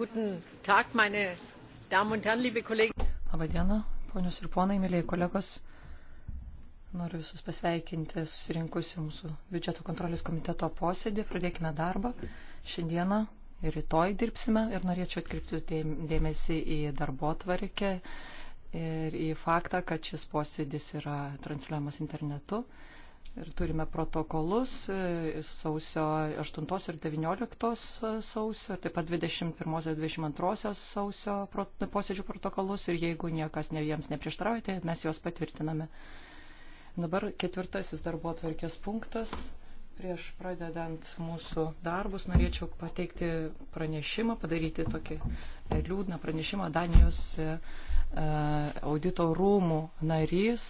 Guten Tag, meine Damen und Herren, liebe Kollegen. Labą dieną, ponios ir ponai, mėlyje kolegos. Noriu visus pasveikinti susirinkusių mūsų biudžeto kontrolės komiteto posėdį. Pradėkime darbą. Šiandieną ir rytoj dirbsime ir norėčiau atkreipti dėmesį į darbo tvarkę ir į faktą, kad šis posėdis yra transliuojamas internetu. Ir turime protokolus e, sausio 8 ir 19 e, sausio, ir taip pat 21 ir 22 sausio posėdžių protokolus. Ir jeigu niekas ne jiems neprieštaraujate, tai mes juos patvirtiname. Dabar ketvirtasis darbo atvarkės punktas. Prieš pradedant mūsų darbus norėčiau pateikti pranešimą, padaryti tokį e, liūdną pranešimą. Danijos audito rūmų narys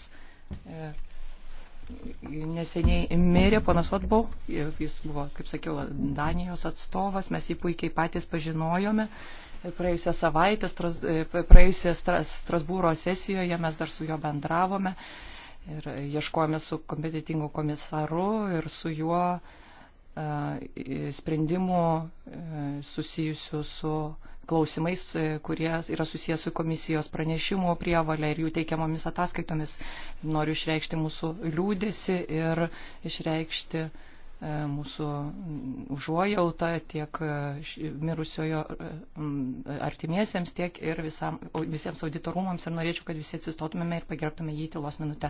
neseniai mirė ponas Otbo, jis buvo, kaip sakiau, Danijos atstovas, mes jį puikiai patys pažinojome. Ir praėjusią savaitę, stras, praėjusią stras, Strasbūro sesijoje mes dar su juo bendravome ir ieškojame su kompetitingu komisaru ir su juo uh, E, sprendimų e, susijusių su klausimais, e, kurie yra susijęs su komisijos pranešimų prievalė ir jų teikiamomis ataskaitomis. Noriu išreikšti mūsų liūdėsi ir išreikšti mūsų užuojautą tiek mirusiojo artimiesiems, tiek ir visam, visiems auditorumams ir norėčiau, kad visi atsistotumėme ir pagerbtume jį tylos minutę.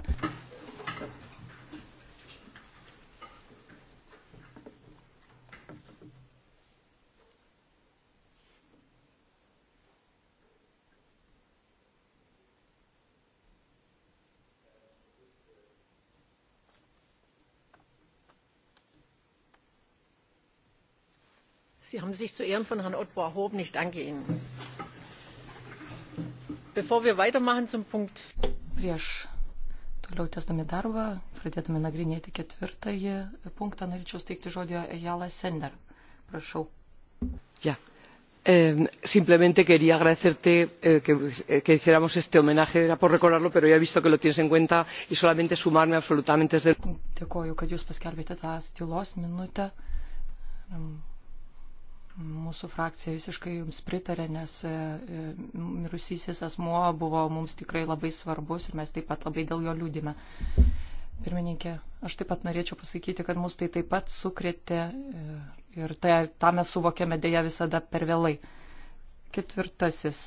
sie haben sich zu ehren von herrn otto erhoben nicht angehen. bevor wir weitermachen zum punkt prieš toliau tęsdami darbą pradėdami nagrinėti ketvirtąjį punktą norėčiau suteikti žodį ajala sender prašau. Ja. Eh, simplemente quería agradecerte eh, que, eh, que hiciéramos este homenaje era por recordarlo pero ya he visto que lo tienes en cuenta y solamente sumarme absolutamente desde. dėkoju kad jūs paskelbėte tą tylos minutę Mūsų frakcija visiškai jums pritarė, nes e, e, mirusysis asmuo buvo mums tikrai labai svarbus ir mes taip pat labai dėl jo liūdime. Pirmininkė, aš taip pat norėčiau pasakyti, kad mus tai taip pat sukrėtė e, ir tai, tą mes suvokėme dėja visada per vėlai. Ketvirtasis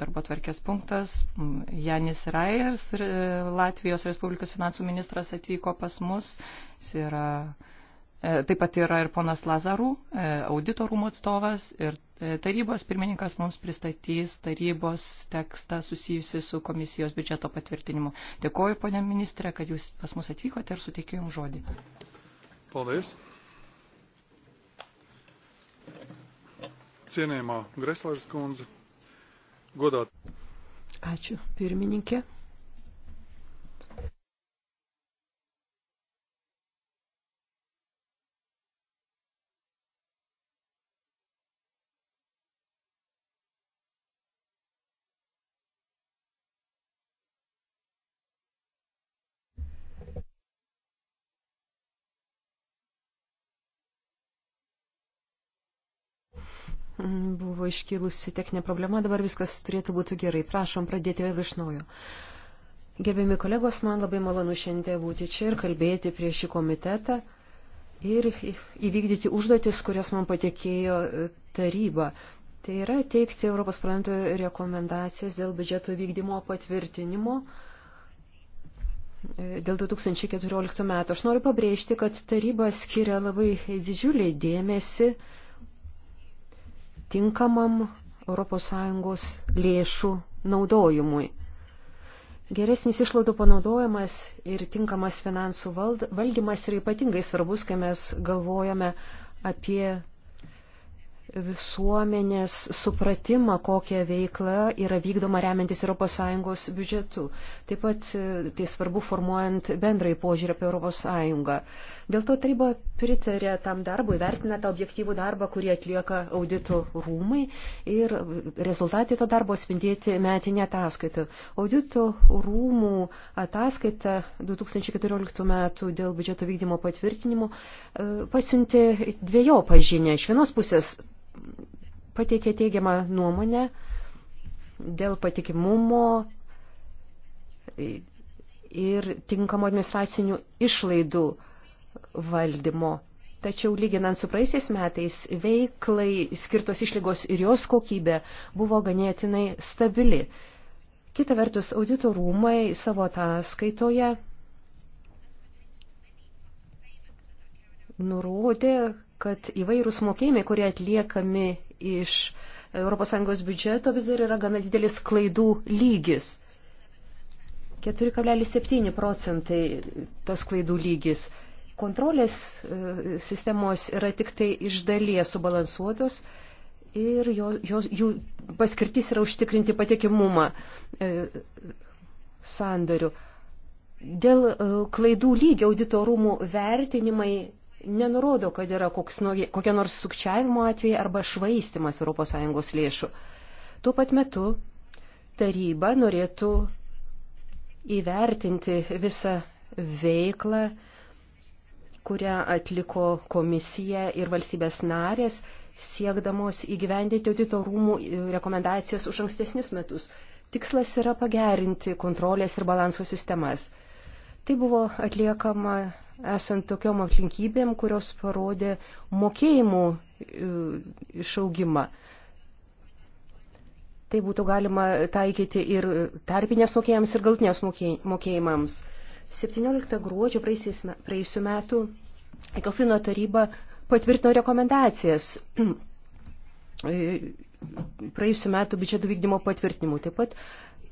darbo tvarkės punktas. Janis Rajers, Latvijos Respublikos finansų ministras, atvyko pas mus. Jis yra E, taip pat yra ir ponas Lazarų, e, auditorumo atstovas ir e, tarybos pirmininkas mums pristatys tarybos tekstą susijusi su komisijos biudžeto patvirtinimu. Dėkoju, ponė ministrė, kad jūs pas mus atvykote ir suteikiu jums žodį. Paldies. Cienėjama Greslers kundze, godot. Ačiū, pirmininkė. Buvo iškilusi techninė problema, dabar viskas turėtų būti gerai. Prašom pradėti vėl iš naujo. Gerbiami kolegos, man labai malonu šiandien būti čia ir kalbėti prie šį komitetą ir įvykdyti užduotis, kurias man patikėjo e, taryba. Tai yra teikti Europos parlamento rekomendacijas dėl biudžeto vykdymo patvirtinimo e, dėl 2014 metų. Aš noriu pabrėžti, kad taryba skiria labai didžiulį dėmesį uh, tinkamam ES lėšų naudojimui. Geresnis išlaidų panaudojimas ir tinkamas finansų valdymas yra ypatingai svarbus, kai mes galvojame apie visuomenės supratimą, kokia veikla yra vykdoma remiantis ES biudžetu. Taip pat e, tai svarbu formuojant bendrai požiūrį apie ES. Dėl to taryba pritarė tam darbui, vertina tą objektyvų darbą, kurį atlieka audito rūmai ir rezultatai to darbo spindėti metinė ataskaita. Audito rūmų ataskaita 2014 metų dėl biudžeto vykdymo patvirtinimo e, pasiuntė dviejopą žinę. Iš vienos pusės pateikė teigiamą nuomonę dėl patikimumo ir tinkamo administracinių išlaidų valdymo. Tačiau lyginant su praeisiais metais, veiklai skirtos išlygos ir jos kokybė buvo ganėtinai stabili. Kita vertus, audito rūmai savo ataskaitoje nurodė, kad įvairūs mokėjimai, kurie atliekami iš ES biudžeto, vis dar yra gana didelis klaidų lygis. 4,7 procentai tas klaidų lygis. Kontrolės e, sistemos yra tik tai iš dalies subalansuotos ir jo, jo, jų paskirtis yra užtikrinti patikimumą e, sandorių. Dėl e, klaidų lygio auditorumų vertinimai nenurodo, kad yra koks, kokia nors sukčiavimo atveja arba švaistimas ES lėšų. Tuo pat metu taryba norėtų įvertinti visą veiklą, kurią atliko komisija ir valstybės narės, siekdamos įgyvendinti audito rūmų e, rekomendacijas už ankstesnius metus. Tikslas yra pagerinti kontrolės ir balanso sistemas. Tai buvo atliekama esant tokiom aplinkybėm, kurios parodė mokėjimų e, išaugimą. Tai būtų galima taikyti ir tarpinės mokėjams, ir galtiniams mokėjimams. 17 gruodžio praėjusiu metu Ekofino taryba patvirtino rekomendacijas e, praėjusiu metu biudžeto vykdymo patvirtinimu. Taip pat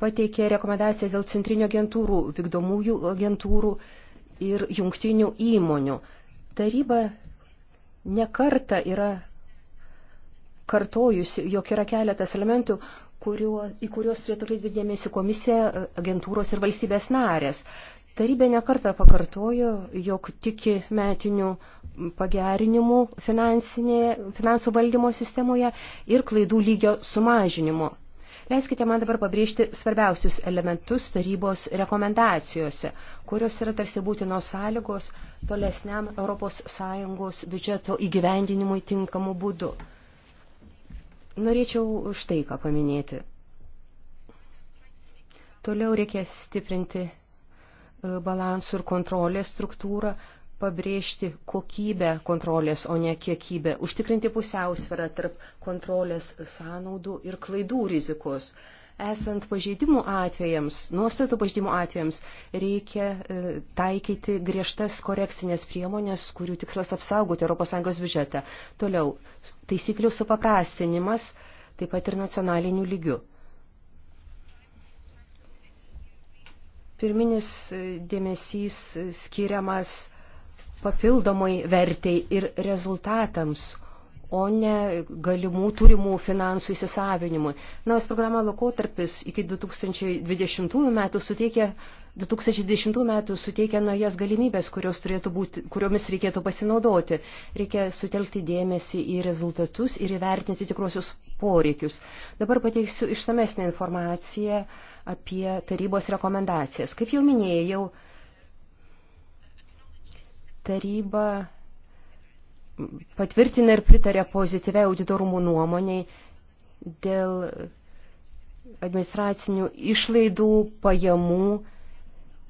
pateikė rekomendacijas dėl centrinio agentūrų, vykdomųjų agentūrų, ir jungtinių įmonių. Taryba nekarta yra kartojusi, jog yra keletas elementų, kurio, į kuriuos turėtų kreipti dėmesį komisija, agentūros ir valstybės narės. Tarybė nekartą pakartojo, jog tiki metinių pagerinimų finansų valdymo sistemoje ir klaidų lygio sumažinimo Leiskite man dabar pabrėžti svarbiausius elementus tarybos rekomendacijose, kurios yra tarsi būtinos sąlygos tolesniam ES biudžeto įgyvendinimui tinkamu būdu. Norėčiau štai ką paminėti. Toliau reikia stiprinti e, balansų ir kontrolės struktūrą, pabrėžti kokybę kontrolės, o ne kiekybę, užtikrinti pusiausvyrą tarp kontrolės sąnaudų ir klaidų rizikos. Esant pažeidimų atvejams, nuostatų pažeidimų atvejams, reikia e, taikyti griežtas korekcinės priemonės, kurių tikslas apsaugoti ES biudžetą. Toliau, taisyklių supaprastinimas, taip pat ir nacionalinių lygių. Pirminis e, dėmesys e, skiriamas papildomai vertei ir rezultatams, o ne galimų turimų finansų įsisavinimui. Naujas programa laikotarpis iki 2020 metų suteikia 2010 metų suteikia naujas galimybės, būti, kuriomis reikėtų pasinaudoti. Reikia sutelkti dėmesį į rezultatus ir įvertinti tikrosius poreikius. Dabar pateiksiu išsamesnę informaciją apie tarybos rekomendacijas. Kaip jau minėjau, jau taryba patvirtina ir pritarė pozityviai auditorumų nuomoniai dėl administracinių išlaidų, pajamų.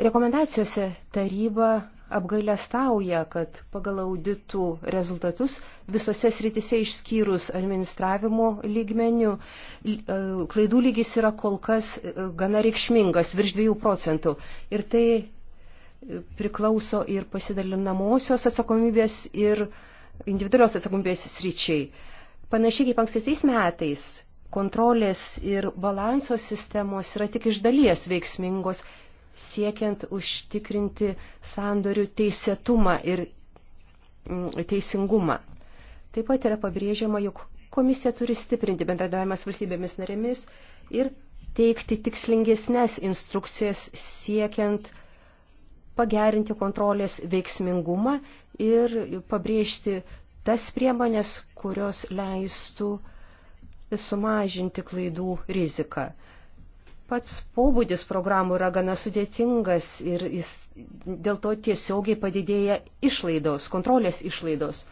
Rekomendacijose taryba apgailę stauja, kad pagal auditų rezultatus visose sritise išskyrus administravimo lygmenių e, klaidų lygis yra kol kas e, gana reikšmingas, virš 2 procentų. Ir tai priklauso ir pasidalinamosios atsakomybės ir individualios atsakomybės sryčiai. Panašiai kaip ankstesiais metais, kontrolės ir balanso sistemos yra tik iš dalies veiksmingos, siekiant užtikrinti sandorių teisėtumą ir mm, teisingumą. Taip pat yra pabrėžiama, jog komisija turi stiprinti bendradavimą su valstybėmis narėmis ir teikti tikslingesnės instrukcijas siekiant pagerinti kontrolės veiksmingumą ir pabrėžti tas priemonės, kurios leistų sumažinti klaidų riziką. Pats pobūdis programų yra gana sudėtingas ir jis, dėl to tiesiogiai padidėja išlaidos, kontrolės išlaidos.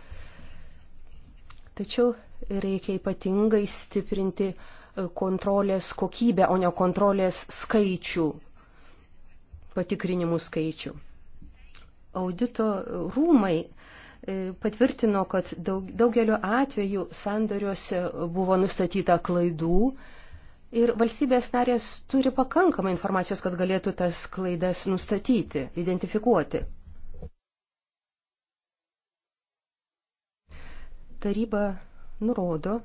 Tačiau reikia ypatingai stiprinti kontrolės kokybę, o ne kontrolės skaičių patikrinimų skaičių. Audito rūmai e, patvirtino, kad daug, daugeliu atveju sandoriuose buvo nustatyta klaidų ir valstybės narės turi pakankamą informacijos, kad galėtų tas klaidas nustatyti, identifikuoti. Taryba nurodo,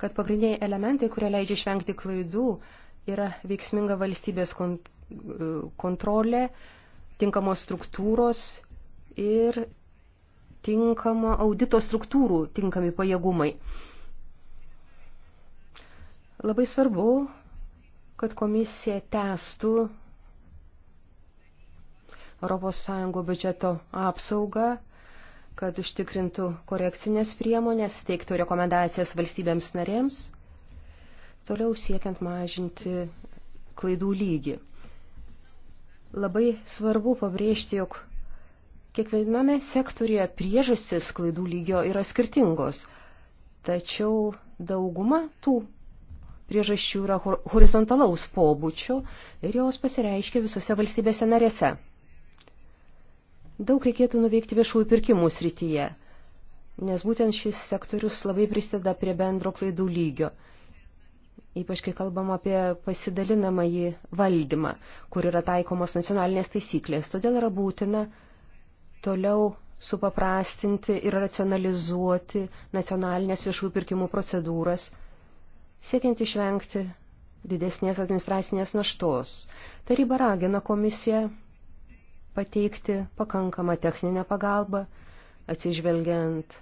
kad pagrindiniai elementai, kurie leidžia išvengti klaidų, yra veiksminga valstybės kont kontrolė, tinkamos struktūros ir tinkamo audito struktūrų tinkami pajėgumai. Labai svarbu, kad komisija tęstų ES biudžeto apsaugą, kad užtikrintų korekcinės priemonės, teiktų rekomendacijas valstybėms narėms toliau siekiant mažinti klaidų lygį. Labai svarbu pabrėžti, jog kiekviename sektorija priežastis klaidų lygio yra skirtingos, tačiau dauguma tų priežasčių yra horizontalaus pobūčio ir jos pasireiškia visose valstybėse narėse. Daug reikėtų nuveikti viešųjų pirkimų srityje, nes būtent šis sektorius labai prisideda prie bendro klaidų lygio ypač kai kalbam apie pasidalinamąjį valdymą, kur yra taikomos nacionalinės taisyklės. Todėl yra būtina toliau supaprastinti ir racionalizuoti nacionalinės viešųjų pirkimų procedūras, siekiant išvengti didesnės administracinės naštos. Taryba ragina komisiją pateikti pakankamą techninę pagalbą, atsižvelgiant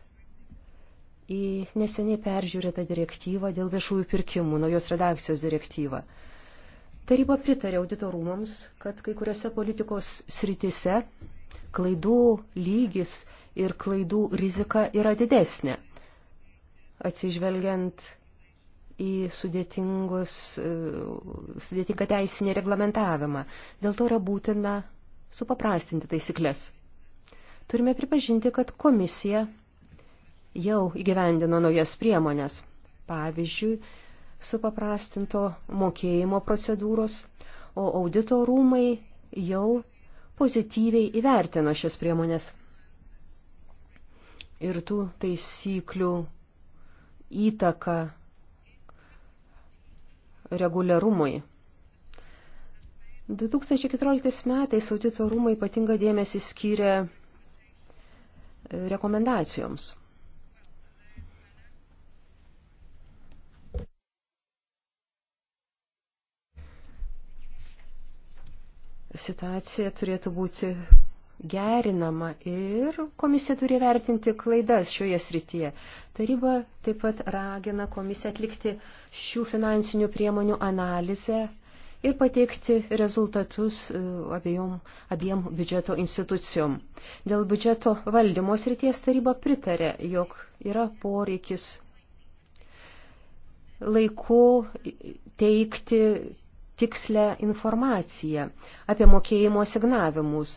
į neseniai peržiūrėtą direktyvą dėl viešųjų pirkimų, naujos redakcijos direktyvą. Taryba pritarė auditorumams, kad kai kuriuose politikos sritise klaidų lygis ir klaidų rizika yra didesnė, atsižvelgiant į e, sudėtingą teisinį reglamentavimą. Dėl to yra būtina supaprastinti taisyklės. Turime pripažinti, kad komisija jau įgyvendino naujas priemonės. Pavyzdžiui, supaprastinto mokėjimo procedūros, o audito rūmai jau pozityviai įvertino šias priemonės. Ir tų taisyklių įtaka reguliarumui. 2014 metais audito rūmai ypatinga dėmesį skyrė rekomendacijoms. situacija turėtų būti gerinama ir komisija turi vertinti klaidas šioje srityje. Taryba taip pat ragina komisiją atlikti šių finansinių priemonių analizę ir pateikti rezultatus e, abiejom, abiem biudžeto institucijom. Dėl biudžeto valdymo srities taryba pritarė, jog yra poreikis laiku teikti tikslę informaciją apie mokėjimo signavimus.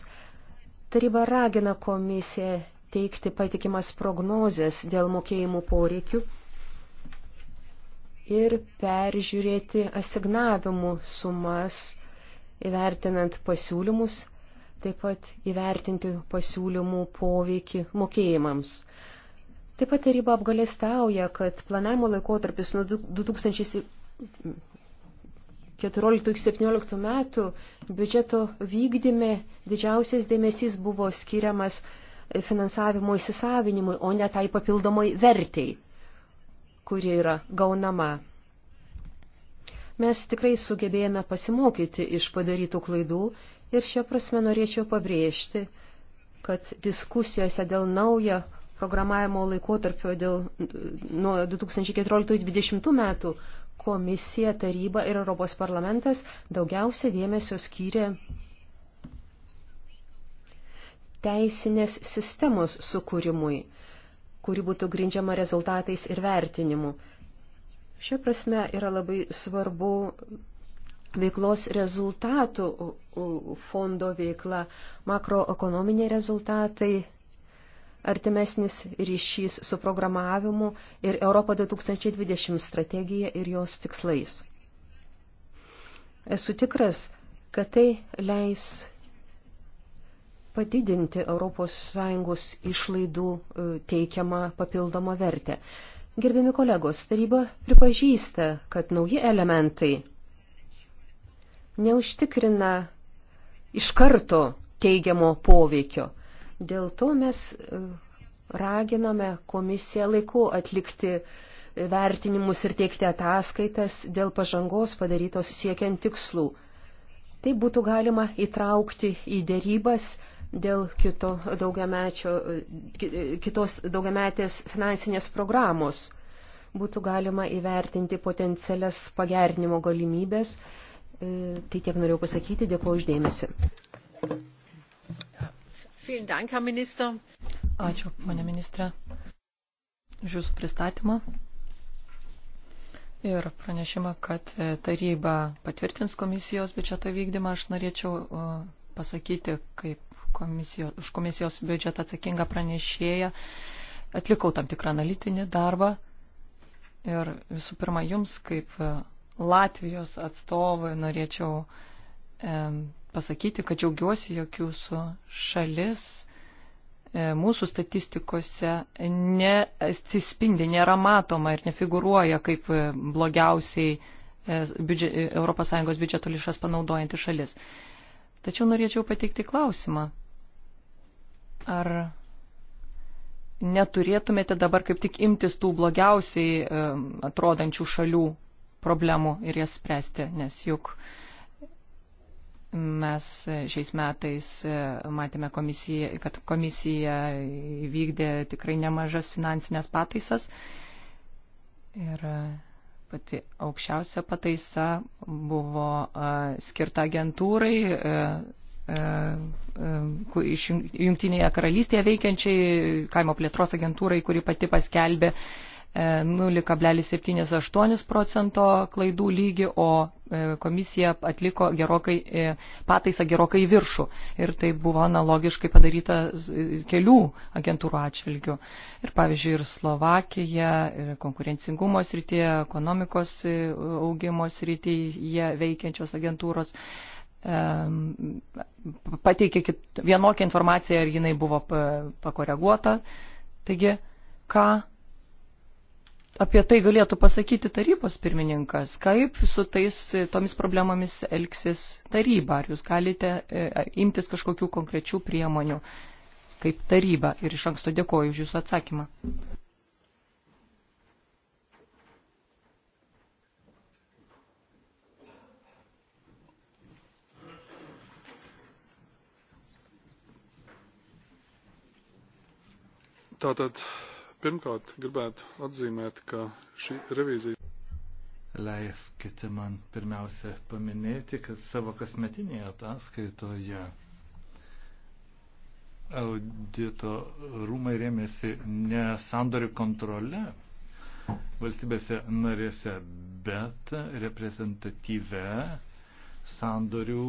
Taryba ragina komisiją teikti patikimas prognozes dėl mokėjimų poreikių ir peržiūrėti asignavimų sumas, įvertinant pasiūlymus, taip pat įvertinti pasiūlymų poveikį mokėjimams. Taip pat taryba apgalėstauja, kad planavimo laikotarpis nuo 2000 14-17 metų biudžeto vykdyme didžiausias dėmesys buvo skiriamas finansavimo įsisavinimui, o ne tai papildomai vertei, kuri yra gaunama. Mes tikrai sugebėjome pasimokyti iš padarytų klaidų ir šią prasme norėčiau pabrėžti, kad diskusijose dėl naujo programavimo laikotarpio dėl, nuo 2014-2020 metų komisija, taryba ir Europos parlamentas daugiausia dėmesio skyrė teisinės sistemos sukūrimui, kuri būtų grindžiama rezultatais ir vertinimu. Šia prasme yra labai svarbu veiklos rezultatų fondo veikla, makroekonominiai rezultatai artimesnis ryšys su programavimu ir Europo 2020 strategija ir jos tikslais. Esu tikras, kad tai leis padidinti ES išlaidų e, teikiamą papildomą vertę. Gerbiami kolegos, taryba pripažįsta, kad nauji elementai neužtikrina iš karto teigiamo poveikio – Dėl to mes e, raginame komisiją laiku atlikti e, vertinimus ir teikti ataskaitas dėl pažangos padarytos siekiant tikslų. Tai būtų galima įtraukti į dėrybas dėl kito daugiamečio, e, kitos daugiametės finansinės programos. Būtų galima įvertinti potencialias pagerinimo galimybės. Tai tiek norėjau pasakyti. Dėkuoju uždėmesi. Ačiū, ponė ministrė, už Jūsų pristatymą ir pranešimą, kad e, taryba patvirtins komisijos biudžeto vykdymą. Aš norėčiau e, pasakyti, kaip komisijos, už komisijos biudžetą atsakinga pranešėja. Atlikau tam tikrą analitinį darbą ir visų pirma jums, kaip e, Latvijos atstovai, norėčiau pasakyti, kad džiaugiuosi, jog jūsų šalis e, mūsų statistikose neatsispindi, nėra matoma ir nefiguruoja kaip e, blogiausiai e, biudžet, ES biudžeto lišas panaudojanti šalis. Tačiau norėčiau pateikti klausimą. Ar neturėtumėte dabar kaip tik imtis tų blogiausiai atrodančių šalių problemų ir jas spręsti, nes juk uh, Mes šiais metais e, matėme, komisiją, kad komisija įvykdė tikrai nemažas finansinės pataisas ir e, pati aukščiausia pataisa buvo e, skirta agentūrai iš Junktinėje karalystėje veikiančiai kaimo plėtros agentūrai, kuri pati paskelbė 0,78 procento klaidų lygį, o e, komisija atliko gerokai, e, pataisą gerokai viršų. Ir tai buvo analogiškai padaryta kelių agentūrų atšvilgių. Ir pavyzdžiui, ir Slovakija, ir konkurencingumo srityje, ekonomikos e, augimo srityje veikiančios agentūros pateikė kit, vienokią informaciją ir jinai buvo pakoreguota. Taigi, ką apie tai galėtų pasakyti tarybos pirmininkas, kaip su tais, tomis problemomis elgsis taryba, ar jūs galite e, imtis kažkokių konkrečių priemonių kaip taryba. Ir iš anksto dėkoju už jūsų atsakymą. tātad Pirmkārt, gribētu atzīmēt, ka šī revīzija. Leiskite man pirmiausia paminėti, kad savo kasmetinėje ataskaitoje audito rūmai rėmėsi ne sandorių kontrole valstybėse narėse, bet reprezentatyve sandorių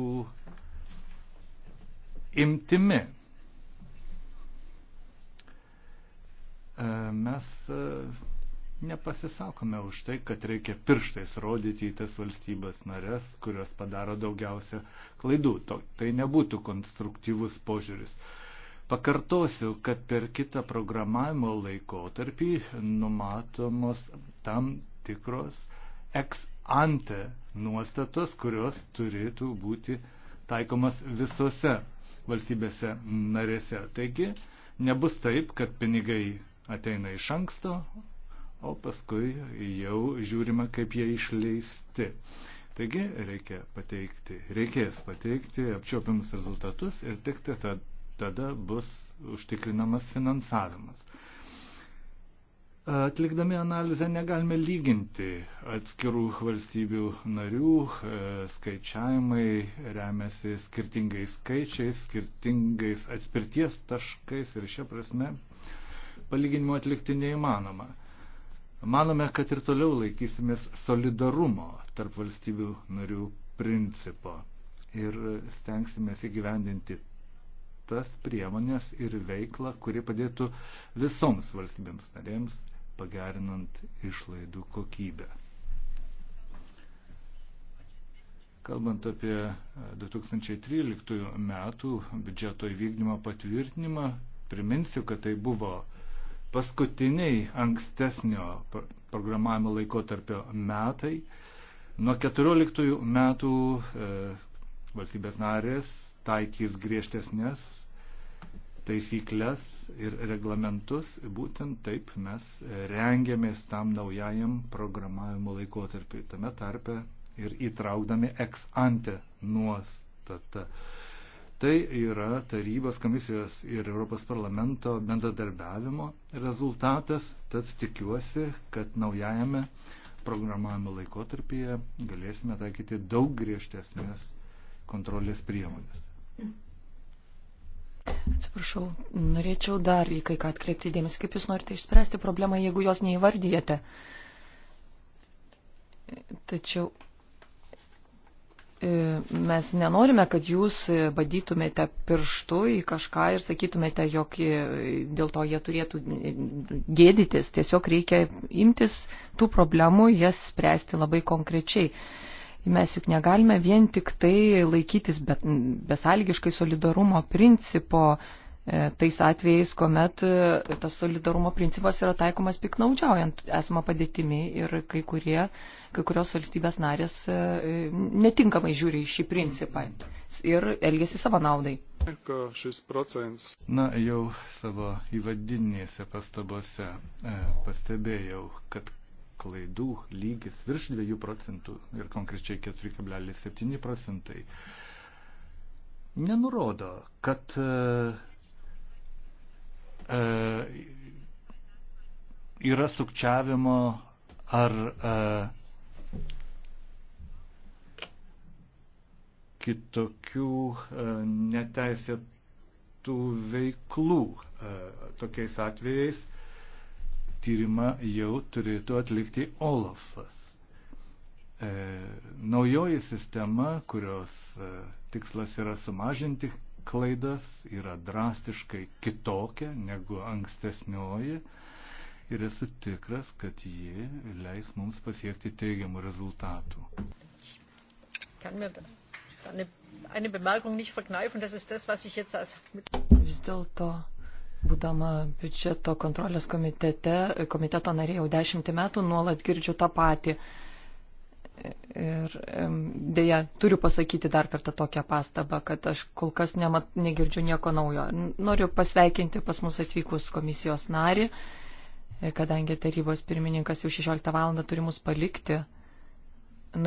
imtimi. E, mes e, nepasisakome už tai, kad reikia pirštais rodyti į tas valstybės narės, kurios padaro daugiausia klaidų. Tai nebūtų konstruktyvus požiūris. Pakartosiu, kad per kitą programavimo laikotarpį numatomos tam tikros ex ante nuostatos, kurios turėtų būti taikomas visose valstybėse narėse. Taigi, nebus taip, kad pinigai ateina iš anksto, o paskui jau žiūrima, kaip jie išleisti. Taigi reikia pateikti, reikės pateikti apčiopiamus rezultatus ir tik tada, tada bus užtikrinamas finansavimas. Atlikdami analizę negalime lyginti atskirų valstybių narių, e, skaičiavimai remiasi skirtingais skaičiais, skirtingais atspirties taškais ir šia prasme palyginimo atlikti neįmanoma. Manome, kad ir toliau laikysimės solidarumo tarp valstybių narių principo ir stengsimės įgyvendinti tas priemonės ir veiklą, kuri padėtų visoms valstybėms narėms pagerinant išlaidų kokybę. Kalbant apie 2013 metų biudžeto įvykdymo patvirtinimą, priminsiu, kad tai buvo paskutiniai ankstesnio programavimo laikotarpio metai. Nuo 14 metų e, valstybės narės taikys griežtesnės taisyklės ir reglamentus. Būtent taip mes e, rengiamės tam naujajam programavimo laikotarpiu, tame tarpe ir įtraukdami ex ante nuostatą. E, Tai yra tarybos komisijos ir Europos parlamento bendradarbiavimo rezultatas, tad tikiuosi, kad naujajame programavimo laikotarpyje galėsime taikyti daug griežtesnės kontrolės priemonės. Atsiprašau, norėčiau dar į kai ką atkreipti dėmesį, kaip jūs norite išspręsti problemą, jeigu jos neįvardyjate. Tačiau E, mes nenorime, kad jūs badytumėte pirštu į kažką ir sakytumėte, jog e, dėl to jie turėtų e, gėdytis. Tiesiog reikia imtis tų problemų, jas spręsti labai konkrečiai. Mes juk negalime vien tik tai laikytis besalgiškai solidarumo principo, E, tais atvejais, kuomet e, tas solidarumo principas yra taikomas piknaudžiaujant esamą padėtimi ir kai, kurie, kai kurios valstybės narės e, netinkamai žiūri į šį principą ir elgesi savo naudai. Na, jau savo įvadinėse pastabose e, pastebėjau, kad klaidų lygis virš 2 procentų ir konkrečiai 4,7 procentai nenurodo, kad e, E, yra sukčiavimo ar e, kitokių e, neteisėtų veiklų. Tokiais atvejais tyrimą jau turėtų atlikti Olafas. Naujoji sistema, kurios tikslas yra sumažinti išlaidas yra drastiškai kitokia negu ankstesnioji ir esu tikras, kad ji leis mums pasiekti teigiamų rezultatų. Vis dėlto, būdama biudžeto kontrolės komitete, komiteto narė jau dešimtį metų, nuolat girdžiu tą patį. Ir dėja, turiu pasakyti dar kartą tokią pastabą, kad aš kol kas nemat, negirdžiu nieko naujo. Noriu pasveikinti pas mus atvykus komisijos narį, e, kadangi tarybos pirmininkas jau 16 val. turi mus palikti.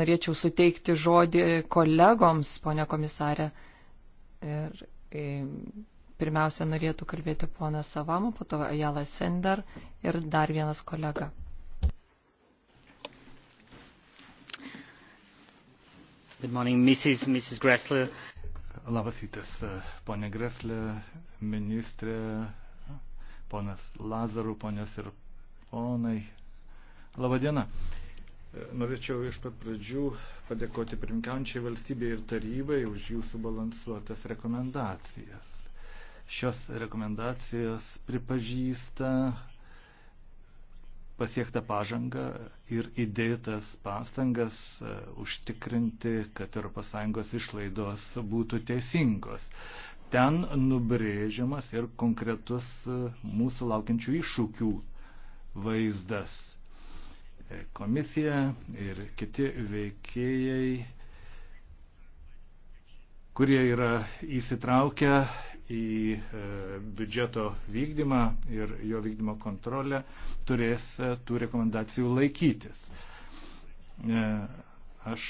Norėčiau suteikti žodį kolegoms, ponia komisarė. Ir pirmiausia, norėtų kalbėti ponas Savamo, po to Jala Sender ir dar vienas kolega. Good morning, Mrs. Mrs. Gressler. Labas rytas, e, ponė Greslė, ministrė, ponas Lazarų, ponios ir ponai. Labadiena. E, norėčiau iš pat pradžių padėkoti pirmkiaujančiai valstybei ir tarybai už jų subalansuotas rekomendacijas. Šios rekomendacijos pripažįsta pasiektą pažangą ir įdėtas pastangas e, užtikrinti, kad ES išlaidos būtų teisingos. Ten nubrėžiamas ir konkretus e, mūsų laukiančių iššūkių vaizdas. E, komisija ir kiti veikėjai, kurie yra įsitraukę į e, biudžeto vykdymą ir jo vykdymo kontrolę, turės e, tų rekomendacijų laikytis. E, aš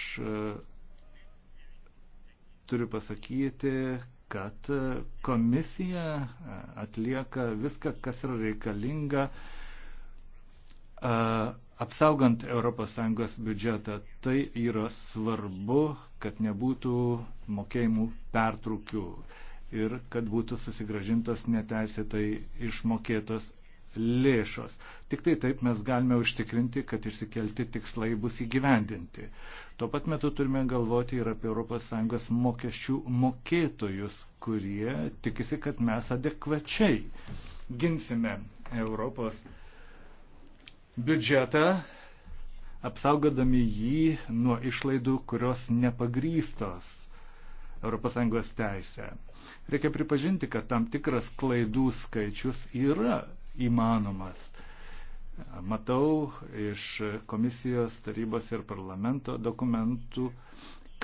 turiu pasakyti, kad komisija atlieka viską, kas yra reikalinga apsaugant ES biudžetą, tai yra svarbu, kad nebūtų mokėjimų pertraukių ir kad būtų susigražintos neteisėtai išmokėtos lėšos. Tik tai taip mes galime užtikrinti, kad išsikelti tikslai bus įgyvendinti. Tuo pat metu turime galvoti ir apie ES mokesčių mokėtojus, kurie tikisi, kad mes adekvačiai ginsime Europos biudžetą, apsaugodami jį nuo išlaidų, kurios nepagrystos ES teisę. Reikia pripažinti, kad tam tikras klaidų skaičius yra įmanomas. Matau iš komisijos, tarybos ir parlamento dokumentų,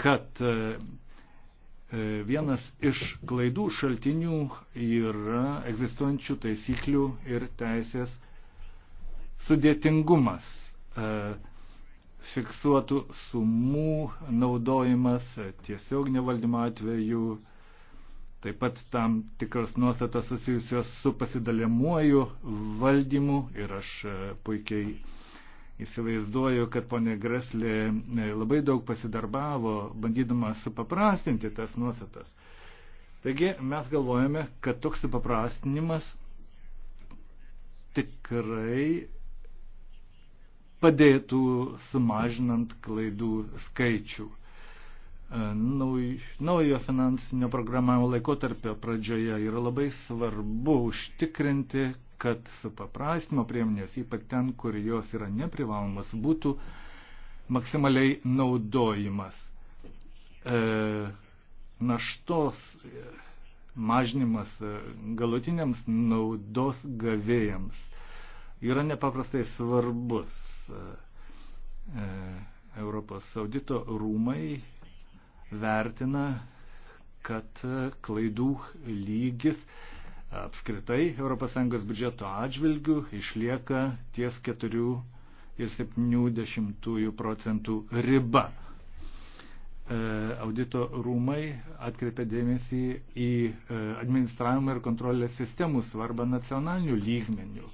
kad e, e, vienas iš klaidų šaltinių yra egzistuojančių taisyklių ir teisės sudėtingumas. E, fiksuotų sumų naudojimas tiesiog nevaldymo atveju, taip pat tam tikros nuostatos susijusios su pasidalimuoju valdymu ir aš e, puikiai įsivaizduoju, kad ponė Greslė e, labai daug pasidarbavo, bandydama supaprastinti tas nuostatas. Taigi mes galvojame, kad toks supaprastinimas tikrai padėtų sumažinant klaidų skaičių. E, naujo finansinio programavimo laikotarpio pradžioje yra labai svarbu užtikrinti, kad supaprastimo priemonės, ypač ten, kur jos yra neprivalomas, būtų maksimaliai naudojimas. E, naštos e, mažinimas e, galutiniams naudos gavėjams yra nepaprastai svarbus. E, Europos audito rūmai vertina, kad klaidų lygis apskritai ES biudžeto atžvilgių išlieka ties 4 ir 70 procentų riba. E, audito rūmai atkreipia dėmesį į e, administravimo ir kontrolės sistemų svarbą nacionalinių lygmenių.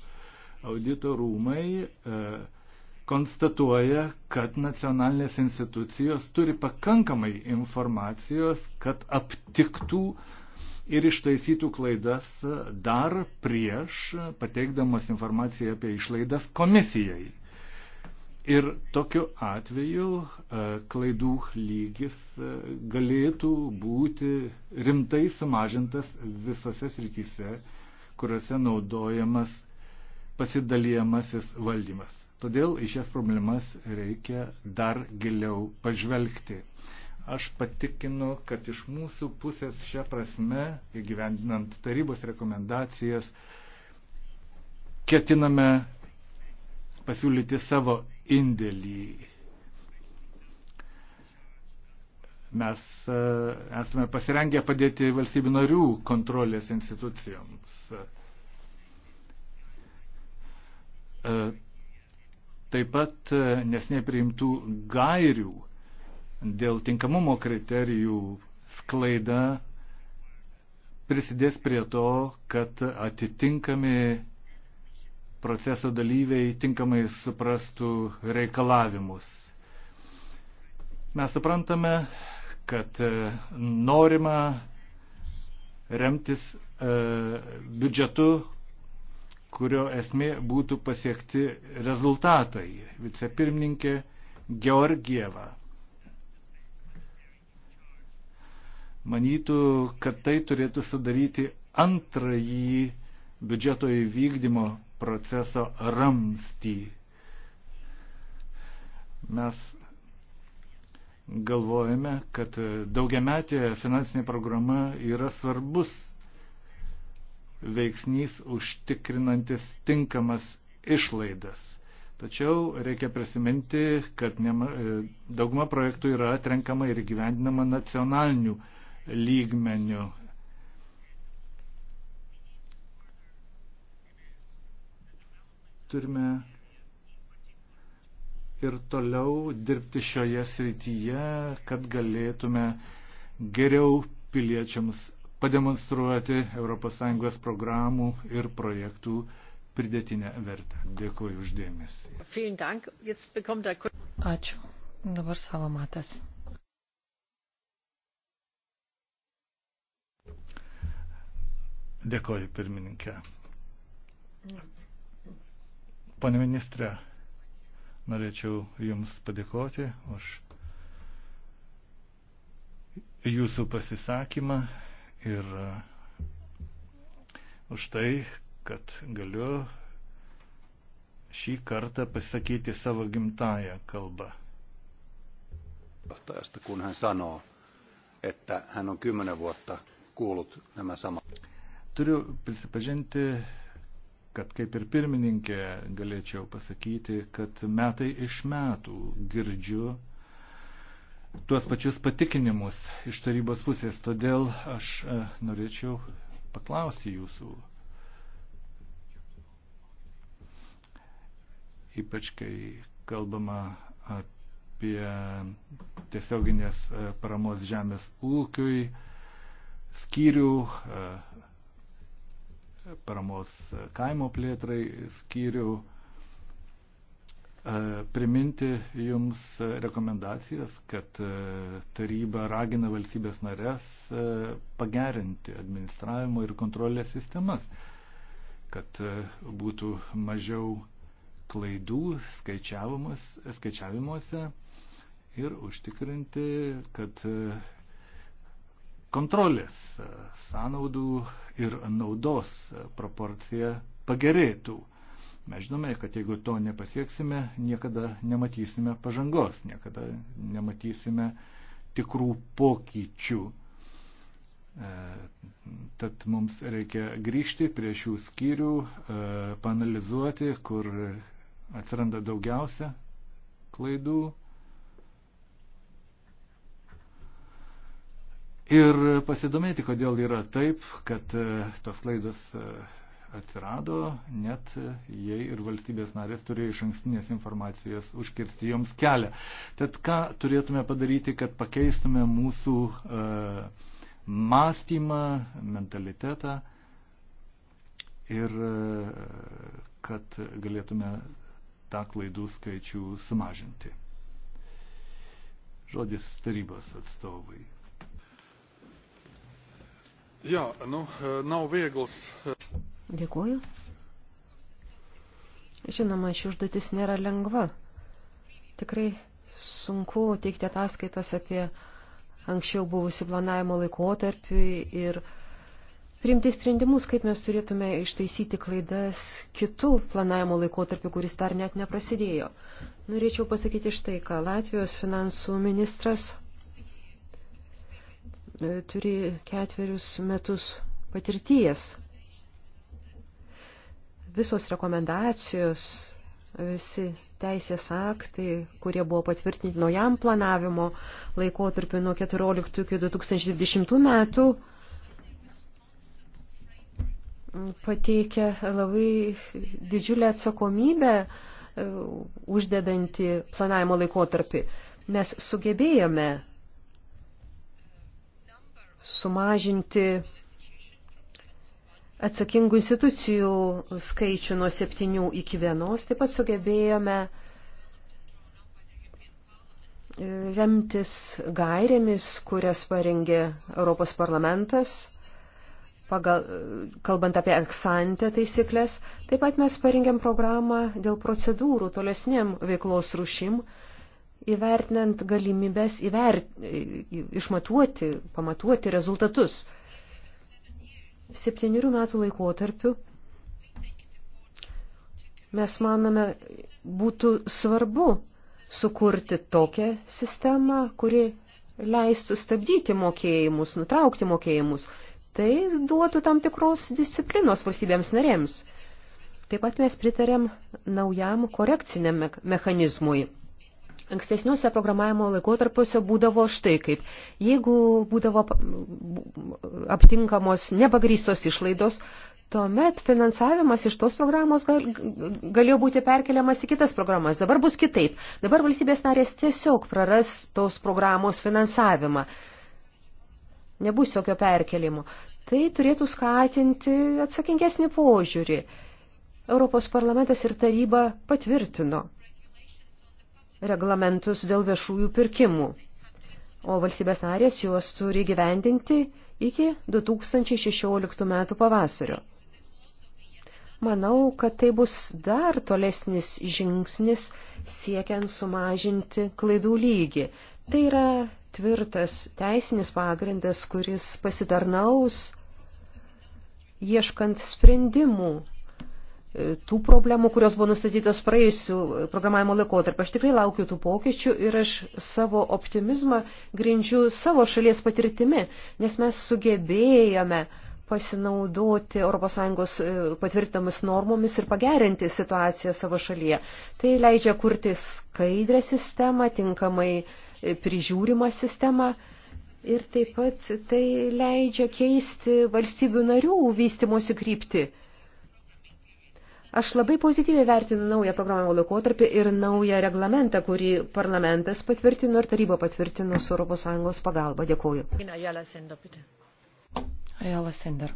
Audito rūmai konstatuoja, kad nacionalinės institucijos turi pakankamai informacijos, kad aptiktų ir ištaisytų klaidas dar prieš pateikdamas informaciją apie išlaidas komisijai. Ir tokiu atveju e, klaidų lygis e, galėtų būti rimtai sumažintas visose srityse, kuriuose naudojamas pasidalijamasis valdymas. Todėl į šias problemas reikia dar giliau pažvelgti. Aš patikinu, kad iš mūsų pusės šią prasme, įgyvendinant tarybos rekomendacijas, ketiname pasiūlyti savo indėlį mes e, esame pasirengę padėti valstybių narių kontrolės institucijoms. E, Taip pat e, nesnei priimtų gairių dėl tinkamumo kriterijų sklaida prisidės prie to, kad atitinkami proceso dalyviai tinkamai suprastų reikalavimus. Mes suprantame, kad e, norima remtis e, biudžetu, kurio esmė būtų pasiekti rezultatai. Vicepirmininkė Georgieva. Manytų, kad tai turėtų sudaryti antrąjį biudžeto įvykdymo proceso ramstį. Mes galvojame, kad daugiametė finansinė programa yra svarbus veiksnys užtikrinantis tinkamas išlaidas. Tačiau reikia prisiminti, kad nema, e, dauguma projektų yra atrenkama ir gyvendinama nacionalinių lygmenių. Turime ir toliau dirbti šioje srityje, kad galėtume geriau piliečiams pademonstruoti ES programų ir projektų pridėtinę vertę. Dėkuoju uždėmesį. Ačiū. Dabar savo matas. Dėkuoju, pirmininkė. Pane ministrė, norėčiau Jums padėkoti už Jūsų pasisakymą ir e, už tai, kad galiu šį kartą pasakyti savo gimtają kalbą. Kun hän sanoo, että hän on kymmenen vuotta kuullut nämä samat. Turiu prisipažinti, kad kaip ir pirmininkė galėčiau pasakyti, kad metai iš metų girdžiu tuos pačius patikinimus iš tarybos pusės. Todėl aš e, norėčiau paklausti jūsų. Ypač kai kalbama apie tiesioginės e, paramos žemės ūkiui, skyrių, e, paramos kaimo plėtrai skyrių priminti jums rekomendacijas, kad e, taryba ragina valstybės narės e, pagerinti administravimo ir kontrolės sistemas, kad e, būtų mažiau klaidų skaičiavimuose ir užtikrinti, kad kontrolės sąnaudų ir naudos proporcija pagerėtų. Mes žinome, kad jeigu to nepasieksime, niekada nematysime pažangos, niekada nematysime tikrų pokyčių. E, tad mums reikia grįžti prie šių skyrių, e, panalizuoti, kur atsiranda daugiausia klaidų. Ir pasidomėti, kodėl yra taip, kad e, tos klaidos atsirado, net jei ir valstybės narės turėjo iš ankstinės informacijos užkirsti joms kelią. Tad ką turėtume padaryti, kad pakeistume mūsų e, mąstymą, mentalitetą ir e, kad galėtume tą klaidų skaičių sumažinti. Žodis tarybos atstovai. Jā, nu, e, nav viegls. E, Dėkuoju. Žinoma, ši užduotis nėra lengva. Tikrai sunku teikti ataskaitas apie anksčiau buvusi planavimo laikotarpį ir priimti sprendimus, kaip mes turėtume ištaisyti klaidas kitų planavimo laikotarpių, kuris dar net neprasidėjo. Norėčiau pasakyti štai, ką Latvijos finansų ministras e, turi ketverius metus patirties visos rekomendacijos, visi teisės aktai, kurie buvo patvirtinti naujam planavimo laikotarpiu nuo 14 iki 2020 metų, pateikia labai didžiulę atsakomybę e, uždedantį planavimo laikotarpį. Mes sugebėjome sumažinti atsakingų institucijų skaičių nuo septynių iki vienos, taip pat sugebėjome e, remtis gairėmis, kurias parengė Europos parlamentas, pagal, e, kalbant apie eksantę taisyklės. Taip pat mes parengėm programą dėl procedūrų tolesniam veiklos rušim, įvertinant galimybės įvert, išmatuoti, pamatuoti rezultatus septynių metų laikotarpiu mes manome būtų svarbu sukurti tokią sistemą, kuri leistų stabdyti mokėjimus, nutraukti mokėjimus. Tai duotų tam tikros disciplinos valstybėms narėms. Taip pat mes pritarėm naujam korekciniam mechanizmui ankstesniuose programavimo laikotarpiuose būdavo štai kaip. Jeigu būdavo aptinkamos nepagrystos išlaidos, tuomet finansavimas iš tos programos gal, galėjo būti perkeliamas į kitas programas. Dabar bus kitaip. Dabar valstybės narės tiesiog praras tos programos finansavimą. Nebus jokio perkelimo. Tai turėtų skatinti atsakingesnį požiūrį. Europos parlamentas ir taryba patvirtino reglamentus dėl viešųjų pirkimų, o valstybės narės juos turi gyvendinti iki 2016 metų pavasario. Manau, kad tai bus dar tolesnis žingsnis siekiant sumažinti klaidų lygį. Tai yra tvirtas teisinis pagrindas, kuris pasitarnaus ieškant sprendimų E, tų problemų, kurios buvo nustatytos praėjusių programavimo laikotarpio. Aš tikrai laukiu tų pokyčių ir aš savo optimizmą grindžiu savo šalies patirtimi, nes mes sugebėjome pasinaudoti ES e, patvirtinamis normomis ir pagerinti situaciją savo šalyje. Tai leidžia kurti skaidrę sistemą, tinkamai e, prižiūrimą sistemą. Ir taip pat tai leidžia keisti valstybių narių vystimosi kryptį. Aš labai pozityviai vertinu naują programavimo laikotarpį ir naują reglamentą, kurį parlamentas patvirtino ir taryba patvirtino su ES pagalba. Dėkuoju. Ajala Sender.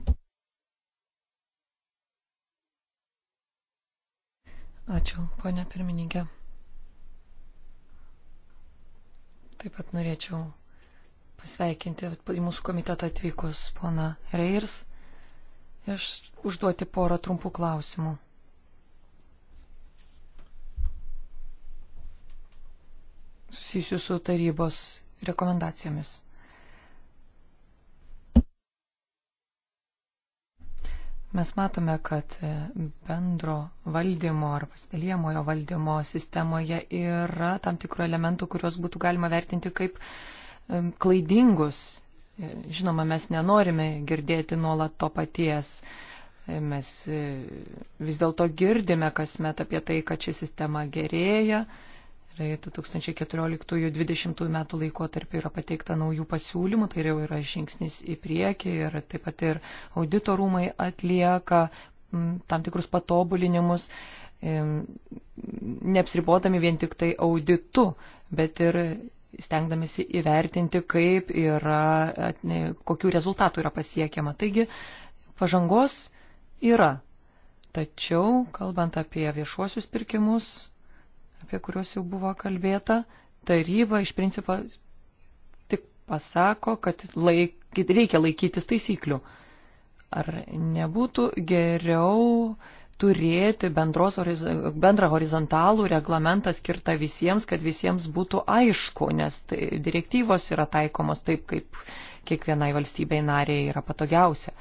Ačiū, ponia pirmininkė. Taip pat norėčiau pasveikinti į mūsų komitetą atvykus pona Reirs ir užduoti porą trumpų klausimų. susijusių su tarybos rekomendacijomis. Mes matome, kad bendro valdymo ar pasidalėjamojo valdymo sistemoje yra tam tikrų elementų, kuriuos būtų galima vertinti kaip klaidingus. Žinoma, mes nenorime girdėti nuolat to paties mes e, vis dėlto girdime kasmet apie tai, kad ši sistema gerėja, 2014-2020 metų laikotarpį yra pateikta naujų pasiūlymų, tai jau yra žingsnis į priekį ir taip pat ir auditorumai atlieka mm, tam tikrus patobulinimus, neapsiribodami vien tik tai auditu, bet ir stengdamėsi įvertinti, kaip yra, kokių rezultatų yra pasiekiama. Taigi, pažangos yra. Tačiau, kalbant apie viešuosius pirkimus, apie kuriuos jau buvo kalbėta, taryba iš principo tik pasako, kad laik, reikia laikytis taisyklių. Ar nebūtų geriau turėti bendros, bendrą horizontalų reglamentą skirtą visiems, kad visiems būtų aišku, nes tai, direktyvos yra taikomos taip, kaip kiekvienai valstybei nariai yra patogiausia.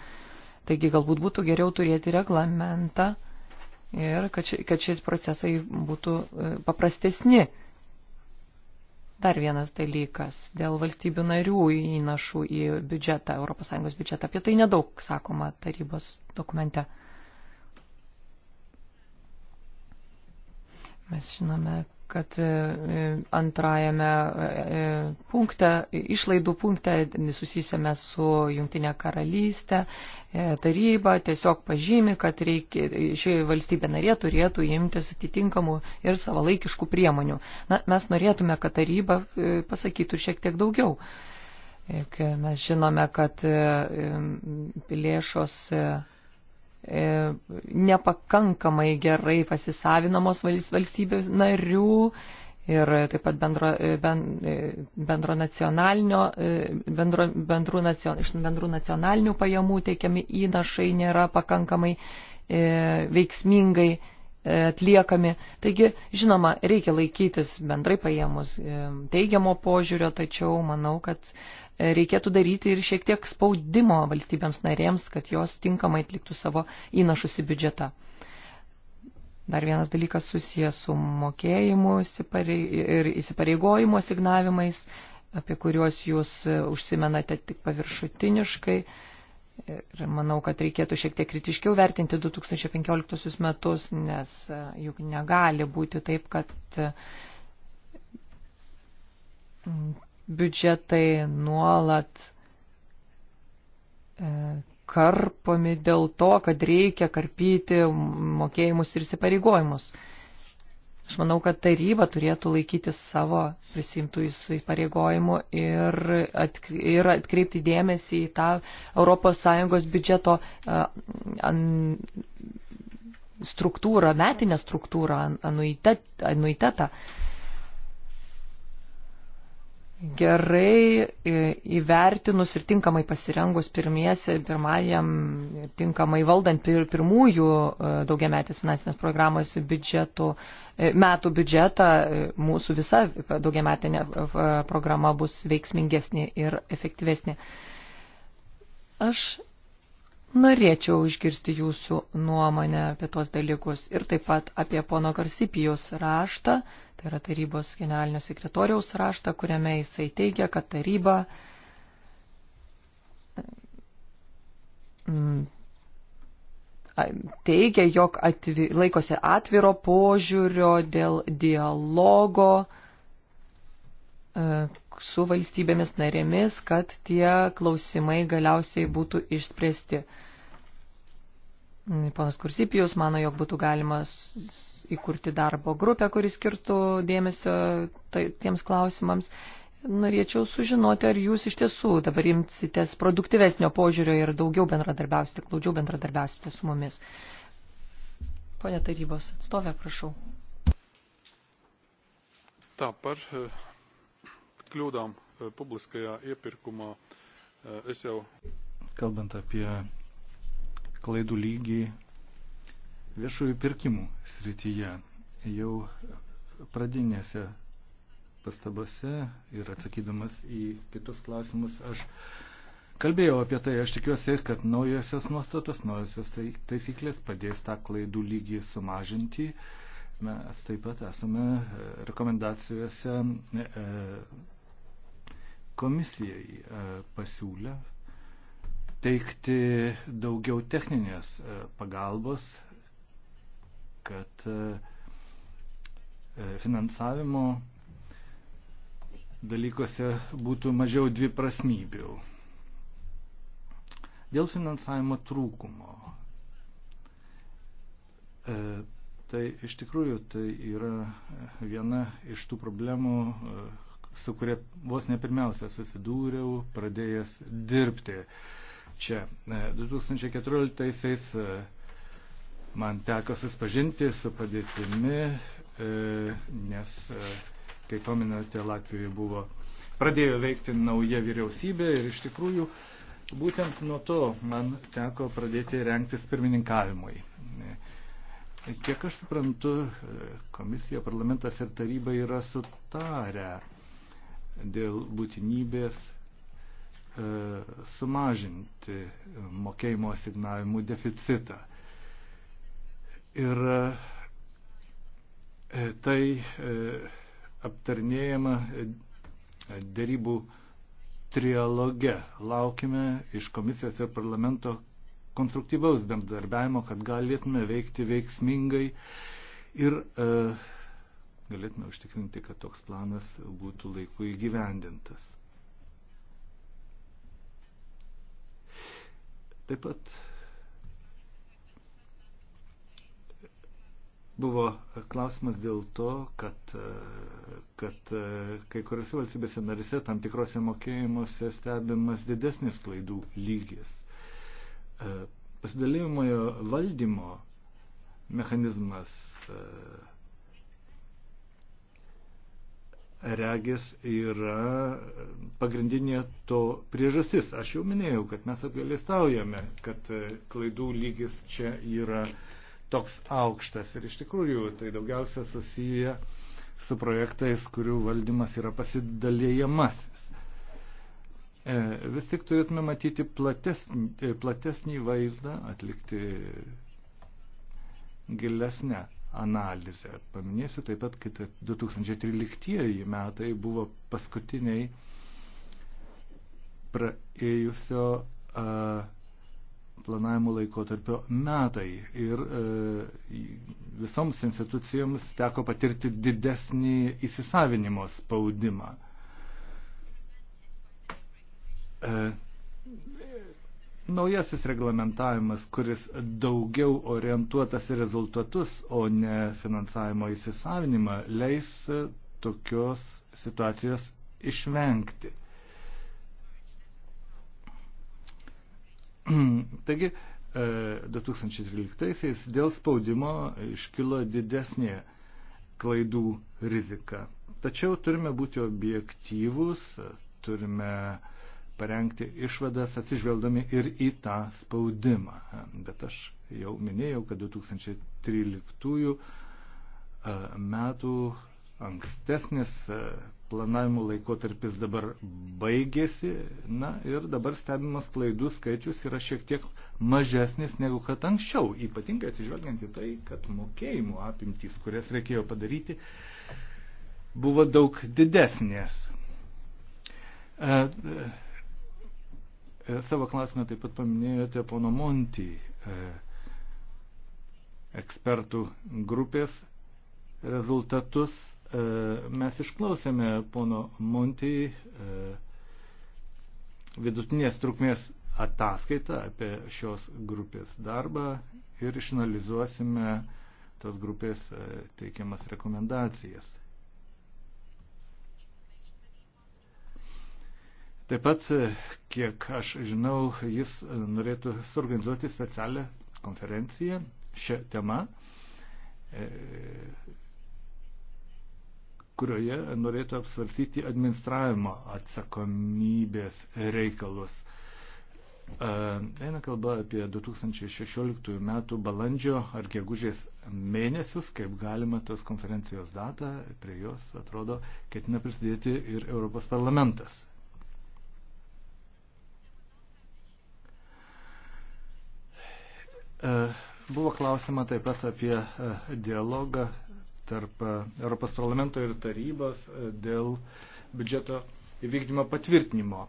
Taigi galbūt būtų geriau turėti reglamentą ir kad, ši, kad šie procesai būtų e, paprastesni. Dar vienas dalykas dėl valstybių narių įnašų į biudžetą, ES biudžetą. Apie tai nedaug sakoma tarybos dokumente. Mes žinome, kad e, antrajame e, e, punkte, išlaidų punkte susijusiame su Junktinė karalystė, taryba tiesiog pažymi, kad reikia, ši valstybė narė turėtų imtis atitinkamų ir savalaikiškų priemonių. Na, mes norėtume, kad taryba pasakytų šiek tiek daugiau. Mes žinome, kad lėšos E, nepakankamai gerai pasisavinamos valstybės narių ir taip pat bendro, e, ben, e, bendro nacionalinio, bendro, bendrų, nacion, iš bendrų nacionalinių pajamų teikiami įnašai nėra pakankamai e, veiksmingai e, atliekami. Taigi, žinoma, reikia laikytis bendrai paėmus e, teigiamo požiūrio, tačiau manau, kad reikėtų daryti ir šiek tiek spaudimo valstybėms narėms, kad jos tinkamai atliktų savo įnašus į biudžetą. Dar vienas dalykas susijęs su mokėjimu ir įsipareigojimo signavimais, apie kuriuos jūs užsimenate tik paviršutiniškai. Ir manau, kad reikėtų šiek tiek kritiškiau vertinti 2015 metus, nes e, juk negali būti taip, kad biudžetai nuolat e, karpomi dėl to, kad reikia karpyti mokėjimus ir įsipareigojimus. Aš manau, kad taryba turėtų laikytis savo prisimtų įsipareigojimų ir, atkri, ir atkreipti dėmesį į tą ES biudžeto e, struktūrą, metinę struktūrą, anuitetą. anuitetą gerai e, įvertinus ir tinkamai pasirengus pirmiesi, pirmajam, tinkamai valdant pir, pirmųjų e, daugiametės finansinės programos biudžetų, e, metų biudžetą, mūsų visa daugiametinė programa bus veiksmingesnė ir efektyvesnė. Aš Norėčiau išgirsti jūsų nuomonę apie tuos dalykus ir taip pat apie pono Garsipijos raštą, tai yra tarybos generalinio sekretoriaus raštą, kuriame jisai teigia, kad taryba mm, teigia, jog atvi, laikosi atviro požiūrio dėl dialogo e, su valstybėmis narėmis, kad tie klausimai galiausiai būtų išspręsti. Ponas Kursipijus mano, jog būtų galima įkurti darbo grupę, kuris skirtų dėmesio tai, tiems klausimams. Norėčiau sužinoti, ar jūs iš tiesų dabar imsitės produktyvesnio požiūrio ir daugiau bendradarbiausite, glaudžiau bendradarbiausite su mumis. Pone tarybos atstovė, prašau. Dabar e, kļūdām e, publiskajā iepirkumā. E, es jau. Kalbant apie klaidų lygį viešųjų pirkimų srityje, jau pradinėse pastabose ir atsakydamas į kitus klausimus aš kalbėjau apie tai. Aš tikiuosi, kad naujosios nuostatos, naujosios tai- taisyklės padės tą klaidų lygį sumažinti. Mes taip pat esame e, rekomendacijose komisijai e, pasiūlė teikti daugiau techninės e, pagalbos, kad e, finansavimo dalykuose būtų mažiau dviprasmybių. Dėl finansavimo trūkumo. E, tai iš tikrųjų tai yra viena iš tų problemų, e, su kuria vos ne pirmiausia susidūriau, pradėjęs dirbti čia. 2014 e, e, man teko suspažinti su padėtimi, e, nes, kaip paminate, Latvijoje buvo pradėjo veikti nauja vyriausybė ir iš tikrųjų būtent nuo to man teko pradėti renktis pirmininkavimui. Kiek aš suprantu, komisija, parlamentas ir taryba yra sutarę dėl būtinybės e, sumažinti mokėjimo asignavimų deficitą. Ir e, tai e, aptarnėjama dėrybų trialoge. Laukime iš komisijos ir parlamento konstruktyvaus bendradarbiavimo, kad galėtume veikti veiksmingai ir uh, galėtume užtikrinti, kad toks planas būtų laiku įgyvendintas. Taip pat buvo klausimas dėl to, kad, kad e, kai kuriuose valstybėse narise tam tikrose mokėjimuose stebimas didesnis klaidų lygis. E, Pasidalėjimojo valdymo mechanizmas e, regis yra pagrindinė to priežastis. Aš jau minėjau, kad mes apgailestaujame, kad klaidų lygis čia yra toks aukštas ir iš tikrųjų tai daugiausia susiję su projektais, kurių valdymas yra pasidalėjamasis. E, vis tik turėtume matyti platesnį, platesnį vaizdą, atlikti gilesnę analizę. Paminėsiu taip pat, kad 2013 metai buvo paskutiniai praėjusio planavimo laikotarpio metai ir visoms institucijoms teko patirti didesnį įsisavinimo spaudimą naujasis reglamentavimas, kuris daugiau orientuotas į rezultatus, o ne finansavimo įsisavinimą, leis e, tokios situacijos išvengti. Taigi, 2013-aisiais e, dėl spaudimo iškilo didesnė klaidų rizika. Tačiau turime būti objektyvus, turime uh, parengti išvadas atsižvelgdami ir į tą spaudimą. Bet aš jau minėjau, kad 2013 metų ankstesnis planavimo laikotarpis dabar baigėsi, na ir dabar stebimas klaidų skaičius yra šiek tiek mažesnis negu kad anksčiau, ypatingai atsižvelgiant į tai, kad mokėjimų apimtys, kurias reikėjo padaryti, buvo daug didesnės. E, savo klausimą taip pat paminėjote pono Monti e, ekspertų grupės rezultatus. E, mes išklausėme pono Monti vidutinės trukmės ataskaitą apie šios grupės darbą ir išanalizuosime tos grupės teikiamas rekomendacijas. Taip pat, kiek aš žinau, jis norėtų suorganizuoti specialią konferenciją šią temą, e, kurioje norėtų apsvarstyti administravimo atsakomybės reikalus. E, eina kalba apie 2016 m. balandžio ar gegužės mėnesius, kaip galima tos konferencijos datą, prie jos atrodo ketina prisidėti ir Europos parlamentas. E, buvo klausima taip pat apie e, dialogą tarp e, Europos parlamento ir tarybos dėl biudžeto įvykdymo patvirtinimo.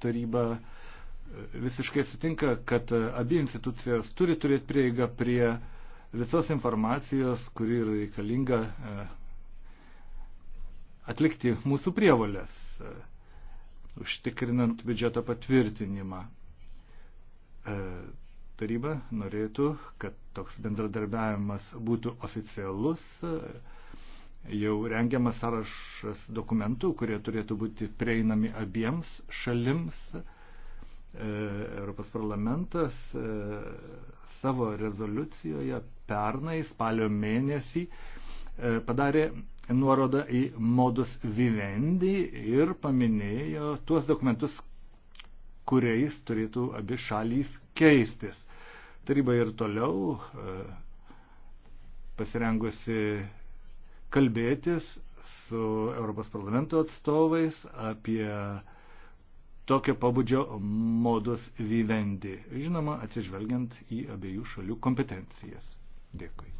Taryba visiškai sutinka, kad abi institucijos turi turėti prieigą prie visos informacijos, kuri yra reikalinga atlikti mūsų prievalės, užtikrinant biudžeto patvirtinimą Taryba norėtų, kad toks bendradarbiavimas būtų oficialus, jau rengiamas sąrašas dokumentų, kurie turėtų būti prieinami abiems šalims. E, Europos parlamentas e, savo rezoliucijoje pernai spalio mėnesį e, padarė nuorodą į modus vivendi ir paminėjo tuos dokumentus, kuriais turėtų abi šalys keistis. Taryba ir toliau e, pasirengusi kalbėtis su Europos parlamento atstovais apie tokio pabudžio modus vivendi, žinoma, atsižvelgiant į abiejų šalių kompetencijas. Dėkui.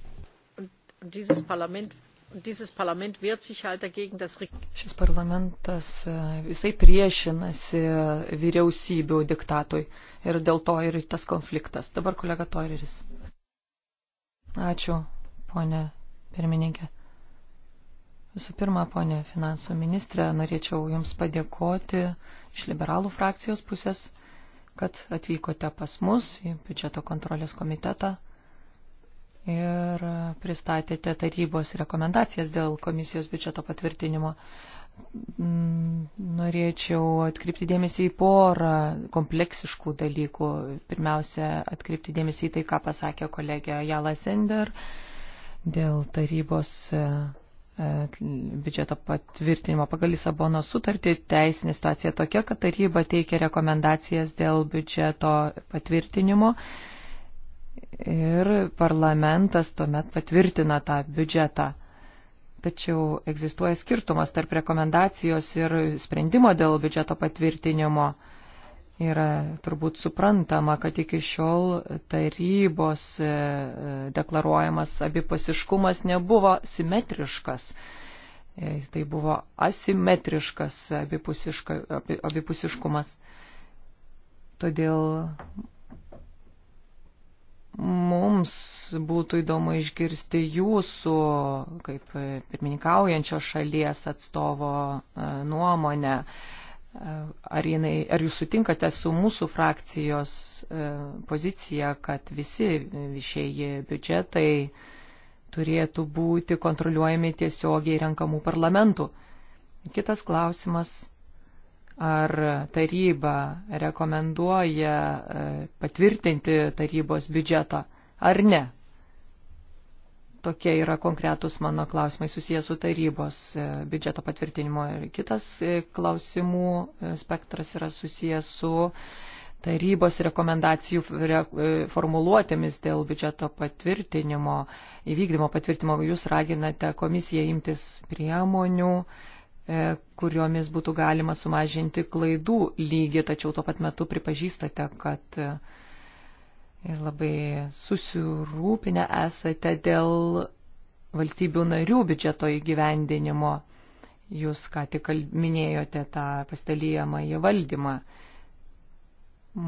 Dieses Parlament wehrt sich halt dagegen, dass Šis parlamentas visai e, priešinasi vyriausybių diktatui ir dėl to ir tas konfliktas. Dabar kolega Toileris. Ačiū, ponė pirmininkė. Visų pirma, ponė finansų ministrė, norėčiau Jums padėkoti iš liberalų frakcijos pusės, kad atvykote pas mus į biudžeto kontrolės komitetą ir pristatėte tarybos rekomendacijas dėl komisijos biudžeto patvirtinimo. Norėčiau atkreipti dėmesį į porą kompleksiškų dalykų. Pirmiausia, atkreipti dėmesį į tai, ką pasakė kolegė Jala Sender dėl tarybos e, e, biudžeto patvirtinimo pagal Lisabono sutartį. Teisinė situacija tokia, kad taryba teikia rekomendacijas dėl biudžeto patvirtinimo ir parlamentas tuomet patvirtina tą biudžetą. Tačiau egzistuoja skirtumas tarp rekomendacijos ir sprendimo dėl biudžeto patvirtinimo. Yra turbūt suprantama, kad iki šiol tarybos e, deklaruojamas abipasiškumas nebuvo simetriškas. E, tai buvo asimetriškas abipusiška, abipusiškumas. Todėl Mums būtų įdomu išgirsti jūsų, kaip pirmininkaujančio šalies atstovo e, nuomonę. E, ar, jinai, ar jūs sutinkate su mūsų frakcijos e, pozicija, kad visi viešieji biudžetai turėtų būti kontroliuojami tiesiogiai renkamų parlamentų? Kitas klausimas ar taryba rekomenduoja e, patvirtinti tarybos biudžetą ar ne. Tokie yra konkretus mano klausimai susijęs su tarybos e, biudžeto patvirtinimo. Ir kitas e, klausimų spektras yra susijęs su tarybos rekomendacijų formuluotėmis dėl biudžeto patvirtinimo, įvykdymo patvirtinimo. Jūs raginate komisiją imtis priemonių E, kuriomis būtų galima sumažinti klaidų lygį, tačiau tuo pat metu pripažįstate, kad e, labai susirūpinę esate dėl valstybių narių biudžeto įgyvendinimo. Jūs ką tik minėjote tą pastalyjamą į valdymą.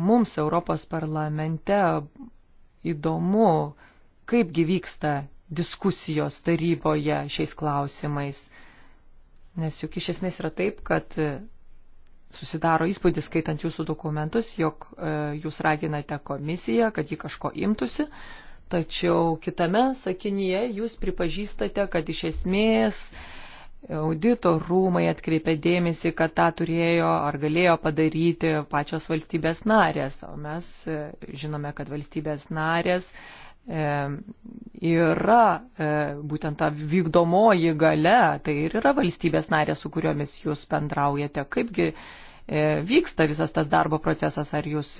Mums Europos parlamente įdomu, kaipgi vyksta diskusijos taryboje šiais klausimais Nes juk iš esmės yra taip, kad e, susidaro įspūdis, skaitant jūsų dokumentus, jog e, jūs raginate komisiją, kad ji kažko imtųsi, tačiau kitame sakinyje jūs pripažįstate, kad iš esmės audito rūmai atkreipė dėmesį, kad tą turėjo ar galėjo padaryti pačios valstybės narės, o mes e, žinome, kad valstybės narės uh, E, yra e, būtent ta vykdomoji gale, tai ir yra valstybės narė, su kuriomis jūs bendraujate. Kaipgi e, vyksta visas tas darbo procesas, ar jūs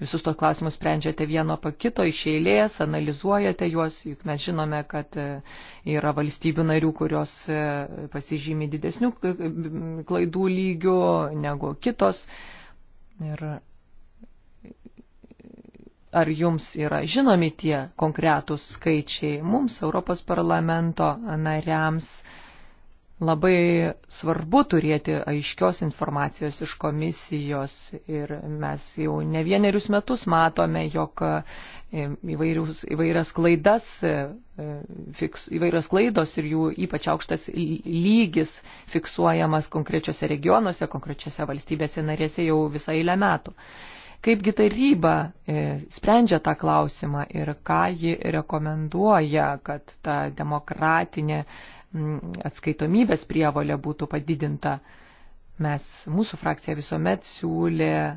visus tos klausimus sprendžiate vieno po kito iš eilės, analizuojate juos, juk mes žinome, kad yra valstybių narių, kurios pasižymi didesnių klaidų lygių negu kitos. Ir ar jums yra žinomi tie konkretūs skaičiai. Mums, Europos parlamento nariams, labai svarbu turėti aiškios informacijos iš komisijos ir mes jau ne vienerius metus matome, jog įvairius, įvairias klaidas, fiks, įvairios klaidos ir jų ypač aukštas lygis fiksuojamas konkrečiose regionuose, konkrečiose valstybėse narėse jau visą eilę metų. Kaipgi taryba e, sprendžia tą klausimą ir ką ji rekomenduoja, kad ta demokratinė atskaitomybės prievolė būtų padidinta. Mes, mūsų frakcija visuomet siūlė e,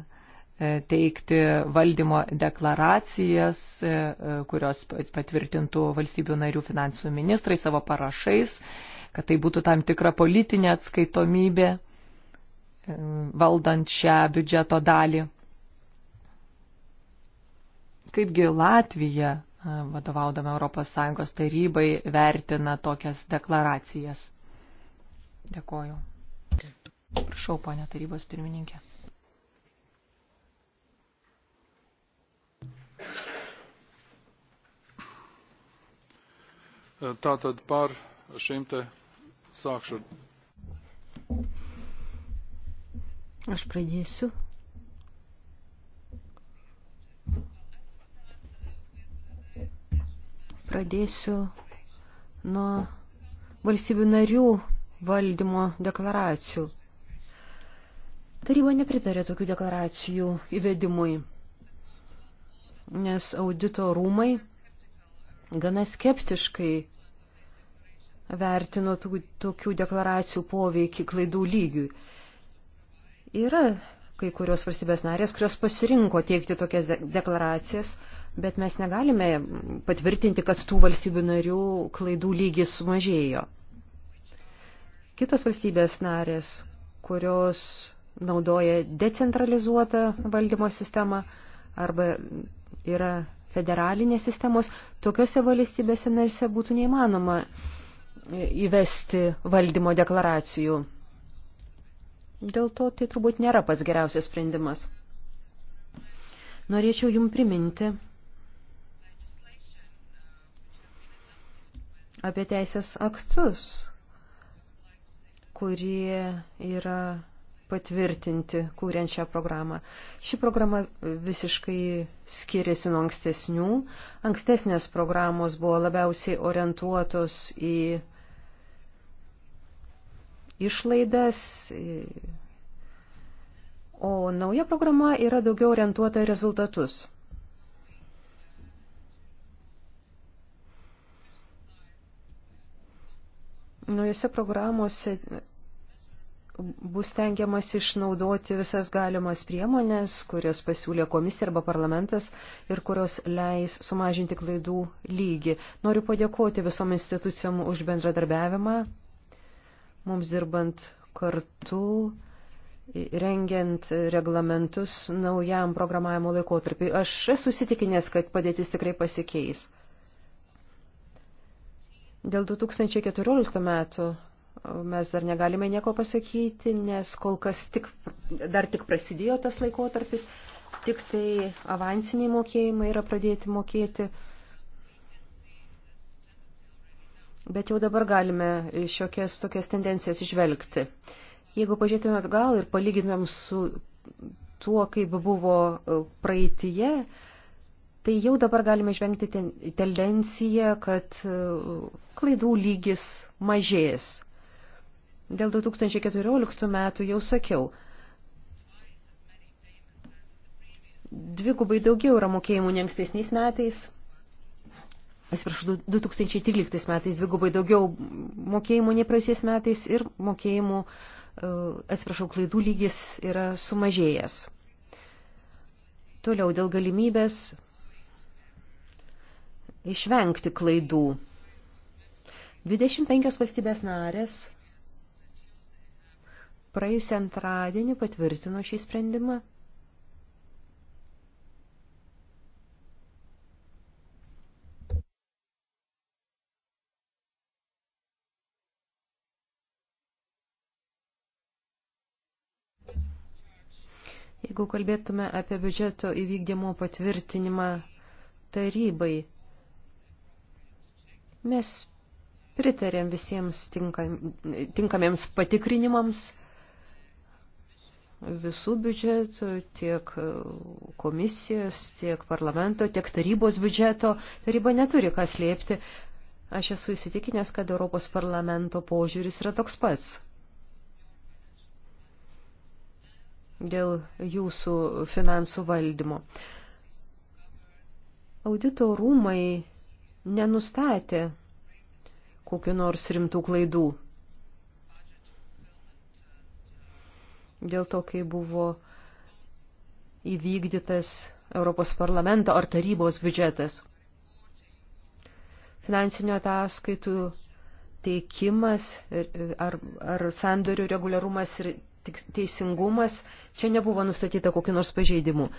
teikti valdymo deklaracijas, e, kurios patvirtintų valstybių narių finansų ministrai savo parašais, kad tai būtų tam tikra politinė atskaitomybė valdant šią biudžeto dalį. Kaipgi Latvija, vadovaudama ES tarybai, vertina tokias deklaracijas? Dėkoju. Prašau, ponė tarybos pirmininkė. Tātad par šīm te sākšu. Aš pradėsiu Pradėsiu nuo valstybių narių valdymo deklaracijų. Taryba nepritarė tokių deklaracijų įvedimui, nes audito rūmai gana skeptiškai vertino tų, tokių deklaracijų poveikį klaidų lygiui. Yra kai kurios valstybės narės, kurios pasirinko teikti tokias deklaracijas, Bet mes negalime patvirtinti, kad tų valstybių narių klaidų lygis sumažėjo. Kitos valstybės narės, kurios naudoja decentralizuotą valdymo sistemą arba yra federalinės sistemos, tokiuose valstybėse narėse būtų neįmanoma įvesti valdymo deklaracijų. Dėl to tai turbūt nėra pats geriausias sprendimas. Norėčiau jum priminti, apie teisės aktus, kurie yra patvirtinti, kūriant šią programą. Ši programa visiškai skiriasi nuo ankstesnių. Ankstesnės programos buvo labiausiai orientuotos į išlaidas, o nauja programa yra daugiau orientuota į rezultatus. Naujose programuose bus tengiamas išnaudoti visas galimas priemonės, kurias pasiūlė komisija arba parlamentas ir kurios leis sumažinti klaidų lygį. Noriu padėkoti visom institucijom už bendradarbiavimą, mums dirbant kartu, rengiant reglamentus naujam programavimo laikotarpiu. Aš esu sitikinęs, kad padėtis tikrai pasikeis. Dėl 2014 metų mes dar negalime nieko pasakyti, nes kol kas tik, dar tik prasidėjo tas laikotarpis, tik tai avansiniai mokėjimai yra pradėti mokėti. Bet jau dabar galime šiokias tokias tendencijas išvelgti. Jeigu pažiūrėtume atgal ir palyginam su tuo, kaip buvo praeitie, tai jau dabar galime išvengti tendenciją, kad e, klaidų lygis mažės. Dėl 2014 metų jau sakiau, dvigubai daugiau yra mokėjimų nei ankstesniais metais. Atsiprašau, 2013 metais dvigubai daugiau mokėjimų nei praeisiais metais ir mokėjimų, e, atsiprašau, klaidų lygis yra sumažėjęs. Toliau dėl galimybės išvengti klaidų. 25 valstybės narės praėjusią antradienį patvirtino šį sprendimą. Jeigu kalbėtume apie biudžeto įvykdymo patvirtinimą tarybai, Mes pritarėm visiems tinkam, tinkamiems patikrinimams visų biudžetų, tiek komisijos, tiek parlamento, tiek tarybos biudžeto. Taryba neturi ką slėpti. Aš esu įsitikinęs, kad Europos parlamento požiūris yra toks pats. Dėl jūsų finansų valdymo. Audito rūmai nenustatė kokiu nors rimtų klaidų. Dėl to, kai buvo įvykdytas Europos parlamento ar tarybos biudžetas. Finansinio ataskaitų teikimas ar, ar sandorių reguliarumas ir teisingumas, čia nebuvo nustatyta kokiu nors pažeidimu.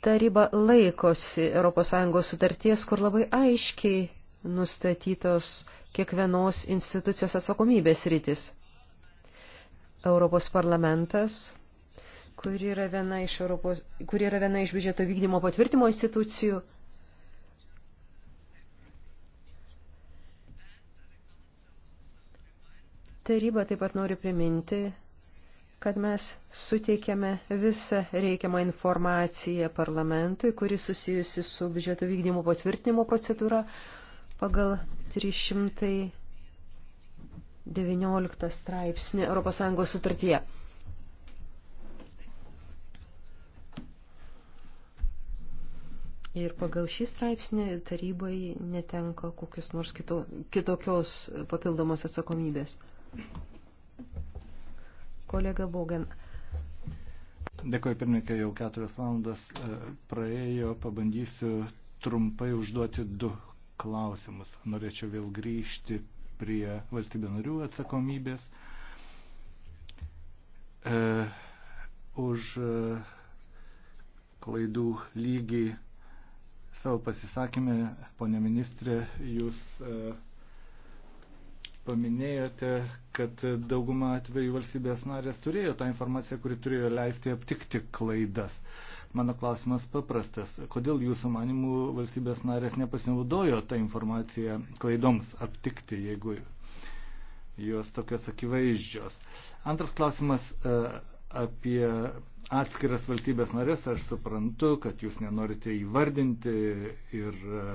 taryba laikosi ES sutarties, kur labai aiškiai nustatytos kiekvienos institucijos atsakomybės rytis. Europos parlamentas, kuri yra viena iš, Europos, kuri yra viena iš biudžeto vykdymo patvirtimo institucijų, Taryba taip pat nori priminti kad mes suteikėme visą reikiamą informaciją parlamentui, kuri susijusi su biudžeto vykdymo patvirtinimo procedūra pagal 319 straipsnį ES sutartyje. Ir pagal šį straipsnį tarybai netenka kokios nors kito, kitokios papildomos atsakomybės. Kolega Bogan. Dėkuoju, pirmininkai, jau keturias valandas e, praėjo, pabandysiu trumpai užduoti du klausimus. Norėčiau vėl grįžti prie valstybė narių atsakomybės e, už e, klaidų lygį savo pasisakymę, ponė ministrė, jūs e, paminėjote, kad dauguma atveju valstybės narės turėjo tą informaciją, kuri turėjo leisti aptikti klaidas. Mano klausimas paprastas. Kodėl jūsų manimų valstybės narės nepasinaudojo tą informaciją klaidoms aptikti, jeigu jos tokios akivaizdžios? Antras klausimas e, apie atskiras valstybės narės. Aš suprantu, kad jūs nenorite įvardinti ir e,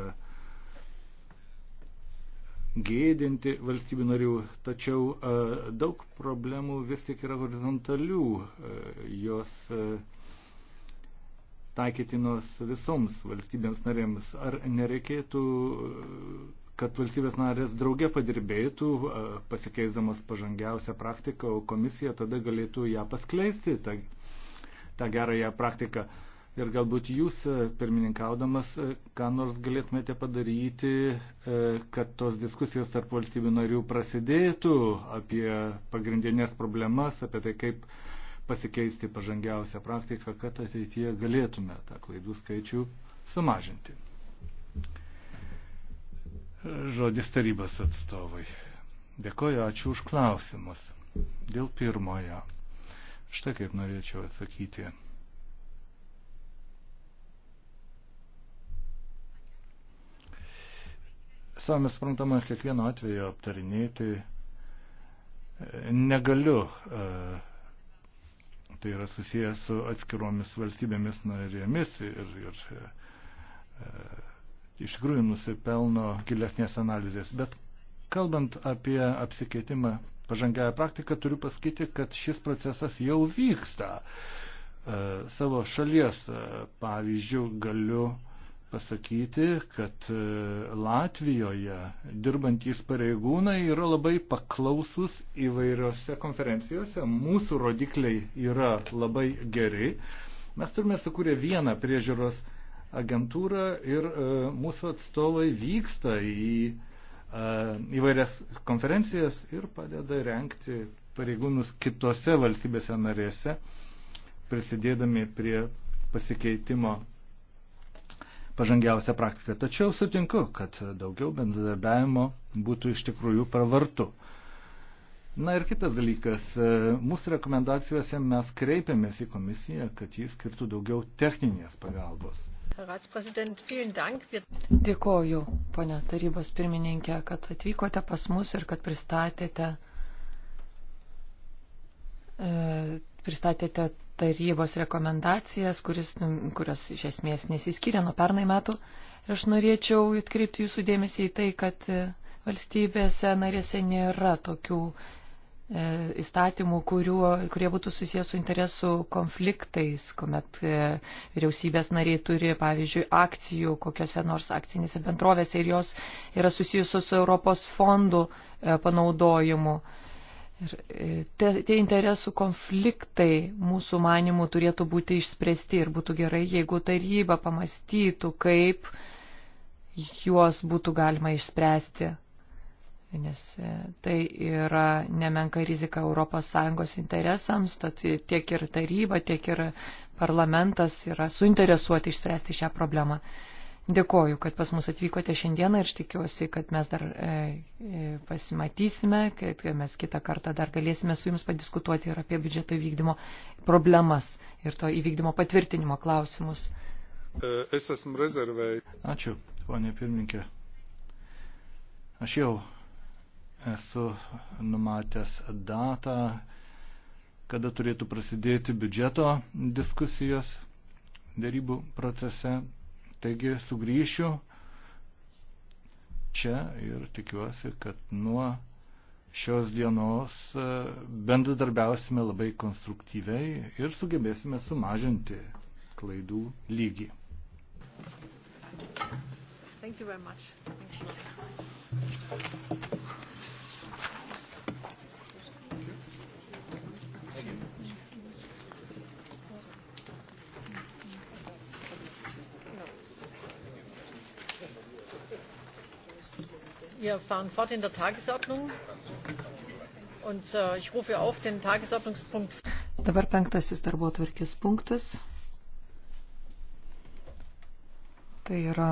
gėdinti valstybių narių, tačiau e, daug problemų vis tik yra horizontalių, e, jos e, taikytinos visoms valstybėms narėms. Ar nereikėtų, kad valstybės narės drauge padirbėtų, pasikeisdamas pažangiausią praktiką, o komisija tada galėtų ją paskleisti, tą, tą gerąją praktiką? Ir galbūt jūs, e, pirmininkaudamas, e, ką nors galėtumėte padaryti, e, kad tos diskusijos tarp valstybių narių prasidėtų apie pagrindinės problemas, apie tai, kaip pasikeisti pažangiausią praktiką, kad ateityje galėtume tą klaidų skaičių sumažinti. Žodis tarybos atstovai. Dėkoju, ačiū už klausimus. Dėl pirmojo. Štai kaip norėčiau atsakyti. Savame suprantama, kiekvieno atveju aptarinėti e, negaliu. E, tai yra susijęs su atskiromis valstybėmis narėmis ir, ir e, iš tikrųjų nusipelno gilesnės analizės. Bet kalbant apie apsikeitimą pažangiają praktiką, turiu pasakyti, kad šis procesas jau vyksta. Savo šalies pavyzdžių galiu uh, pasakyti, kad e, Latvijoje dirbantys pareigūnai yra labai paklausus įvairiose konferencijose. Mūsų rodikliai yra labai geri. Mes turime sukūrę vieną priežiūros agentūrą ir e, mūsų atstovai vyksta į e, įvairias konferencijas ir padeda renkti pareigūnus kitose valstybėse narėse, prisidėdami prie pasikeitimo pažangiausią praktiką. Tačiau sutinku, kad daugiau bendradarbiavimo būtų iš tikrųjų pravartu. Na ir kitas dalykas, mūsų rekomendacijose mes kreipiamės į komisiją, kad jis skirtų daugiau techninės pagalbos. Dėkoju, ponia tarybos pirmininkė, kad atvykote pas mus ir kad pristatėte, e, pristatėte tarybos rekomendacijas, kuris, nu, kurios iš esmės nesiskiria nuo pernai metų. Ir aš norėčiau atkreipti jūsų dėmesį į tai, kad e, valstybėse narėse nėra tokių e, įstatymų, kuriuo, kurie būtų susijęs su interesų konfliktais, kuomet e, vyriausybės nariai turi, pavyzdžiui, akcijų kokiuose nors akcinėse bendrovėse ir jos yra susijusios su Europos fondų e, panaudojimu. E, Ir e, tie interesų konfliktai mūsų manimų turėtų būti išspręsti ir būtų gerai, jeigu taryba pamastytų, kaip juos būtų galima išspręsti, nes e, tai yra nemenka rizika ES interesams, tad tiek ir taryba, tiek ir parlamentas yra suinteresuoti išspręsti šią problemą. Dėkoju, kad pas mus atvykote šiandieną ir aš tikiuosi, kad mes dar e, e pasimatysime, kad mes kitą kartą dar galėsime su Jums padiskutuoti ir apie biudžeto įvykdymo problemas ir to įvykdymo patvirtinimo klausimus. E, es esmu rezervai. Ačiū, ponė pirmininkė. Aš jau esu numatęs datą, kada turėtų prasidėti biudžeto diskusijos dėrybų procese Taigi sugrįšiu čia ir tikiuosi, kad nuo šios dienos e, bendradarbiausime labai konstruktyviai ir sugebėsime sumažinti klaidų lygį. Thank you very much. Thank you. Wir fahren fort in der Tagesordnung. Und äh, ich rufe auf den Tagesordnungspunkt. Dabar penktasis darbo atvarkės punktas. Tai yra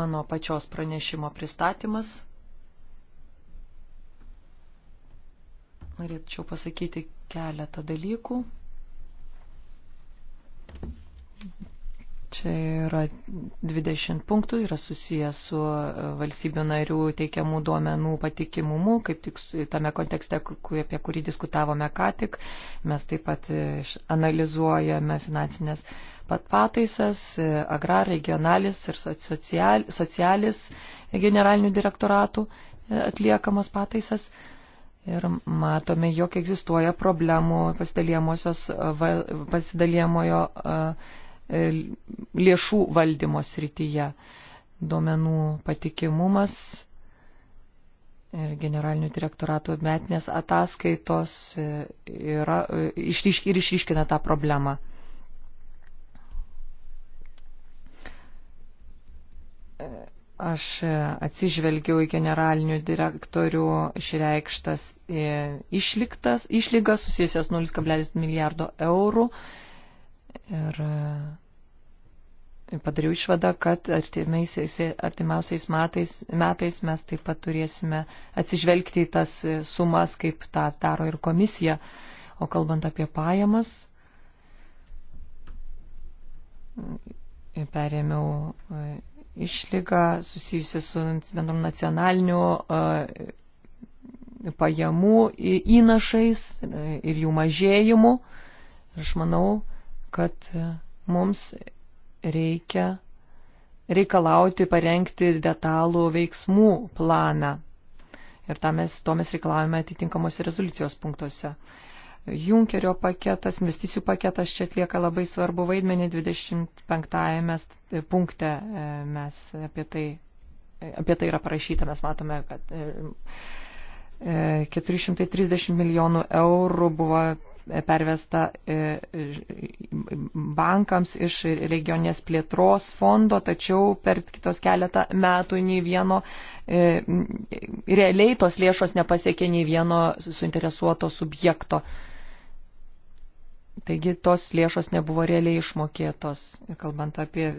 mano pačios pranešimo pristatymas. Norėčiau pasakyti keletą dalykų. Čia yra 20 punktų, yra susijęs su e, valstybių narių teikiamų duomenų patikimumu, kaip tik tame kontekste, apie kurį diskutavome ką tik. Mes taip pat e, analizuojame finansinės pataisas, e, agrar, regionalis ir social, socialis generalinių direktoratų atliekamas pataisas. Ir matome, jog egzistuoja problemų pasidalėjamojo E, lėšų valdymo srityje. Duomenų patikimumas ir generalinių direktoratų metinės ataskaitos e, yra, e, išryšk, ir išryškina tą problemą. Aš atsižvelgiau į generalinių direktorių išreikštas išliktas, išlygas susijusias 0,1 milijardo eurų Ir e, padariau išvadą, kad artimiausiais metais, metais mes taip pat turėsime atsižvelgti į tas e, sumas, kaip tą daro ir komisija. O kalbant apie pajamas, e, perėmiau išlygą susijusią su bendrom nacionaliniu pajamų įnašais ir jų mažėjimu. Aš manau, kad e, mums reikia reikalauti parengti detalų veiksmų planą. Ir mes, to mes reikalavome atitinkamos rezoliucijos punktuose. Junkerio paketas, investicijų paketas čia atlieka labai svarbu vaidmenį. 25 e, punkte e, mes apie tai, apie tai yra parašyta, mes matome, kad 430 milijonų eurų buvo pervesta e, bankams iš regionės plėtros fondo, tačiau per kitos keletą metų nei vieno, e, realiai tos lėšos nepasiekė nei vieno suinteresuoto subjekto. Taigi tos lėšos nebuvo realiai išmokėtos. Kalbant apie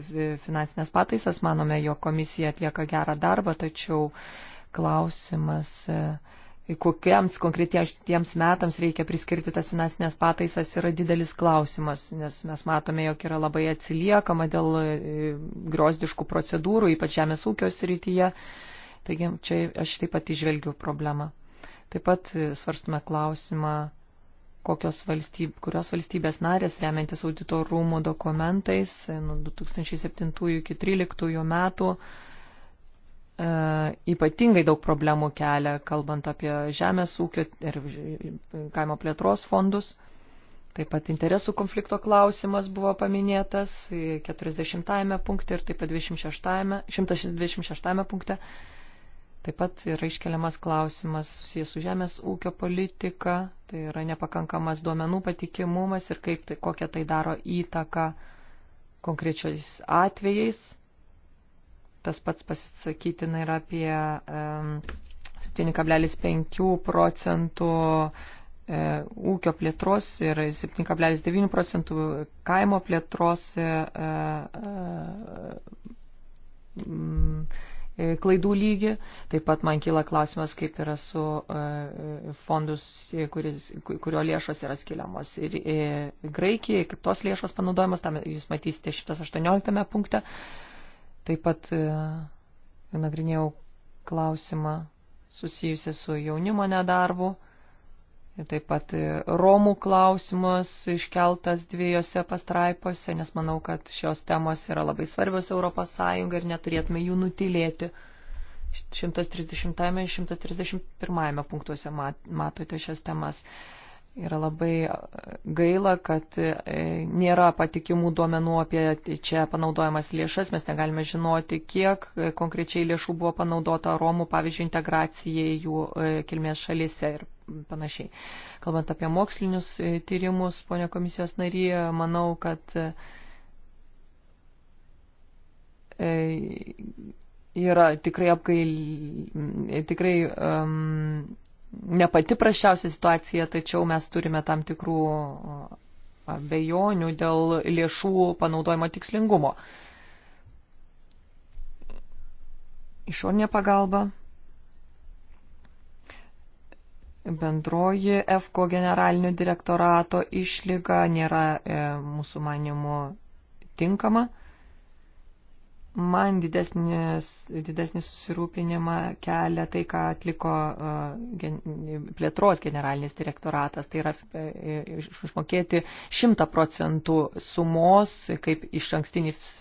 finansinės pataisas, manome, jo komisija atlieka gerą darbą, tačiau klausimas. E, kokiems konkretiems metams reikia priskirti tas finansinės pataisas yra didelis klausimas, nes mes matome, jog yra labai atsiliekama dėl e, grozdiškų procedūrų, ypač žemės ūkio srityje. Taigi čia aš taip pat išvelgiu problemą. Taip pat e, svarstume klausimą, valstyb, kurios valstybės narės remiantis audito rūmų dokumentais e, nuo 2007 iki 2013 metų E, ypatingai daug problemų kelia, kalbant apie žemės ūkio ir kaimo plėtros fondus. Taip pat interesų konflikto klausimas buvo paminėtas 40-ame punkte ir taip pat 26-ame, 126-ame punkte. Taip pat yra iškeliamas klausimas susijęs su žemės ūkio politika, tai yra nepakankamas duomenų patikimumas ir kaip tai, kokią tai daro įtaką konkrečiais atvejais Tas pats pasisakytina ir apie 7,5 procentų e, ūkio plėtros ir 7,9 procentų kaimo plėtros e, e, klaidų lygį. Taip pat man kyla klausimas, kaip yra su fondus, kuris, kurio lėšos yra skiliamos ir Graikijai, kaip tos lėšos panaudojamas, tam jūs matysite šitas 18 punkte. Taip pat e, nagrinėjau klausimą susijusi su jaunimo nedarbu. Taip pat e, Romų klausimas iškeltas dviejose pastraipose, nes manau, kad šios temos yra labai svarbios ES ir neturėtume jų nutilėti. 130 ir 131 punktuose matote šias temas. Yra labai gaila, kad e, nėra patikimų duomenų apie čia panaudojamas lėšas, mes negalime žinoti, kiek e, konkrečiai lėšų buvo panaudota Romų, pavyzdžiui, integracijai jų e, kilmės šalyse ir panašiai. Kalbant apie mokslinius tyrimus, ponia komisijos narė, manau, kad yra tikrai apgail, tikrai um, ne pati praščiausia situacija, tačiau mes turime tam tikrų uh, abejonių dėl lėšų panaudojimo tikslingumo. Išorinė pagalba. Bendroji EFKO generalinio direktorato išlyga nėra e, mūsų manimų tinkama. E, Man didesnis, didesnis susirūpinimą kelia tai, ką atliko e, gen, plėtros generalinis direktoratas, tai yra e, išmokėti 100 procentų sumos kaip iš,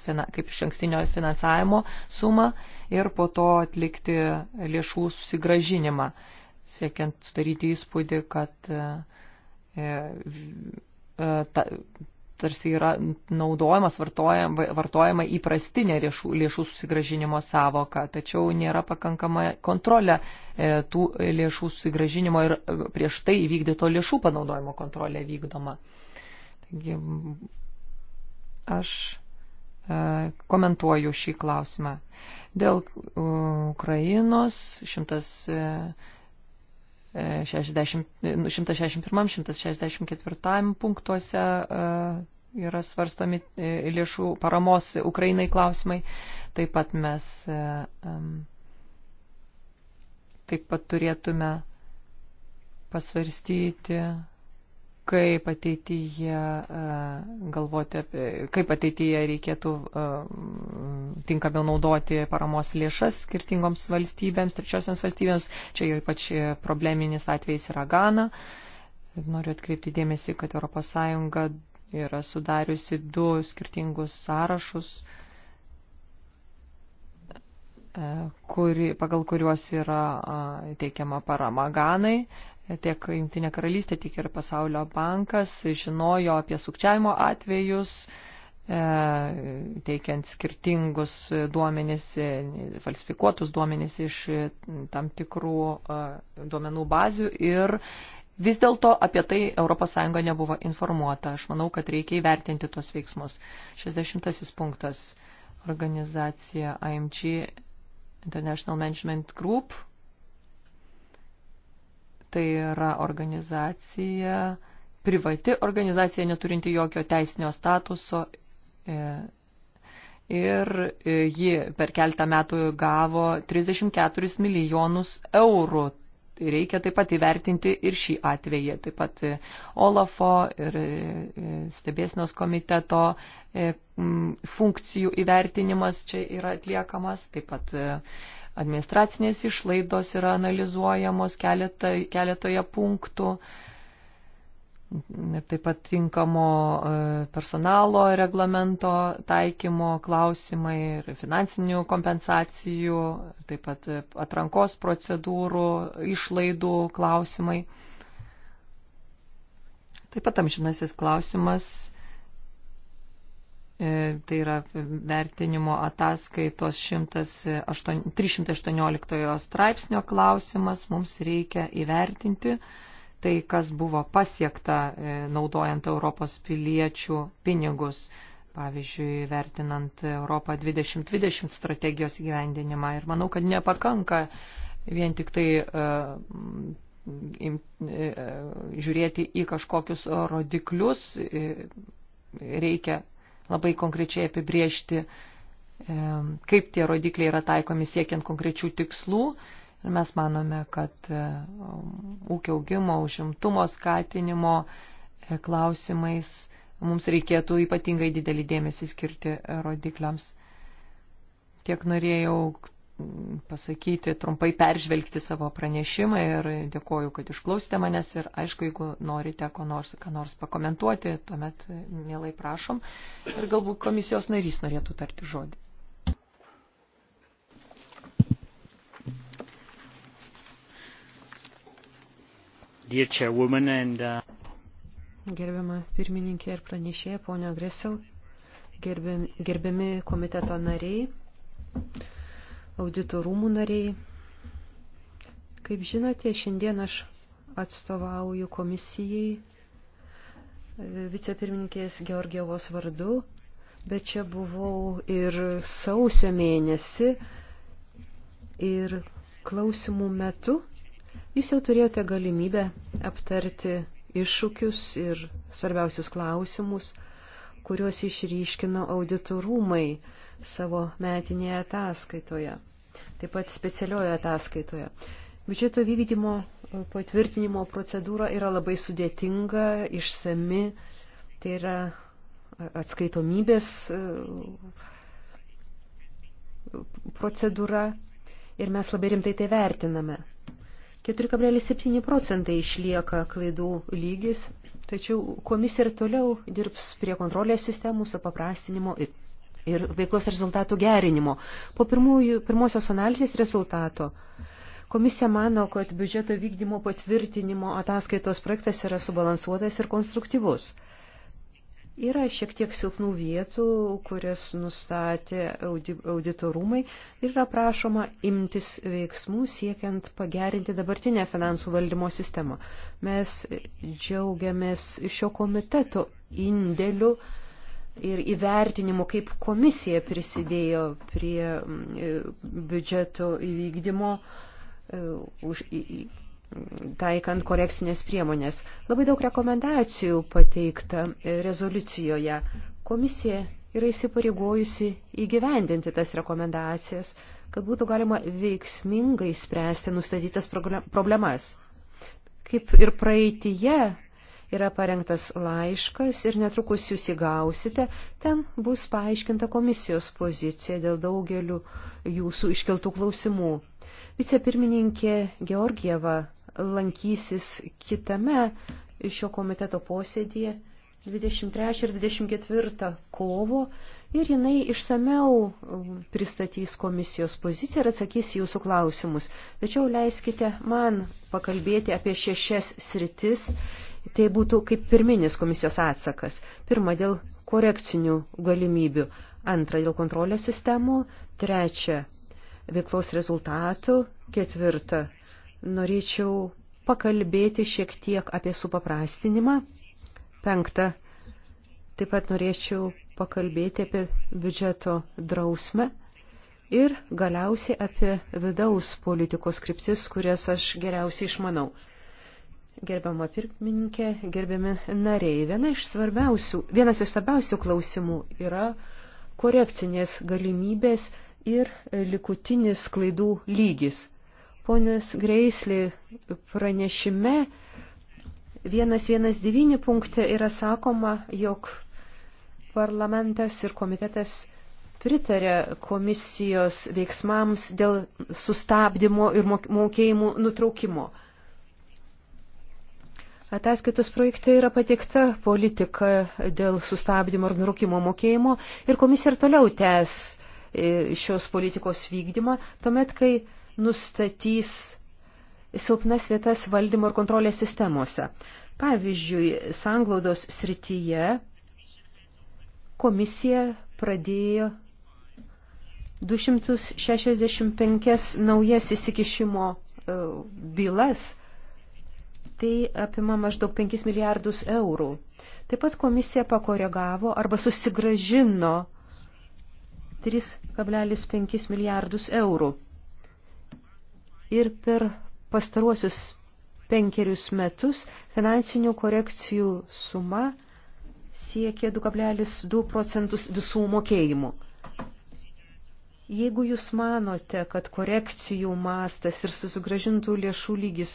kaip iš ankstinio finansavimo sumą ir po to atlikti lėšų susigražinimą, siekiant sudaryti įspūdį, kad e, e, ta, tarsi yra naudojamas, vartojama, vartojama įprastinė lėšų, lėšų susigražinimo savoka, tačiau nėra pakankama kontrolė e, tų lėšų susigražinimo ir e, prieš tai įvykdyto lėšų panaudojimo kontrolė vykdoma. Taigi, aš e, komentuoju šį klausimą. Dėl Ukrainos 100. 161-164 punktuose e, yra svarstomi e, lėšų paramos Ukrainai klausimai. Taip pat mes e, taip pat turėtume pasvarstyti kaip ateityje e, galvoti apie, kaip ateityje reikėtų e, tinkamiau naudoti paramos lėšas skirtingoms valstybėms, trečiosioms valstybėms. Čia ypač probleminis atvejis yra Gana. Noriu atkreipti dėmesį, kad ES yra sudariusi du skirtingus sąrašus E, kuri, pagal kuriuos yra teikiama parama Ganai. Tiek Junktinė karalystė, tiek ir Pasaulio bankas žinojo apie sukčiavimo atvejus, e, teikiant skirtingus duomenys, falsifikuotus duomenys iš tam tikrų duomenų bazių ir vis dėlto apie tai ES nebuvo informuota. Aš manau, kad reikia įvertinti tuos veiksmus. 60 punktas organizacija AMG International Management Group. Tai yra organizacija, privati organizacija neturinti jokio teisinio statuso. E, ir e, ji per keltą metų gavo 34 milijonus eurų. Tai reikia taip pat įvertinti ir šį atvejį. Taip pat e, Olafo ir e, e, stebėsinos komiteto funkcijų įvertinimas čia yra atliekamas. Taip pat administracinės išlaidos yra analizuojamos keletą, keletoje punktų. Ir taip pat tinkamo e, personalo reglamento taikymo klausimai ir finansinių kompensacijų, taip pat e, atrankos procedūrų, išlaidų klausimai. Taip pat amžinasis klausimas, e, tai yra vertinimo ataskaitos 318 straipsnio klausimas, mums reikia įvertinti tai, kas buvo pasiekta e, naudojant Europos piliečių pinigus, pavyzdžiui, vertinant Europą 2020 strategijos įgyvendinimą. Ir manau, kad nepakanka vien tik tai e, e, žiūrėti į kažkokius rodiklius, reikia labai konkrečiai apibriežti, kaip tie rodikliai yra taikomi siekiant konkrečių tikslų Mes manome, kad e, ūkio augimo, užimtumo skatinimo e, klausimais mums reikėtų ypatingai didelį dėmesį skirti e, rodikliams. Tiek norėjau pasakyti, trumpai peržvelgti savo pranešimą ir dėkoju, kad išklausėte manęs ir aišku, jeigu norite ką nors, ką nors pakomentuoti, tuomet mielai prašom ir galbūt komisijos narys norėtų tarti žodį. Dear Chairwoman and... Uh... Gerbiama pirmininkė ir pranešėja, ponia Gresel, gerbiam, gerbiami komiteto nariai, auditorumų nariai. Kaip žinote, šiandien aš atstovauju komisijai e, vicepirmininkės Georgievos vardu, bet čia buvau ir sausio mėnesį ir klausimų metu Jūs jau turėjote galimybę aptarti iššūkius ir svarbiausius klausimus, kuriuos išryškino auditorumai savo metinėje ataskaitoje, taip pat specialioje ataskaitoje. Biudžeto vykdymo e, patvirtinimo procedūra yra labai sudėtinga, išsami, tai yra e, atskaitomybės e, procedūra ir mes labai rimtai tai vertiname. 4,7 procentai išlieka klaidų lygis, tačiau komisija ir toliau dirbs prie kontrolės sistemų supaprastinimo ir, ir veiklos rezultatų gerinimo. Po pirmųjų, pirmosios analizės rezultato komisija mano, kad biudžeto vykdymo patvirtinimo ataskaitos projektas yra subalansuotas ir konstruktyvus. Yra šiek tiek silpnų vietų, kurias nustatė auditorumai ir yra prašoma imtis veiksmų siekiant pagerinti dabartinę finansų valdymo sistemą. Mes džiaugiamės šio komiteto indėliu ir įvertinimu, kaip komisija prisidėjo prie mm, biudžeto įvykdymo e, už taikant korekcinės priemonės. Labai daug rekomendacijų pateikta rezoliucijoje. Komisija yra įsipareigojusi įgyvendinti tas rekomendacijas, kad būtų galima veiksmingai spręsti nustatytas problemas. Kaip ir praeityje yra parengtas laiškas ir netrukus jūs įgausite, ten bus paaiškinta komisijos pozicija dėl daugelių jūsų iškeltų klausimų. Vicepirmininkė Georgieva lankysis kitame šio komiteto posėdėje 23 ir 24 kovo ir jinai išsameu um, pristatys komisijos poziciją ir atsakys jūsų klausimus. Tačiau leiskite man pakalbėti apie šešias sritis. Tai būtų kaip pirminis komisijos atsakas. Pirma, dėl korekcinių galimybių. Antra, dėl kontrolės sistemų. Trečia, veiklos rezultatų. Ketvirta, norėčiau pakalbėti šiek tiek apie supaprastinimą. Penkta, taip pat norėčiau pakalbėti apie biudžeto drausmę ir galiausiai apie vidaus politikos kryptis, kurias aš geriausiai išmanau. Gerbiama pirmininkė, gerbiami nariai, viena iš svarbiausių, vienas iš svarbiausių klausimų yra korekcinės galimybės ir likutinis klaidų lygis – Ponės Greislį pranešime 119 punkte yra sakoma, jog parlamentas ir komitetas pritarė komisijos veiksmams dėl sustabdymo ir mokėjimų nutraukimo. Ataskaitos projekte yra pateikta politika dėl sustabdymo ir nutraukimo mokėjimo ir komisija ir toliau tęs e, šios politikos vykdymą, tuomet, kai nustatys silpnas vietas valdymo ir kontrolės sistemose. Pavyzdžiui, sanglaudos srityje komisija pradėjo 265 naujas įsikišimo e, bylas, tai apima maždaug 5 milijardus eurų. Taip pat komisija pakoregavo arba susigražino 3,5 milijardus eurų ir per pastaruosius penkerius metus finansinių korekcijų suma siekia 2,2 procentus visų mokėjimų. Jeigu jūs manote, kad korekcijų mastas ir susigražintų lėšų lygis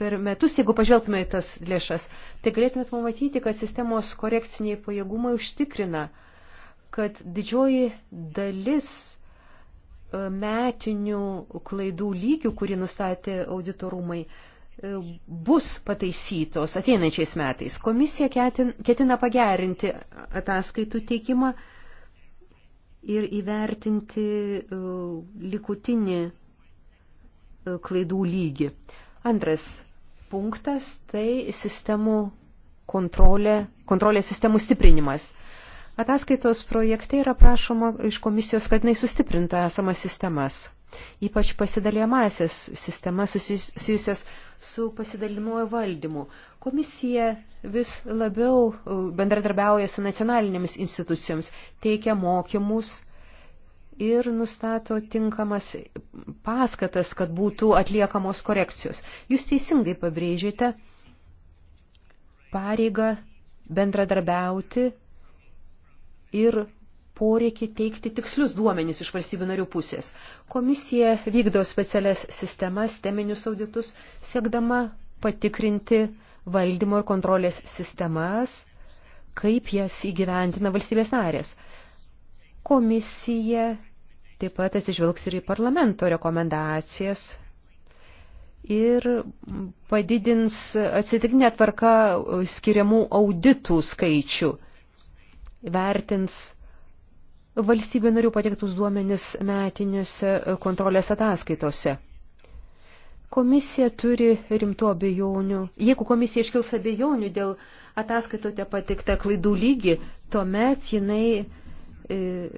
per metus, jeigu pažvelgtume į tas lėšas, tai galėtumėt pamatyti, kad sistemos korekciniai pajėgumai užtikrina, kad didžioji dalis metinių klaidų lygių, kurį nustatė auditorumai, e, bus pataisytos ateinančiais metais. Komisija ketina pagerinti ataskaitų teikimą ir įvertinti e, likutinį e, klaidų lygį. Antras punktas tai sistemų kontrolė, kontrolės sistemų stiprinimas. Ataskaitos projekte yra prašoma iš komisijos, kad jinai sustiprintų esamas sistemas, ypač pasidalėmasias sistemas susijusias su pasidalimuoju valdymu. Komisija vis labiau bendradarbiauja su nacionalinėmis institucijoms, teikia mokymus ir nustato tinkamas paskatas, kad būtų atliekamos korekcijos. Jūs teisingai pabrėžėte pareigą bendradarbiauti ir poreikį teikti tikslius duomenys iš valstybių narių pusės. Komisija vykdo specialias sistemas, teminius auditus, siekdama patikrinti valdymo ir kontrolės sistemas, kaip jas įgyventina valstybės narės. Komisija taip pat atsižvelgs ir į parlamento rekomendacijas ir padidins atsitiknė tvarka skiriamų auditų skaičių – vertins valstybė narių pateiktus duomenis metiniuose kontrolės ataskaitose. Komisija turi rimtų abejonių. Jeigu komisija iškils abejonių dėl ataskaitote patiktą klaidų lygį, tuomet jinai e,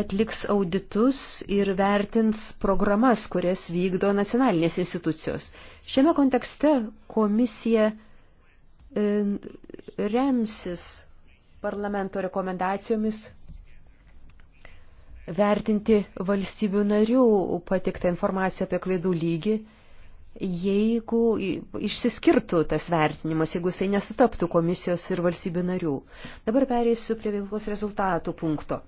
atliks auditus ir vertins programas, kurias vykdo nacionalinės institucijos. Šiame kontekste komisija e, remsis parlamento rekomendacijomis vertinti valstybių narių patiktą informaciją apie klaidų lygį, jeigu išsiskirtų tas vertinimas, jeigu jisai nesutaptų komisijos ir valstybių narių. Dabar pereisiu prie veiklos rezultatų punkto.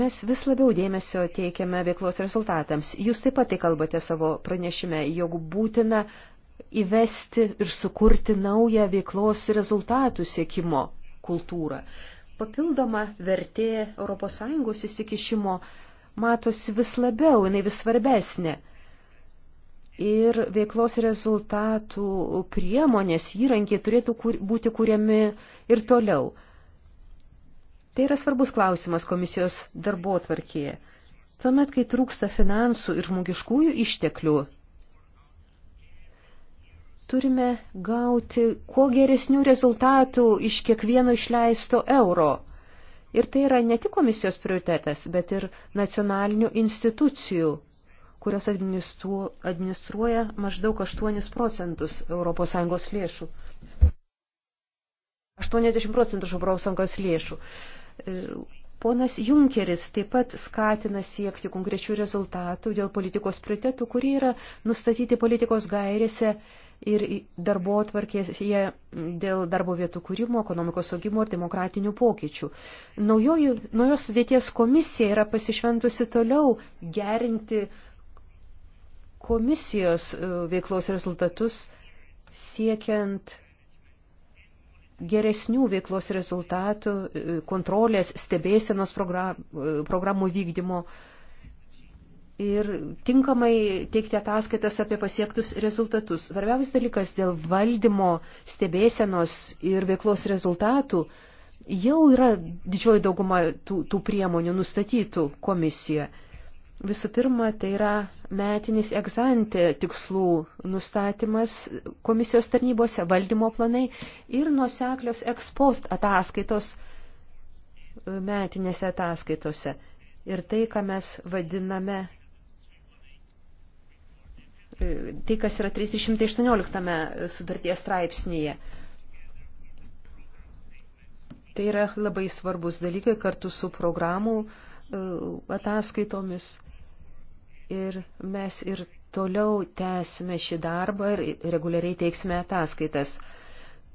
Mes vis labiau dėmesio teikiame veiklos rezultatams. Jūs taip pat tai kalbate savo pranešime, jog būtina įvesti ir sukurti naują veiklos rezultatų siekimo kultūrą. Papildoma vertė ES įsikišimo matosi vis labiau, jinai vis svarbesnė. Ir veiklos rezultatų priemonės įrankiai turėtų kur, būti kuriami ir toliau. Tai yra svarbus klausimas komisijos darbo tvarkėje. Tuomet, kai trūksta finansų ir žmogiškųjų išteklių Turime gauti kuo geresnių rezultatų iš kiekvieno išleisto euro. Ir tai yra ne tik komisijos prioritetas, bet ir nacionalinių institucijų, kurios administruo, administruoja maždaug 8 procentus ES lėšų. 80 procentų ES lėšų. E, ponas Junkeris taip pat skatina siekti konkrečių rezultatų dėl politikos prioritetų, kurie yra nustatyti politikos gairėse ir darbo atvarkėje dėl darbo vietų kūrimo, ekonomikos augimo ir demokratinių pokyčių. Naujoji, naujos sudėties komisija yra pasišventusi toliau gerinti komisijos e, veiklos rezultatus siekiant geresnių veiklos rezultatų, e, kontrolės, stebėsenos e, programų vykdymo ir tinkamai teikti ataskaitas apie pasiektus rezultatus. Svarbiausias dalykas dėl valdymo, stebėsenos ir veiklos rezultatų jau yra didžioji dauguma tų, tų priemonių nustatytų komisijoje. Visų pirma, tai yra metinis egzantė tikslų nustatymas komisijos tarnybose, valdymo planai ir nuseklios ekspost ataskaitos metinėse ataskaitose. Ir tai, ką mes vadiname E, tai, kas yra 318 sudarties straipsnėje. Tai yra labai svarbus dalykai kartu su programų e, ataskaitomis. Ir mes ir toliau tęsime šį darbą ir reguliariai teiksime ataskaitas.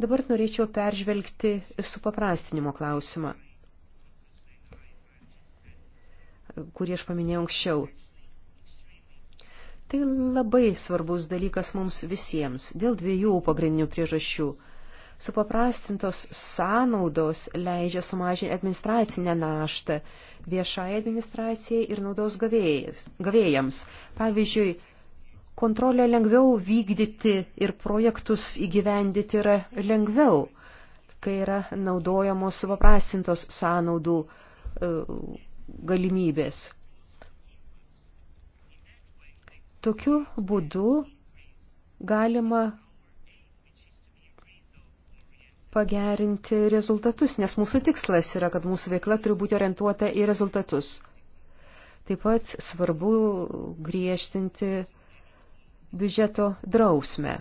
Dabar norėčiau peržvelgti supaprastinimo klausimą, kurį aš paminėjau anksčiau. Tai labai svarbus dalykas mums visiems dėl dviejų pagrindinių priežasčių. Supaprastintos sąnaudos leidžia sumažinti administracinę naštą viešai administracijai ir naudos gavėjams. Pavyzdžiui, kontrolę lengviau vykdyti ir projektus įgyvendyti yra lengviau, kai yra naudojamos supaprastintos sąnaudų e, galimybės Tokiu būdu galima pagerinti rezultatus, nes mūsų tikslas yra, kad mūsų veikla turi būti orientuota į rezultatus. Taip pat svarbu griežtinti biudžeto drausmę,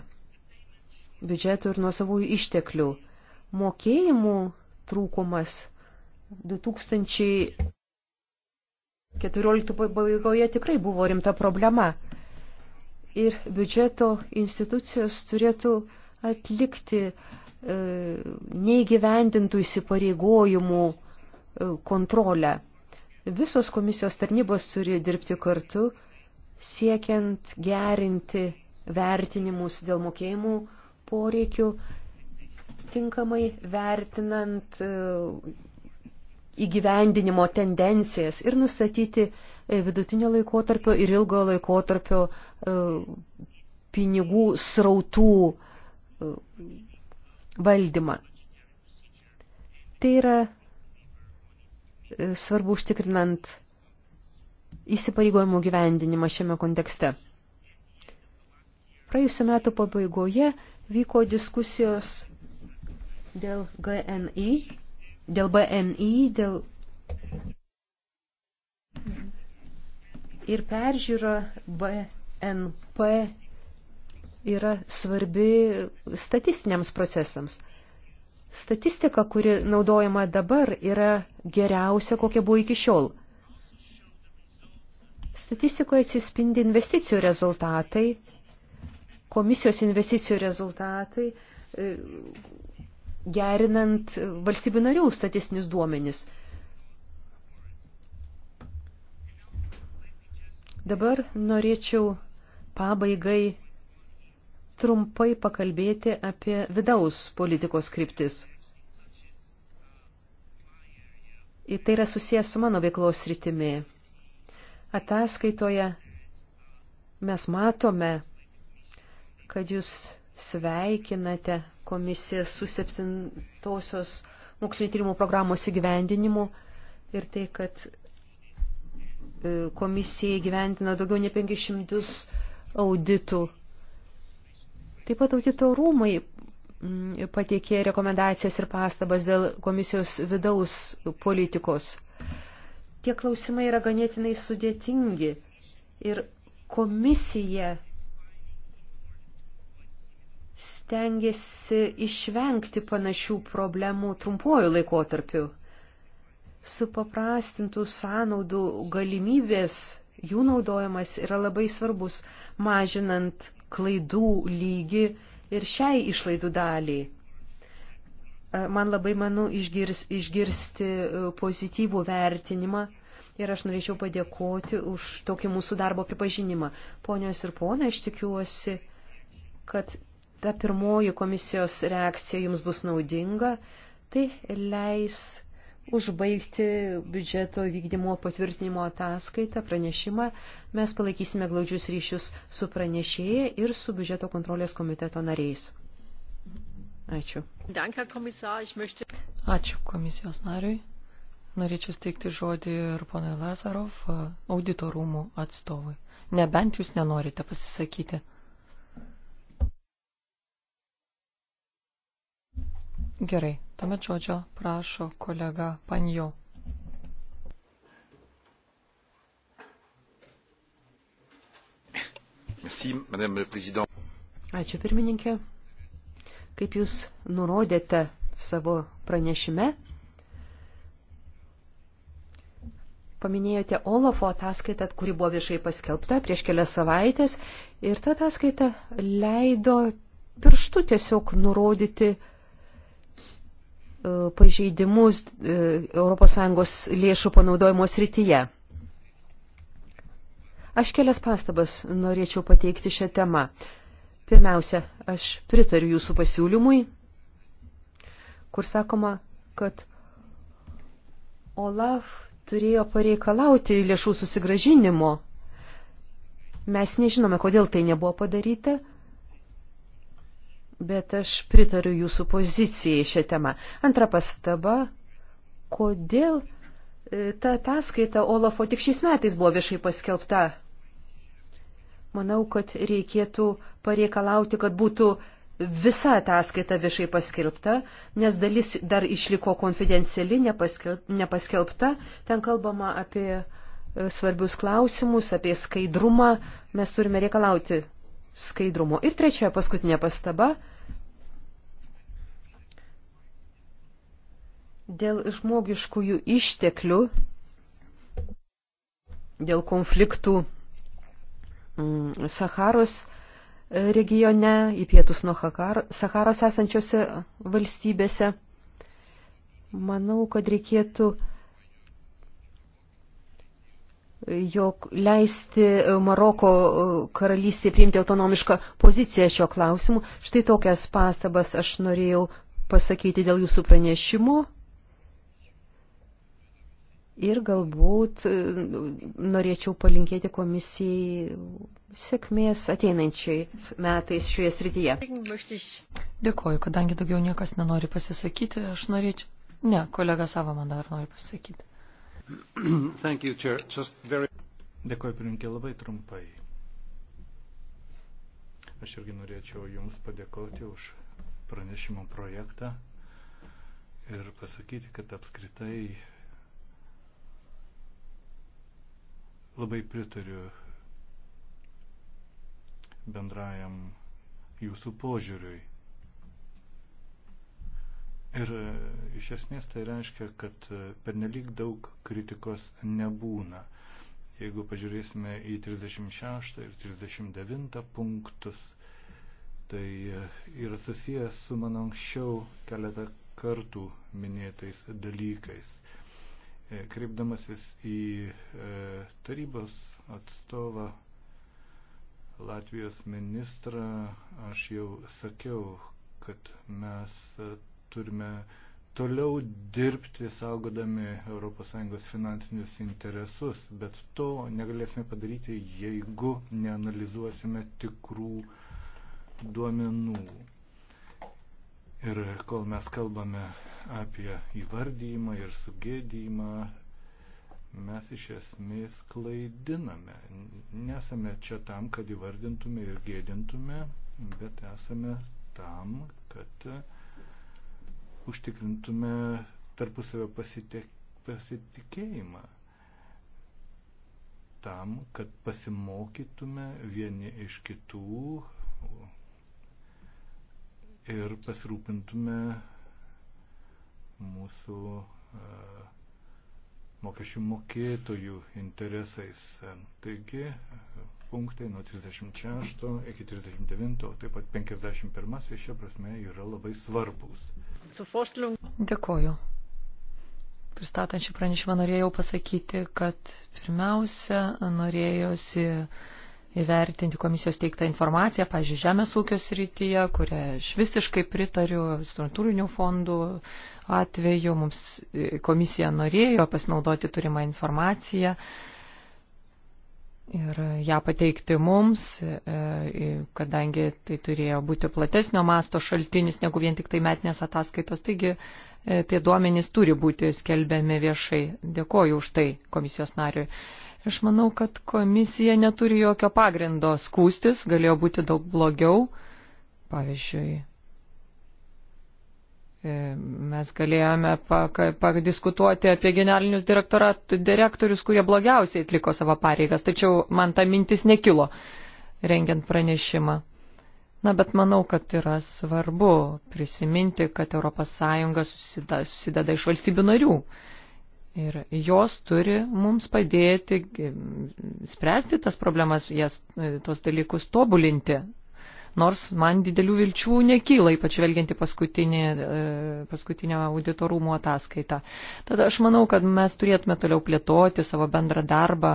biudžeto ir nuosavųjų išteklių. Mokėjimų trūkumas 2014 pabaigoje tikrai buvo rimta problema ir biudžeto institucijos turėtų atlikti e, neįgyvendintų įsipareigojimų e, kontrolę. Visos komisijos tarnybos turi dirbti kartu, siekiant gerinti vertinimus dėl mokėjimų poreikių, tinkamai vertinant e, įgyvendinimo tendencijas ir nustatyti e, vidutinio laikotarpio ir ilgo laikotarpio E, pinigų srautų e, valdymą. Tai yra e, svarbu užtikrinant įsipareigojimų gyvendinimą šiame kontekste. Praėjusiu metu pabaigoje vyko diskusijos dėl GNI, dėl BNI, dėl ir peržiūro BNI NP yra svarbi statistiniams procesams. Statistika, kuri naudojama dabar, yra geriausia, kokia buvo iki šiol. Statistikoje atsispindi investicijų rezultatai, komisijos investicijų rezultatai, e, gerinant valstybių narių statistinius duomenis. Dabar norėčiau pabaigai trumpai pakalbėti apie vidaus politikos kryptis. Ir tai yra susijęs su mano veiklos rytimi. Ataskaitoje mes matome, kad jūs sveikinate komisiją su septintosios mokslinio tyrimų programos įgyvendinimu ir tai, kad e, komisija įgyvendina daugiau nei 500 auditų. Taip pat audito rūmai mm, pateikė rekomendacijas ir pastabas dėl komisijos vidaus politikos. Tie klausimai yra ganėtinai sudėtingi ir komisija stengiasi išvengti panašių problemų trumpuoju laikotarpiu. Supaprastintų sąnaudų galimybės jų naudojimas yra labai svarbus, mažinant klaidų lygį ir šiai išlaidų daliai. E, man labai manu išgirs, išgirsti e, pozityvų vertinimą ir aš norėčiau padėkoti už tokį mūsų darbo pripažinimą. Ponios ir ponai, aš tikiuosi, kad ta pirmoji komisijos reakcija jums bus naudinga, tai leis užbaigti biudžeto vykdymo patvirtinimo ataskaitą, pranešimą. Mes palaikysime glaudžius ryšius su pranešėja ir su biudžeto kontrolės komiteto nariais. Ačiū. Ačiū komisijos nariui. Norėčiau steigti žodį ir ponui Lazarov, auditorumų atstovui. Nebent jūs nenorite pasisakyti. Gerai, tuomet žodžio prašo kolega Panjo. Ačiū pirmininkė. Kaip jūs nurodėte savo pranešime, paminėjote Olafo ataskaitą, kuri buvo viešai paskelbta prieš kelias savaitės ir ta ataskaita leido pirštų tiesiog nurodyti uh, pažeidimus ES lėšų panaudojimo srityje. Aš kelias pastabas norėčiau pateikti šią temą. Pirmiausia, aš pritariu jūsų pasiūlymui, kur sakoma, kad Olaf turėjo pareikalauti lėšų susigražinimo. Mes nežinome, kodėl tai nebuvo padaryta, Bet aš pritariu jūsų pozicijai šią temą. Antra pastaba, kodėl e, ta ataskaita Olafo tik šiais metais buvo viešai paskelbta? Manau, kad reikėtų pareikalauti, kad būtų visa ataskaita viešai paskelbta, nes dalis dar išliko konfidenciali, nepaskelbta. Ten kalbama apie e, svarbius klausimus, apie skaidrumą. Mes turime reikalauti skaidrumo. Ir trečia, paskutinė pastaba Dėl žmogiškųjų išteklių, dėl konfliktų mm, Saharos e, regione, į pietus nuo Saharos esančiose valstybėse. Manau, kad reikėtų e, jog leisti e, Maroko karalystė priimti autonomišką poziciją šio klausimu. Štai tokias pastabas aš norėjau pasakyti dėl jūsų pranešimų. Ir galbūt e, norėčiau palinkėti komisijai sėkmės ateinančiais metais šioje srityje. Dėkoju, kadangi daugiau niekas nenori pasisakyti, aš norėčiau. Ne, kolega savo man dar nori pasisakyti. Thank you, Chair. Just very... Dėkoju, pirminkė, labai trumpai. Aš irgi norėčiau Jums padėkoti už pranešimo projektą ir pasakyti, kad apskritai Labai pritariu bendrajam jūsų požiūriui. Ir e, iš esmės tai reiškia, kad e, pernelyg daug kritikos nebūna. Jeigu pažiūrėsime į 36 ir 39 punktus, tai e, yra susijęs su man anksčiau keletą kartų minėtais dalykais. E, kreipdamasis į e, tarybos atstovą Latvijos ministrą, aš jau sakiau, kad mes turime toliau dirbti saugodami ES finansinius interesus, bet to negalėsime padaryti, jeigu neanalizuosime tikrų duomenų. Ir kol mes kalbame apie įvardyjimą ir sugėdyjimą, mes iš esmės klaidiname. Nesame čia tam, kad įvardintume ir gėdintume, bet esame tam, kad užtikrintume tarpusavio pasitikėjimą. Tam, kad pasimokytume vieni iš kitų, ir pasirūpintume mūsų e, mokesčių mokėtojų interesais. Taigi, punktai nuo 36 iki 39, taip pat 51 šia prasme yra labai svarbus. Dėkoju. Pristatant šį pranešimą norėjau pasakyti, kad pirmiausia norėjosi uh, įvertinti komisijos teiktą informaciją, pažiūrėjau, žemės ūkio srityje, kurią aš visiškai pritariu, struktūrinių fondų atveju, mums e, komisija norėjo pasinaudoti turimą informaciją ir ją pateikti mums, e, e, kadangi tai turėjo būti platesnio masto šaltinis negu vien tik tai metinės ataskaitos. Taigi tie duomenys turi būti skelbiami viešai. Dėkoju už tai komisijos nariui. Aš manau, kad komisija neturi jokio pagrindo skūstis, galėjo būti daug blogiau. Pavyzdžiui, e, mes galėjome padiskutuoti apie generalinius direktorius, kurie blogiausiai atliko savo pareigas, tačiau man ta mintis nekilo rengiant pranešimą. Na, bet manau, kad yra svarbu prisiminti, kad ES susideda, susideda iš valstybių narių. Ir jos turi mums padėti e, spręsti tas problemas, jas, e, tos dalykus tobulinti. Nors man didelių vilčių nekyla, ypač velgianti paskutinį, e, paskutinę auditorumų ataskaitą. Tad aš manau, kad mes turėtume toliau plėtoti savo bendrą darbą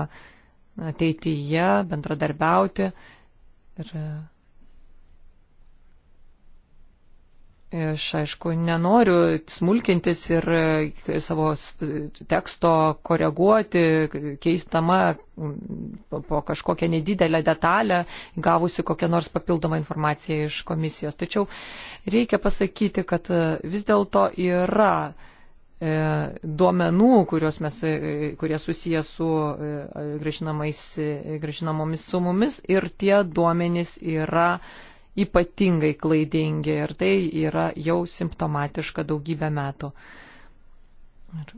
ateityje, bendradarbiauti. Ir Aš, aišku, nenoriu smulkintis ir e, savo teksto koreguoti, keistama po kažkokią nedidelę detalę, gavusi kokią nors papildomą informaciją iš komisijos. Tačiau reikia pasakyti, kad e, vis dėlto yra e, duomenų, mes, kurie susiję su gražinamomis sumomis ir tie duomenys yra ypatingai klaidingi ir tai yra jau simptomatiška daugybę metų. Ir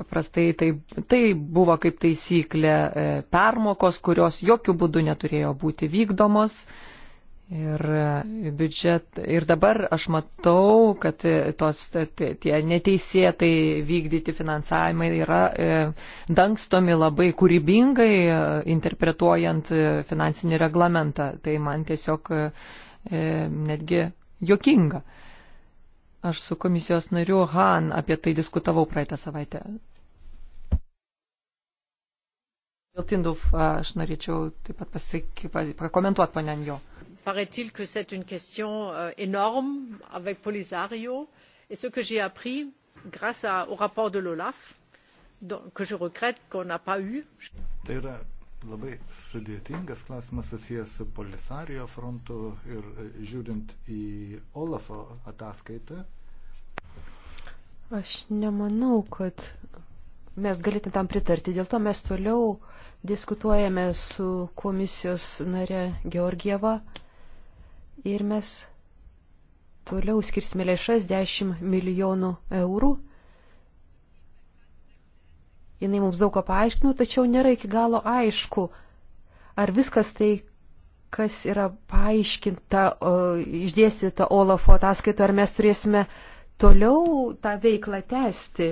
paprastai tai, tai buvo kaip taisyklė e, permokos, kurios jokių būdų neturėjo būti vykdomos. E, Ir, e, biudžet, ir dabar aš matau, kad e, tos, tie neteisėtai vykdyti finansavimai yra e, dangstomi labai kūrybingai, interpretuojant finansinį reglamentą. Tai man tiesiog netgi jokinga. Aš su komisijos nariu Han apie tai diskutavau praeitą savaitę. Dėl Tinduf aš norėčiau taip pat pakomentuoti, ponen jo paraît il que c'est une question euh, énorme avec polisario et ce que j'ai appris grâce au rapport de l'olaf que je regrette qu'on n'a pas eu tai yra labai sudėtingas klausimas susijęs su polisario frontu ir e, žiūrint į olafo ataskaitą Aš nemanau, kad mes galėtume tam pritarti. Dėl to mes toliau diskutuojame su komisijos nare Georgieva Ir mes toliau skirsime lėšas 10 milijonų eurų. Jis mums daug ką paaiškino, tačiau nėra iki galo aišku, ar viskas tai, kas yra paaiškinta, išdėstyta Olafo ataskaito, ar mes turėsime toliau tą veiklą tęsti.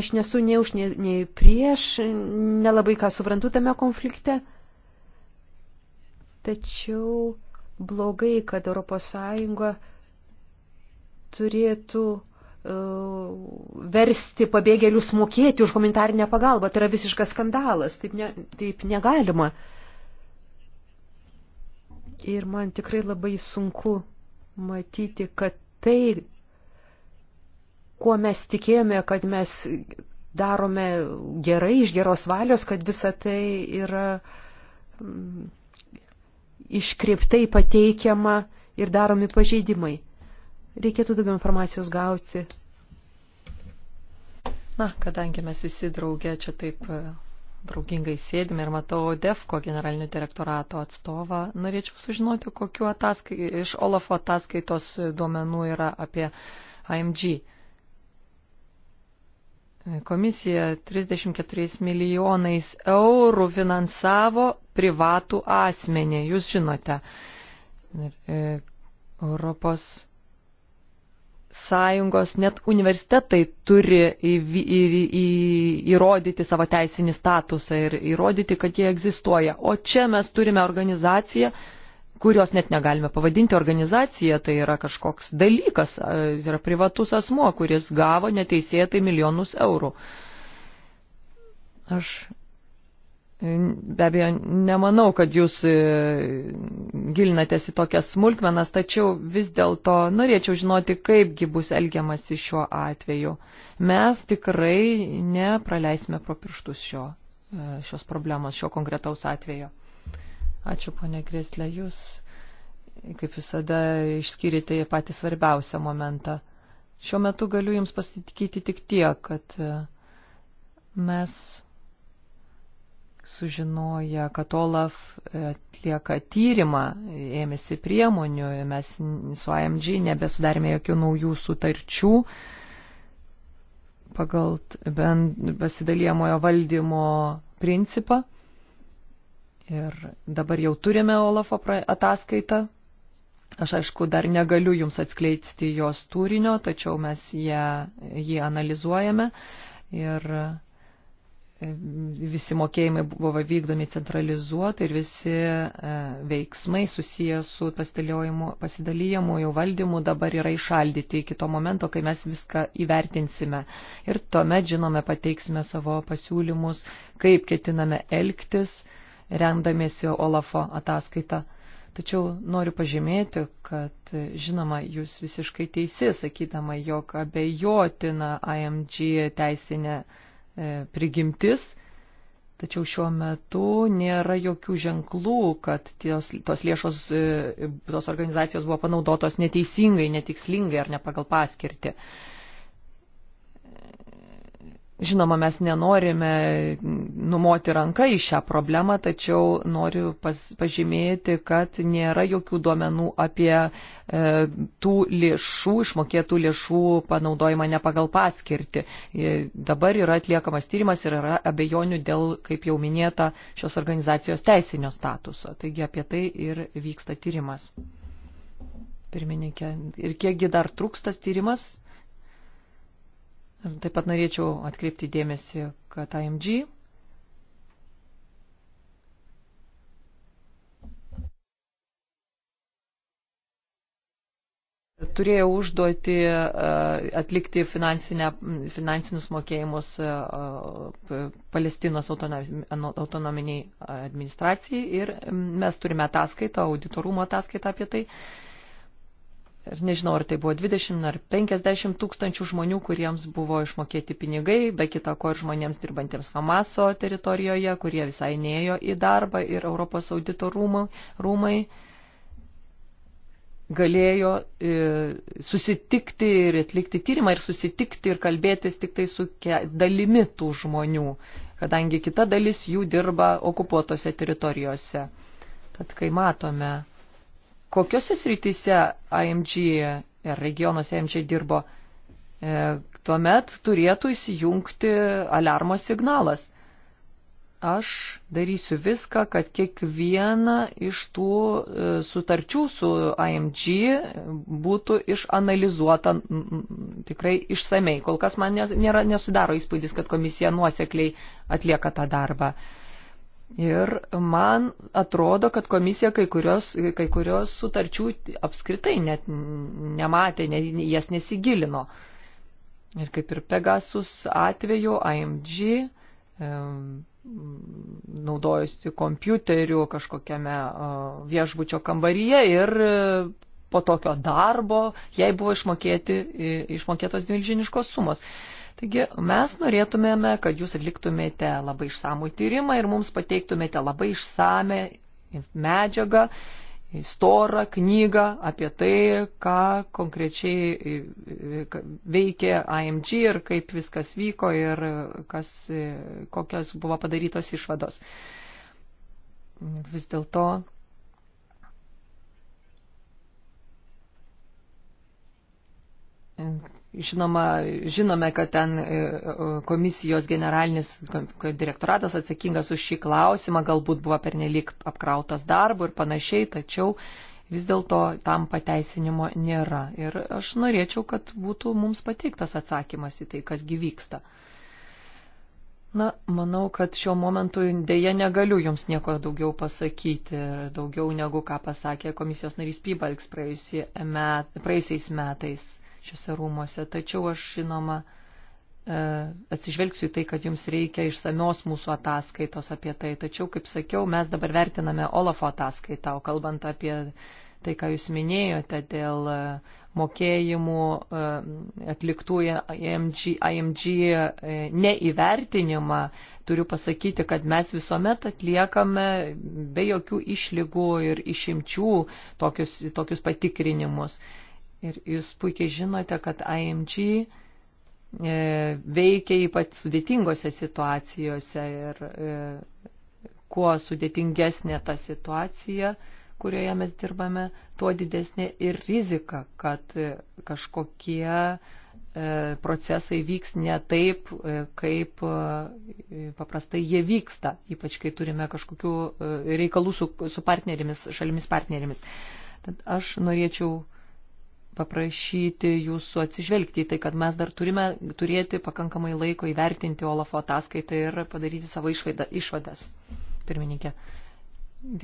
Aš nesu nei už, nei, nei prieš, nelabai ką suprantu tame konflikte. Tačiau blogai, kad ES turėtų e, versti pabėgėlius mokėti už humanitarinę pagalbą. Tai yra visiškas skandalas. Taip, ne, taip negalima. Ir man tikrai labai sunku matyti, kad tai, kuo mes tikėjome, kad mes darome gerai iš geros valios, kad visa tai yra mm, iškreiptai pateikiama ir daromi pažeidimai. Reikėtų daugiau informacijos gauti. Na, kadangi mes visi draugė čia taip e, draugingai sėdime ir matau DEFCO generalinio direktorato atstovą, norėčiau sužinoti, kokiu ataskai, iš Olafo ataskaitos duomenų yra apie AMG. Komisija 34 milijonais eurų finansavo privatų asmenį, jūs žinote. E, Europos sąjungos net universitetai turi į, į, į, įrodyti savo teisinį statusą ir įrodyti, kad jie egzistuoja. O čia mes turime organizaciją, kurios net negalime pavadinti organizacija, tai yra kažkoks dalykas, tai yra privatus asmo, kuris gavo neteisėtai milijonus eurų. Aš e, be abejo nemanau, kad jūs e, gilinatės į tokias smulkmenas, tačiau vis dėlto norėčiau žinoti, kaipgi bus elgiamasi šiuo atveju. Mes tikrai nepraleisime pro pirštus šio, e, šios problemos, šio konkretaus atveju. Ačiū, ponė Kreslė, jūs, kaip visada, išskyrėte patį svarbiausią momentą. Šiuo metu galiu Jums pasitikyti tik tiek, kad e, mes sužinoję, kad Olaf e, atlieka tyrimą, ėmėsi priemonių, mes su AMG nebesudarėme jokių naujų sutarčių pagal pasidalėmojo valdymo principą. Ir dabar jau turime Olafo ataskaitą. Aš aišku, dar negaliu jums atskleisti jos turinio, tačiau mes ją, jį analizuojame. Ir e, visi mokėjimai buvo vykdomi centralizuotai ir visi e, veiksmai susiję su pasidalyjimu jau valdymu dabar yra išaldyti iki to momento, kai mes viską įvertinsime. Ir tuomet, žinome, pateiksime savo pasiūlymus, kaip ketiname elgtis rendamėsi Olafo ataskaitą. Tačiau noriu pažymėti, kad žinoma, jūs visiškai teisi, sakydama, jog abejotina AMG teisinė e, prigimtis, tačiau šiuo metu nėra jokių ženklų, kad tos, tos lėšos, e, tos organizacijos buvo panaudotos neteisingai, netikslingai ar ne pagal paskirtį. Žinoma, mes nenorime numoti ranką į šią problemą, tačiau noriu pas, pažymėti, kad nėra jokių duomenų apie e, tų lėšų, išmokėtų lėšų panaudojimą ne pagal paskirti. E, dabar yra atliekamas tyrimas ir yra abejonių dėl, kaip jau minėta, šios organizacijos teisinio statuso. Taigi apie tai ir vyksta tyrimas. Pirmininkė, ir kiekgi dar trūkstas tyrimas? Ir taip pat norėčiau atkreipti dėmesį, kad IMG turėjo užduoti e, atlikti finansinius mokėjimus e, Palestinos autonominiai administracijai ir mes turime ataskaitą, auditorumo ataskaitą apie tai ir nežinau, ar tai buvo 20 ar 50 tūkstančių žmonių, kuriems buvo išmokėti pinigai, be kita ko ir žmonėms dirbantiems Hamaso teritorijoje, kurie visai neėjo į darbą ir Europos audito rūmai, rūmai galėjo e, susitikti ir atlikti tyrimą ir susitikti ir kalbėtis tik tai su dalimi tų žmonių, kadangi kita dalis jų dirba okupuotose teritorijose. Tad kai matome kokiuose srityse AMG ir e, regionuose AMG dirbo, e, tuomet turėtų įsijungti alarmo signalas. Aš darysiu viską, kad kiekviena iš tų e, sutarčių su AMG būtų išanalizuota tikrai išsamei. Kol kas man nėra, nesudaro įspūdis, kad komisija nuosekliai atlieka tą darbą. Uh, Ir man atrodo, kad komisija kai kurios, kai kurios sutarčių apskritai net nematė, ne, jas nesigilino. Ir kaip ir Pegasus atveju, AMG naudojusi kompiuteriu kažkokiame viešbučio kambaryje ir po tokio darbo jai buvo išmokėti, išmokėtos milžiniškos sumos. Taigi mes norėtumėme, kad jūs atliktumėte labai išsamų tyrimą ir mums pateiktumėte labai išsame medžiagą, storą knygą apie tai, ką konkrečiai e, e, veikė AMG ir kaip viskas vyko ir kas, e, kokios buvo padarytos išvados. Vis dėlto Žinoma, žinome, kad ten e, e, komisijos generalinis direktoratas atsakingas už šį klausimą, galbūt buvo pernelik apkrautas darbu ir panašiai, tačiau vis dėlto tam pateisinimo nėra. Ir aš norėčiau, kad būtų mums pateiktas atsakymas į tai, kas gyvyksta. Na, manau, kad šiuo momentu dėje negaliu jums nieko daugiau pasakyti, daugiau negu ką pasakė komisijos narys Pybalks praėjusiais metais šiuose rūmose. Tačiau aš, žinoma, e, atsižvelgsiu į tai, kad jums reikia išsamios mūsų ataskaitos apie tai. Tačiau, kaip sakiau, mes dabar vertiname Olafo ataskaitą, o kalbant apie tai, ką jūs minėjote dėl e, mokėjimų e, atliktų IMG, IMG neįvertinimą, turiu pasakyti, kad mes visuomet atliekame be jokių išlygų ir išimčių tokius, tokius patikrinimus. Ir jūs puikiai žinote, kad IMG e, veikia ypač sudėtingose situacijose ir e, kuo sudėtingesnė ta situacija, kurioje mes dirbame, tuo didesnė ir rizika, kad e, kažkokie procesai vyks ne taip, kaip paprastai jie vyksta, ypač kai turime kažkokių reikalų su, su partnerėmis, šalimis partnerėmis. Tad aš norėčiau paprašyti jūsų atsižvelgti į tai, kad mes dar turime turėti pakankamai laiko įvertinti Olafo ataskaitą ir padaryti savo išvaidą, išvadas. Pirmininkė,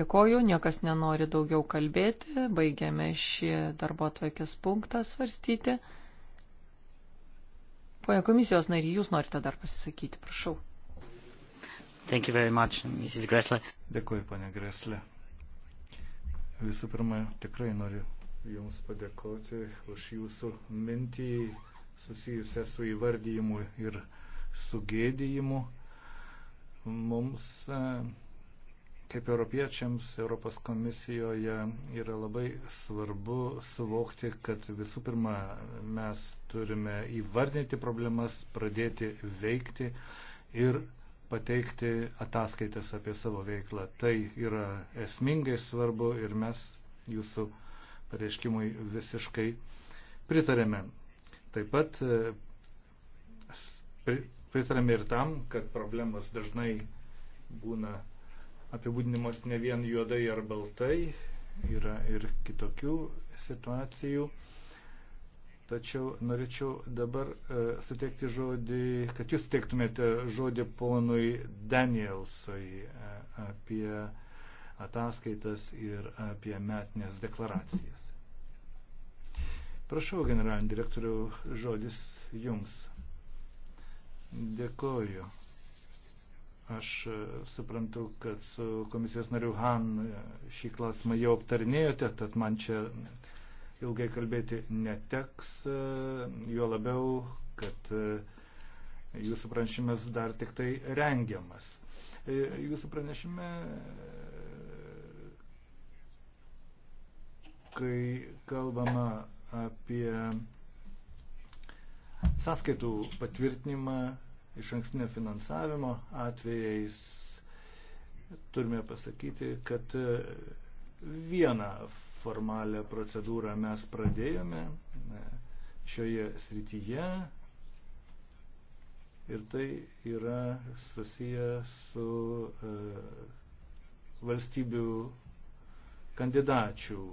dėkoju, niekas nenori daugiau kalbėti, baigiame šį darbo atvarkės punktą svarstyti. Pone komisijos nariai, jūs norite dar pasisakyti, prašau. Thank you very much, Mrs. Gressler. Dėkuoju, ponė Gressler. Visų pirma, tikrai noriu Jums padėkoti už Jūsų mintį susijusią su įvardyjimu ir sugėdėjimu. Mums, e, kaip europiečiams, Europos komisijoje yra labai svarbu suvokti, kad visų pirma mes turime įvardinti problemas, pradėti veikti ir pateikti ataskaitas apie savo veiklą. Tai yra esmingai svarbu ir mes jūsų pareiškimui visiškai pritarėme. Taip pat e, pritarėme ir tam, kad problemas dažnai būna apibūdinimas ne vien juodai ar baltai, yra ir kitokių situacijų. Tačiau norėčiau dabar uh, suteikti žodį, kad jūs teiktumėte žodį ponui Danielsui uh, apie uh, ataskaitas ir apie metinės deklaracijas. Prašau, generalinį direktorių, žodis jums. Dėkoju. Aš e, suprantu, kad su komisijos nariu Han e, šį klausimą jau aptarinėjote, tad man čia ilgai kalbėti neteks, e, juo labiau, kad jūsų pranešimas dar tik tai rengiamas. Jūsų pranešime kai kalbama apie sąskaitų patvirtinimą iš ankstinio finansavimo atvejais, turime pasakyti, kad vieną formalią procedūrą mes pradėjome šioje srityje ir tai yra susiję su e, valstybių kandidačių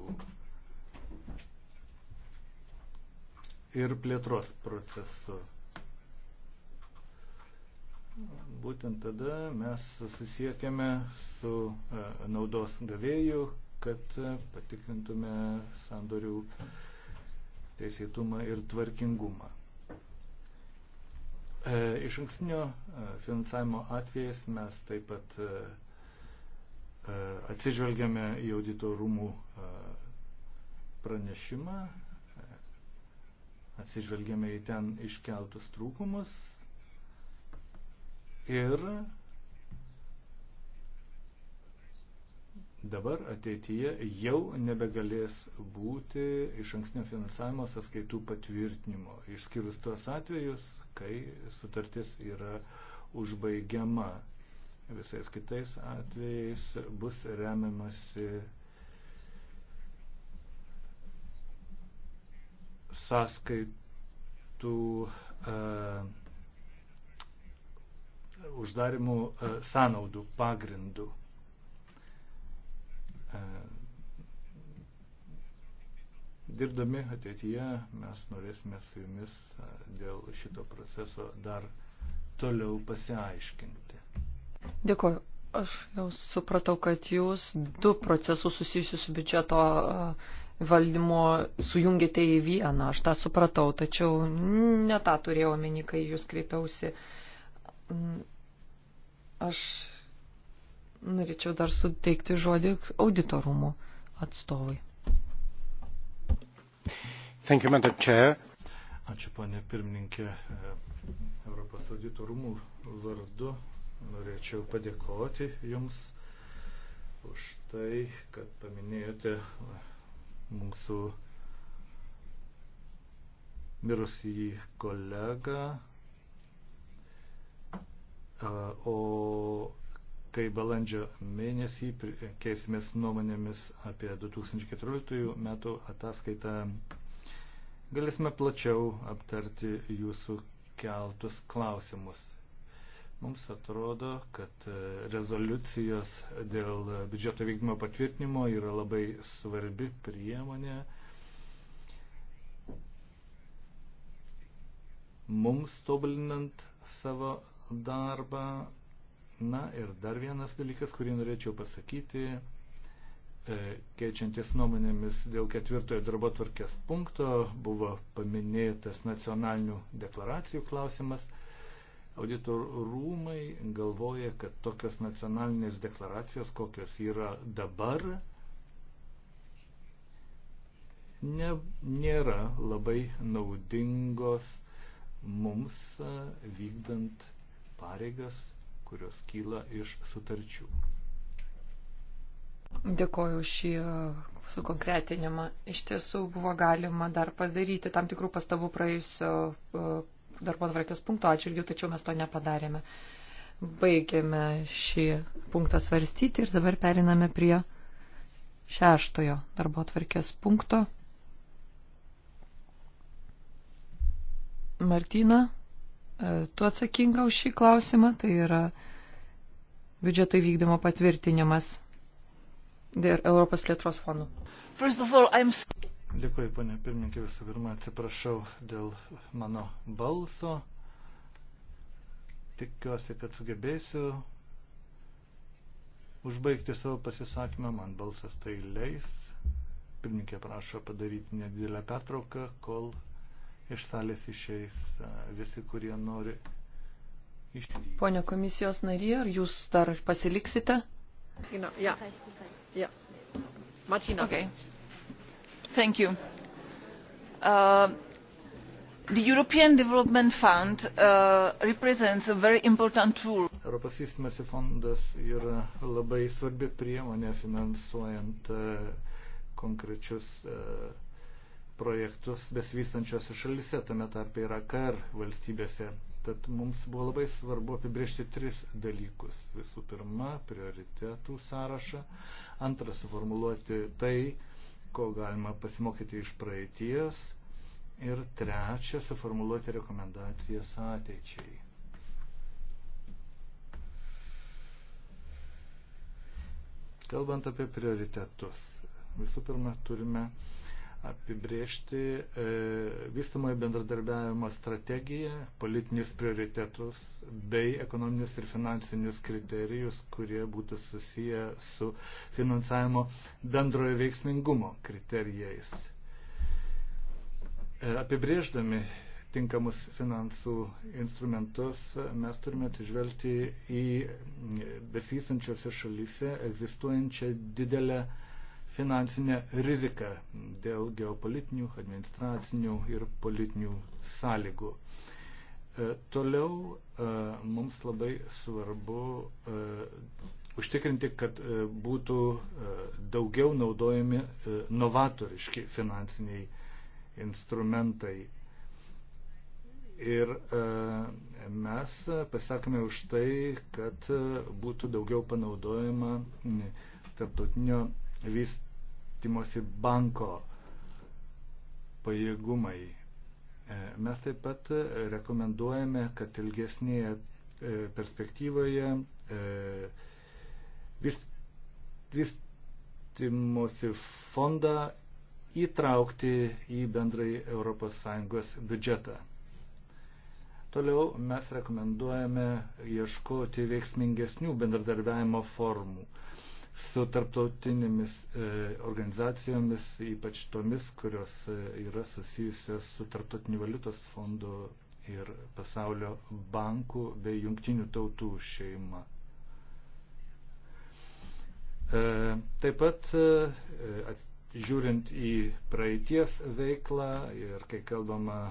ir plėtros procesu. Būtent tada mes susisiekėme su e, naudos gavėju, kad e, patikrintume sandorių teisėtumą ir tvarkingumą. E, iš ankstinio finansavimo atvejais mes taip pat atsižvelgiame į audito rūmų pranešimą atsižvelgėme į ten iškeltus trūkumus ir dabar ateityje jau nebegalės būti iš ankstinio finansavimo sąskaitų patvirtinimo, išskyrus tuos atvejus, kai sutartis yra užbaigiama. Visais kitais atvejais bus remiamasi sąskaitų e, uždarimų e, sąnaudų pagrindų. E, dirbdami ateityje mes norėsime su jumis dėl šito proceso dar toliau pasiaiškinti. Dėkuoju. Aš jau supratau, kad jūs du procesus susijusius su biudžeto uh, valdymo sujungėte į vieną, aš tą supratau, tačiau ne tą turėjau omeny, kai jūs kreipiausi. Mm, aš norėčiau dar suteikti žodį auditorumų atstovui. Thank you, Madam Chair. Ačiū, ponė pirmininkė. Europos auditorumų vardu norėčiau padėkoti Jums už tai, kad paminėjote mūsų mirusį kolegą. O kai balandžio mėnesį keisimės nuomonėmis apie 2014 metų ataskaitą, galėsime plačiau aptarti jūsų keltus klausimus. Mums atrodo, kad e, rezoliucijos dėl biudžeto vykdymo patvirtinimo yra labai svarbi priemonė. Mums tobulinant savo darbą. Na ir dar vienas dalykas, kurį norėčiau pasakyti, e, keičiantis nuomonėmis dėl ketvirtojo darbo tvarkės punkto buvo paminėtas nacionalinių deklaracijų klausimas. Auditor rūmai galvoja, kad tokios nacionalinės deklaracijos, kokios yra dabar, ne, nėra labai naudingos mums vykdant pareigas, kurios kyla iš sutarčių. Dėkoju šį sukonkretinimą. Iš tiesų buvo galima dar padaryti tam tikrų pastabų praėjusio darbo tvarkės punkto atžvilgių, tačiau mes to nepadarėme. Baigėme šį punktą svarstyti ir dabar periname prie šeštojo darbo tvarkės punkto. Martina, e, tu atsakinga už šį klausimą, tai yra biudžeto įvykdymo patvirtinimas dėl Europos plėtros fondų. All, I'm... Dėkuoju, ponė pirmininkė, visų pirma atsiprašau dėl mano balso. Tikiuosi, kad sugebėsiu užbaigti savo pasisakymą, man balsas tai leis. Pirmininkė prašo padaryti nedidelę pertrauką, kol iš salės išeis e, visi, kurie nori išvykti. Pone komisijos narė, ar jūs dar pasiliksite? Genau, ja. ja. Martina. Okay. Uh, the european development fund uh, represents a very important tool. europos vystymosi fondas yra labai svarbi priemonė finansuojant uh, konkrečius uh, projektus besivystančiose šalyse, tame tarpe ir AKR valstybėse. Tad mums buvo labai svarbu apibriežti tris dalykus. Visų pirma, prioritetų sąrašą. Antra, suformuluoti tai, uh, ko galima pasimokyti iš praeities. Ir trečia, suformuluoti rekomendacijas ateičiai. Kalbant apie prioritetus, visų pirma, turime apibriežti e, vystamąjį bendradarbiavimo strategiją, politinius prioritetus bei ekonominius ir finansinius kriterijus, kurie būtų susiję su finansavimo bendrojo veiksmingumo kriterijais. E, apibrieždami tinkamus finansų instrumentus mes turime atsižvelgti į besivystančiose šalyse egzistuojančią didelę e, finansinę riziką dėl geopolitinių, administracinių ir politinių sąlygų. E, toliau e, mums labai svarbu e, užtikrinti, kad būtų daugiau naudojami novatoriški finansiniai instrumentai. Ir mes pasakome už tai, kad būtų daugiau panaudojama tarptautinio vyst, vystymosi banko pajėgumai. E, mes taip pat e, rekomenduojame, kad ilgesnėje e, perspektyvoje vystymosi fondą įtraukti į bendrai ES biudžetą. Toliau mes rekomenduojame ieškoti veiksmingesnių bendradarbiavimo formų su tarptautinėmis e, organizacijomis, ypač tomis, kurios e, yra susijusios su tarptautiniu valiutos fondu ir pasaulio bankų bei jungtinių tautų šeima. E, taip pat žiūrint į praeities veiklą ir kai kalbama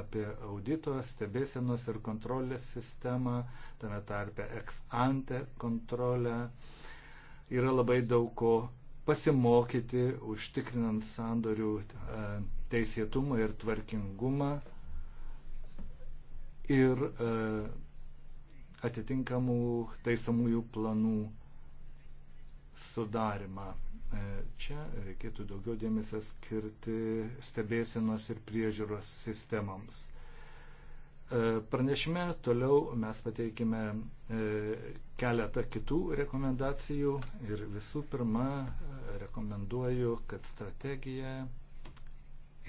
apie audito, stebėsenos ir kontrolės sistemą, tame tarpe ex ante kontrolę, yra labai daug ko pasimokyti, užtikrinant sandorių e, teisėtumą ir tvarkingumą ir e, atitinkamų taisomųjų planų sudarimą. E, čia reikėtų daugiau dėmesio skirti stebėsinos ir priežiūros sistemams. E, pranešime toliau mes pateikime e, keletą kitų rekomendacijų ir visų pirma e, rekomenduoju, kad strategija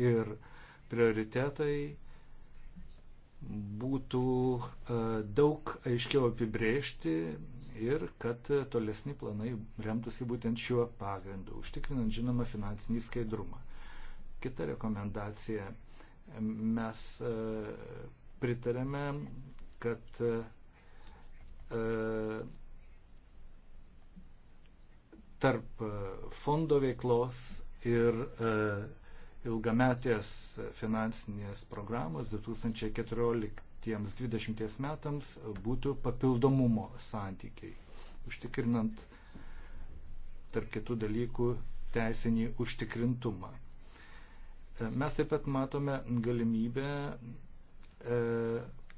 ir prioritetai būtų daug aiškiau apibrėžti ir kad tolesni planai remtųsi būtent šiuo pagrindu, užtikrinant žinoma finansinį skaidrumą. Kita rekomendacija. Mes pritarėme, kad e, e tarp e, fondo veiklos ir e, ilgametės finansinės programos 2014-2020 metams būtų papildomumo santykiai, užtikrinant tarp kitų dalykų teisinį užtikrintumą. E, mes taip pat matome galimybę E,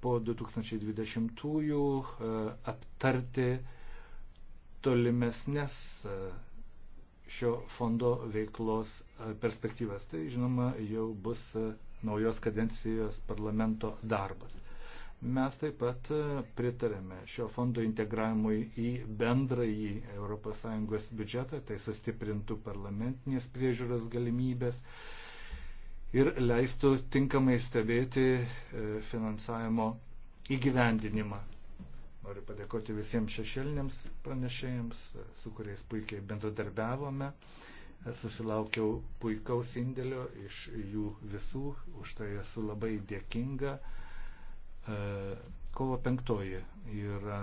po 2020-ųjų e, aptarti tolimesnės e, šio fondo veiklos perspektyvas. Tai, žinoma, jau bus naujos kadencijos parlamento darbas. Mes taip pat pritarėme šio fondo integravimui į bendrąjį ES biudžetą, tai sustiprintų parlamentinės priežiūros galimybės, ir leistų tinkamai stebėti e, finansavimo įgyvendinimą. Noriu padėkoti visiems šešėliniams pranešėjams, e, su kuriais puikiai bendradarbiavome. E, susilaukiau puikaus indėlio iš jų visų, už tai esu labai dėkinga. Kovo penktoji yra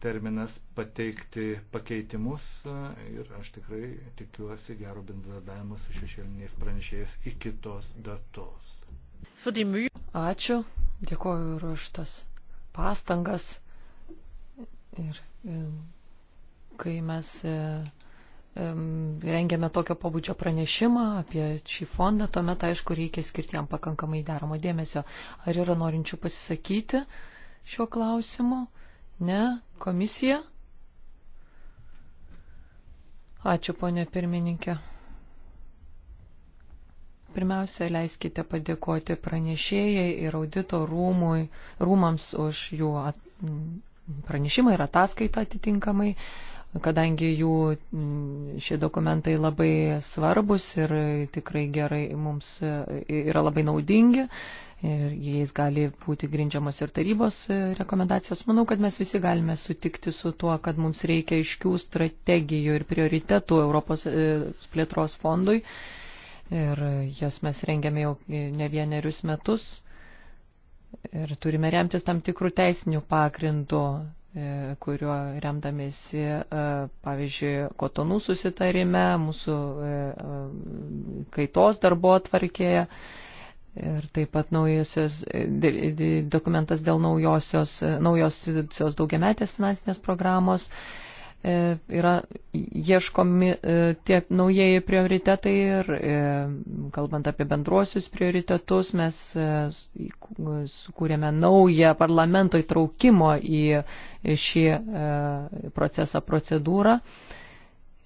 terminas pateikti pakeitimus e, ir aš tikrai tikiuosi gero bendradarbiavimo su šešėliniais pranešėjais iki tos datos. Ačiū, dėkoju ir už tas pastangas. Ir e, kai mes e, rengiame tokio pabudžio pranešimą apie šį fondą, tuomet, aišku, reikia skirti jam pakankamai deramo dėmesio. Ar yra norinčių pasisakyti šiuo klausimu? Ne? Komisija? Ačiū, ponė pirmininkė. Pirmiausia, leiskite padėkoti pranešėjai ir audito rūmui, rūmams už jų at, pranešimą ir ataskaitą atitinkamai. Uh, kadangi jų šie dokumentai labai svarbus ir tikrai gerai mums e, yra labai naudingi ir jais gali būti grindžiamos ir tarybos e, rekomendacijos. Manau, kad mes visi galime sutikti su tuo, kad mums reikia iškių strategijų ir prioritetų Europos e, plėtros fondui ir jas mes rengiame jau ne vienerius metus ir turime remtis tam tikrų teisinių pagrindų E, kuriuo remdamėsi, e, pavyzdžiui, kotonų susitarime, mūsų e, kaitos darbo atvarkėje ir taip pat naujosios, dokumentas dėl naujosios, naujosios daugiametės finansinės programos. E, yra ieškomi e, tie naujieji prioritetai ir e, kalbant apie bendruosius prioritetus, mes sukūrėme naują parlamento įtraukimo į šį procesą procedūrą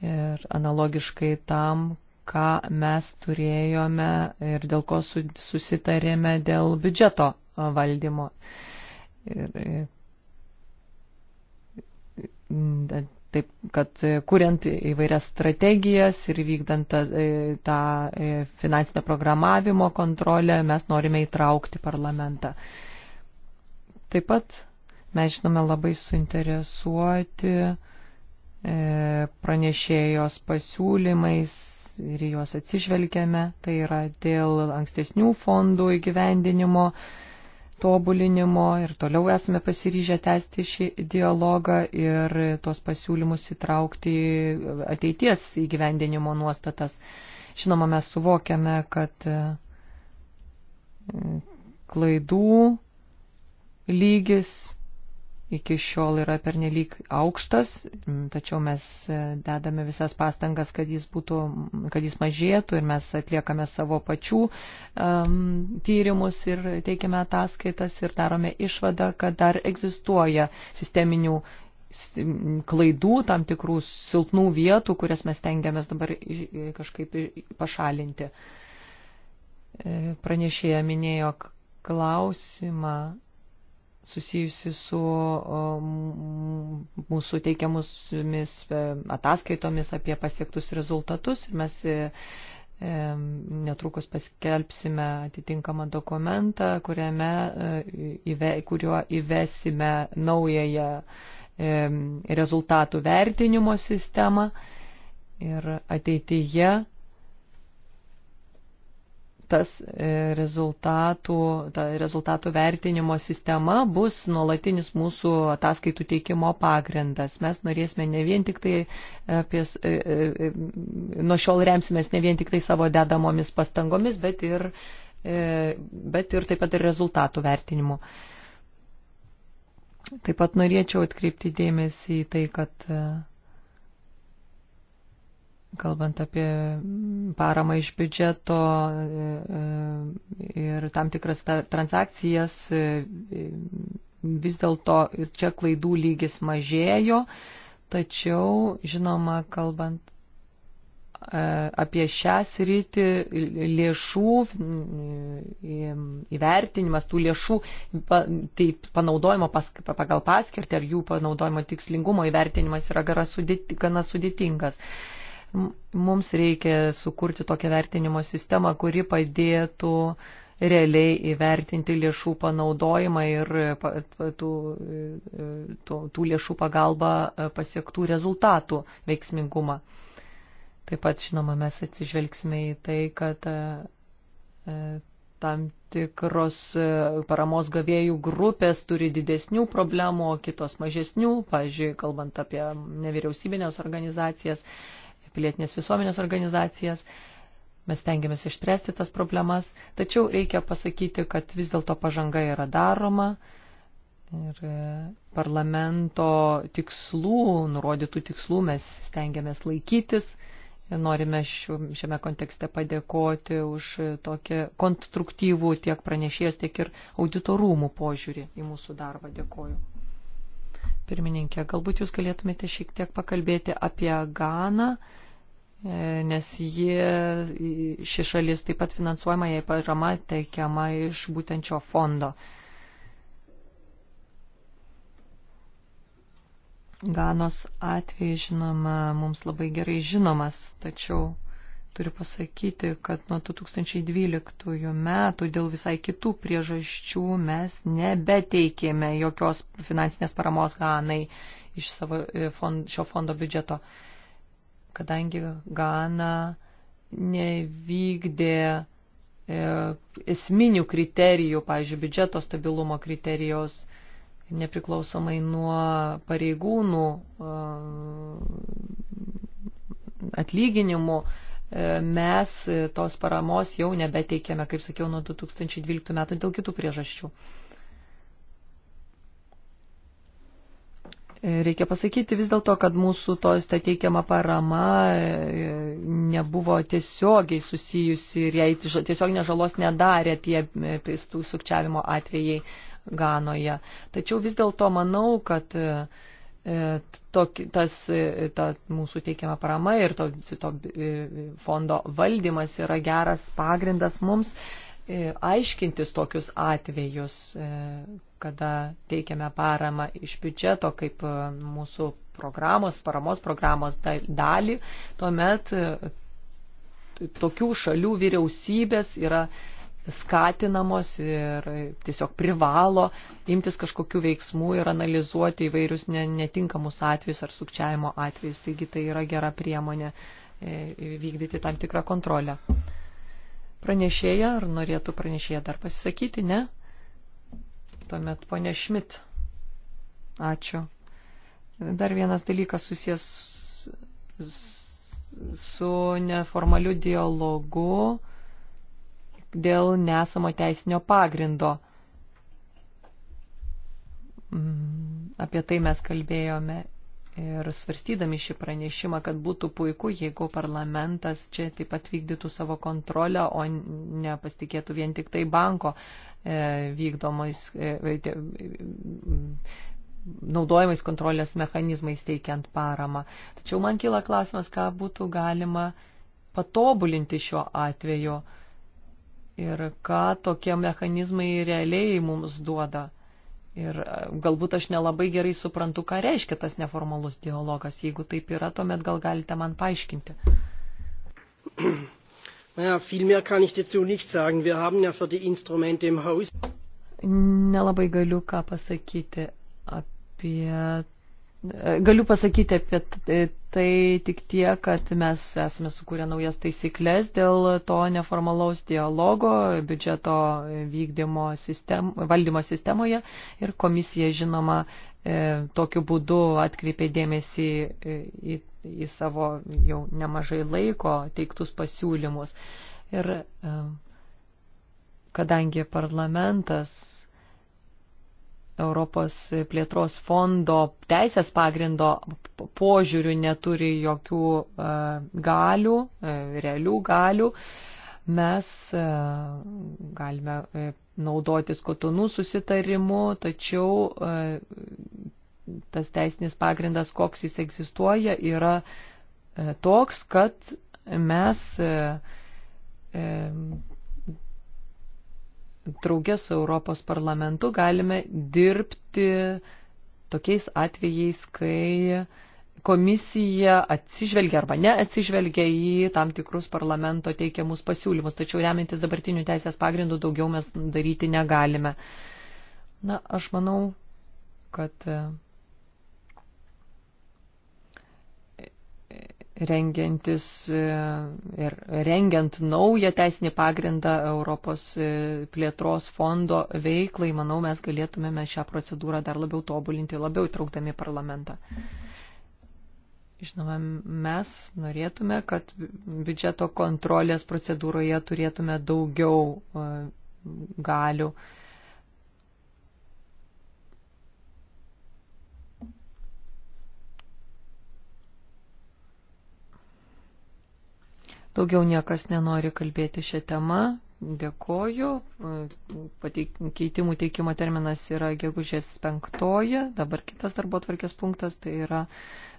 ir analogiškai tam, ką mes turėjome ir dėl ko susitarėme dėl biudžeto valdymo. Ir, Taip, kad e, kuriant įvairias strategijas ir vykdant e, tą, tą e, finansinio programavimo kontrolę, mes norime įtraukti parlamentą. Taip pat mes žinome labai suinteresuoti pranešėjos pasiūlymais ir juos atsižvelgiame. Tai yra dėl ankstesnių fondų įgyvendinimo tobulinimo ir toliau esame pasiryžę tęsti šį dialogą ir tuos pasiūlymus įtraukti ateities įgyvendinimo nuostatas. Žinoma, mes suvokiame, kad e, klaidų lygis iki šiol yra pernelyg aukštas, tačiau mes e, dedame visas pastangas, kad jis, būtų, kad jis mažėtų ir mes atliekame savo pačių um, tyrimus ir teikiame ataskaitas ir darome išvadą, kad dar egzistuoja sisteminių klaidų, tam tikrų silpnų vietų, kurias mes tengiamės dabar kažkaip pašalinti. E, pranešėja minėjo klausimą susijusi su mūsų teikiamusimis e, ataskaitomis apie pasiektus rezultatus ir mes e, e, netrukus paskelbsime atitinkamą dokumentą, kuriame, kuriuo įvesime naująją rezultatų vertinimo sistemą ir ateityje tas e, rezultatų, ta rezultatų vertinimo sistema bus nuolatinis mūsų ataskaitų teikimo pagrindas. Mes norėsime ne vien tik tai apie, e, e, nuo šiol remsimės ne vien tik tai savo dedamomis pastangomis, bet ir, bet ir taip pat ir rezultatų vertinimu. Taip pat norėčiau atkreipti dėmesį į tai, kad kalbant apie mm, paramą iš biudžeto e, e, ir tam tikras transakcijas, e, vis dėlto čia klaidų lygis mažėjo, tačiau, žinoma, kalbant apie šią sritį lėšų įvertinimas, tų lėšų tai panaudojimo pas, pagal paskirtį ar jų panaudojimo tikslingumo įvertinimas yra gana sudėtingas. Mums reikia sukurti tokią vertinimo sistemą, kuri padėtų realiai įvertinti lėšų panaudojimą ir tų, e, tų, tų lėšų pagalba e, pasiektų rezultatų veiksmingumą. Taip pat, žinoma, mes atsižvelgsime į tai, kad e, tam tikros paramos gavėjų grupės turi didesnių problemų, kitos mažesnių, pažiūrėjau, kalbant apie nevyriausybinės organizacijas, pilietinės visuomenės organizacijas, mes tengiamės išspręsti tas problemas, tačiau reikia pasakyti, kad vis dėlto pažanga yra daroma ir e, parlamento tikslų, nurodytų tikslų mes stengiamės laikytis. Norime šiame kontekste padėkoti už tokį konstruktyvų tiek pranešėjas, tiek ir auditorumų požiūrį į mūsų darbą. Dėkoju pirmininkė, galbūt jūs galėtumėte šiek tiek pakalbėti apie Ganą, e, nes ji, ši šalis taip pat finansuojama, jai parama teikiama iš būtent šio fondo. Ganos atvejai, žinoma, mums labai gerai žinomas, tačiau Turiu pasakyti, kad nuo 2012 metų dėl visai kitų priežasčių mes nebeteikėme jokios finansinės paramos Ganai iš savo e, fond, šio fondo biudžeto, kadangi Gana nevykdė e, esminių kriterijų, pavyzdžiui, biudžeto stabilumo kriterijos, nepriklausomai nuo pareigūnų e, atlyginimų E, mes e, tos paramos jau nebeteikėme, kaip sakiau, nuo 2012 metų dėl kitų priežasčių. E, reikia pasakyti vis dėlto, kad mūsų tos ta teikiama parama nebuvo tiesiogiai susijusi ir jai tiesiog nežalos nedarė tie tų sukčiavimo atvejai Ganoje. Tačiau vis dėlto manau, kad uh, E, tok, tas, e, ta mūsų teikiama parama ir to, to e, fondo valdymas yra geras pagrindas mums aiškintis tokius atvejus, kada teikiame paramą iš biudžeto kaip mūsų programos, paramos programos dalį, tuomet tokių šalių vyriausybės yra skatinamos ir tiesiog privalo imtis kažkokių veiksmų ir analizuoti įvairius netinkamus atvejus ar sukčiavimo atvejus. Taigi tai yra gera priemonė e, vykdyti tam tikrą kontrolę. Pranešėja, ar norėtų pranešėja dar pasisakyti, ne? Tuomet ponė Šmit. Ačiū. Dar vienas dalykas susijęs su neformaliu dialogu dėl nesamo teisinio pagrindo. Mm, apie tai mes kalbėjome ir svarstydami šį pranešimą, kad būtų puiku, jeigu parlamentas čia taip pat vykdytų savo kontrolę, o nepasitikėtų vien tik tai banko e, vykdomais, e, e, mm, naudojamais kontrolės mechanizmais teikiant paramą. Tačiau man kyla klausimas, ką būtų galima patobulinti šiuo atveju ir ką tokie mechanizmai realiai mums duoda. Ir e, galbūt aš nelabai gerai suprantu, ką reiškia tas neformalus dialogas. Jeigu taip yra, tuomet gal galite man paaiškinti. Naja, viel mehr kann ich dazu nicht sagen. Wir haben ja für die Instrumente im Haus. Nelabai galiu ką pasakyti apie Galiu pasakyti apie tai tik tie, kad mes esame sukūrę naujas taisyklės dėl to neformalaus dialogo biudžeto vykdymo sistem, valdymo sistemoje ir komisija, žinoma, e, tokiu būdu atkreipė dėmesį e, į, į savo jau nemažai laiko teiktus pasiūlymus. Ir e, kadangi parlamentas Europos plėtros fondo teisės pagrindo požiūrių neturi jokių e, galių, e, realių galių. Mes e, galime naudotis kotonų susitarimu, tačiau tas teisinis pagrindas, koks jis egzistuoja, yra toks, kad mes draugės su Europos parlamentu galime dirbti tokiais atvejais, kai komisija atsižvelgia arba neatsižvelgia į tam tikrus parlamento teikiamus pasiūlymus, tačiau remiantis dabartinių teisės pagrindų daugiau mes daryti negalime. Na, aš manau, kad rengiantis e, ir rengiant naują teisinį pagrindą Europos e, plėtros fondo veiklai, manau, mes galėtumėme šią procedūrą dar labiau tobulinti, labiau įtraukdami parlamentą. Žinoma, mes norėtume, kad biudžeto kontrolės procedūroje turėtume daugiau e, galių. Uh, Daugiau niekas nenori kalbėti šią temą. Dėkoju. Keitimų teikimo terminas yra gegužės penktoji. Dabar kitas darbo tvarkės punktas tai yra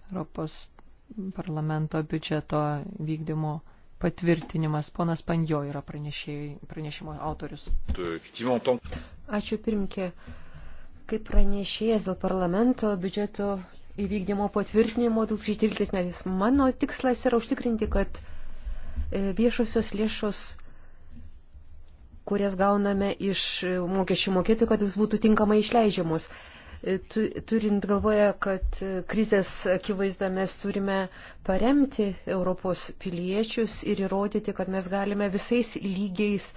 Europos parlamento biudžeto vykdymo patvirtinimas. Ponas Panjo yra pranešimo autorius. Ačiū pirmkė. Kaip pranešėjas dėl parlamento biudžeto įvykdymo patvirtinimo 2013 metais, mano tikslas yra užtikrinti, kad E, viešosios lėšos, kurias gauname iš mokesčių mokėtų, kad jis būtų tinkamai išleidžiamos. E, turint galvoje, kad e, krizės akivaizda mes turime paremti Europos piliečius ir įrodyti, kad mes galime visais lygiais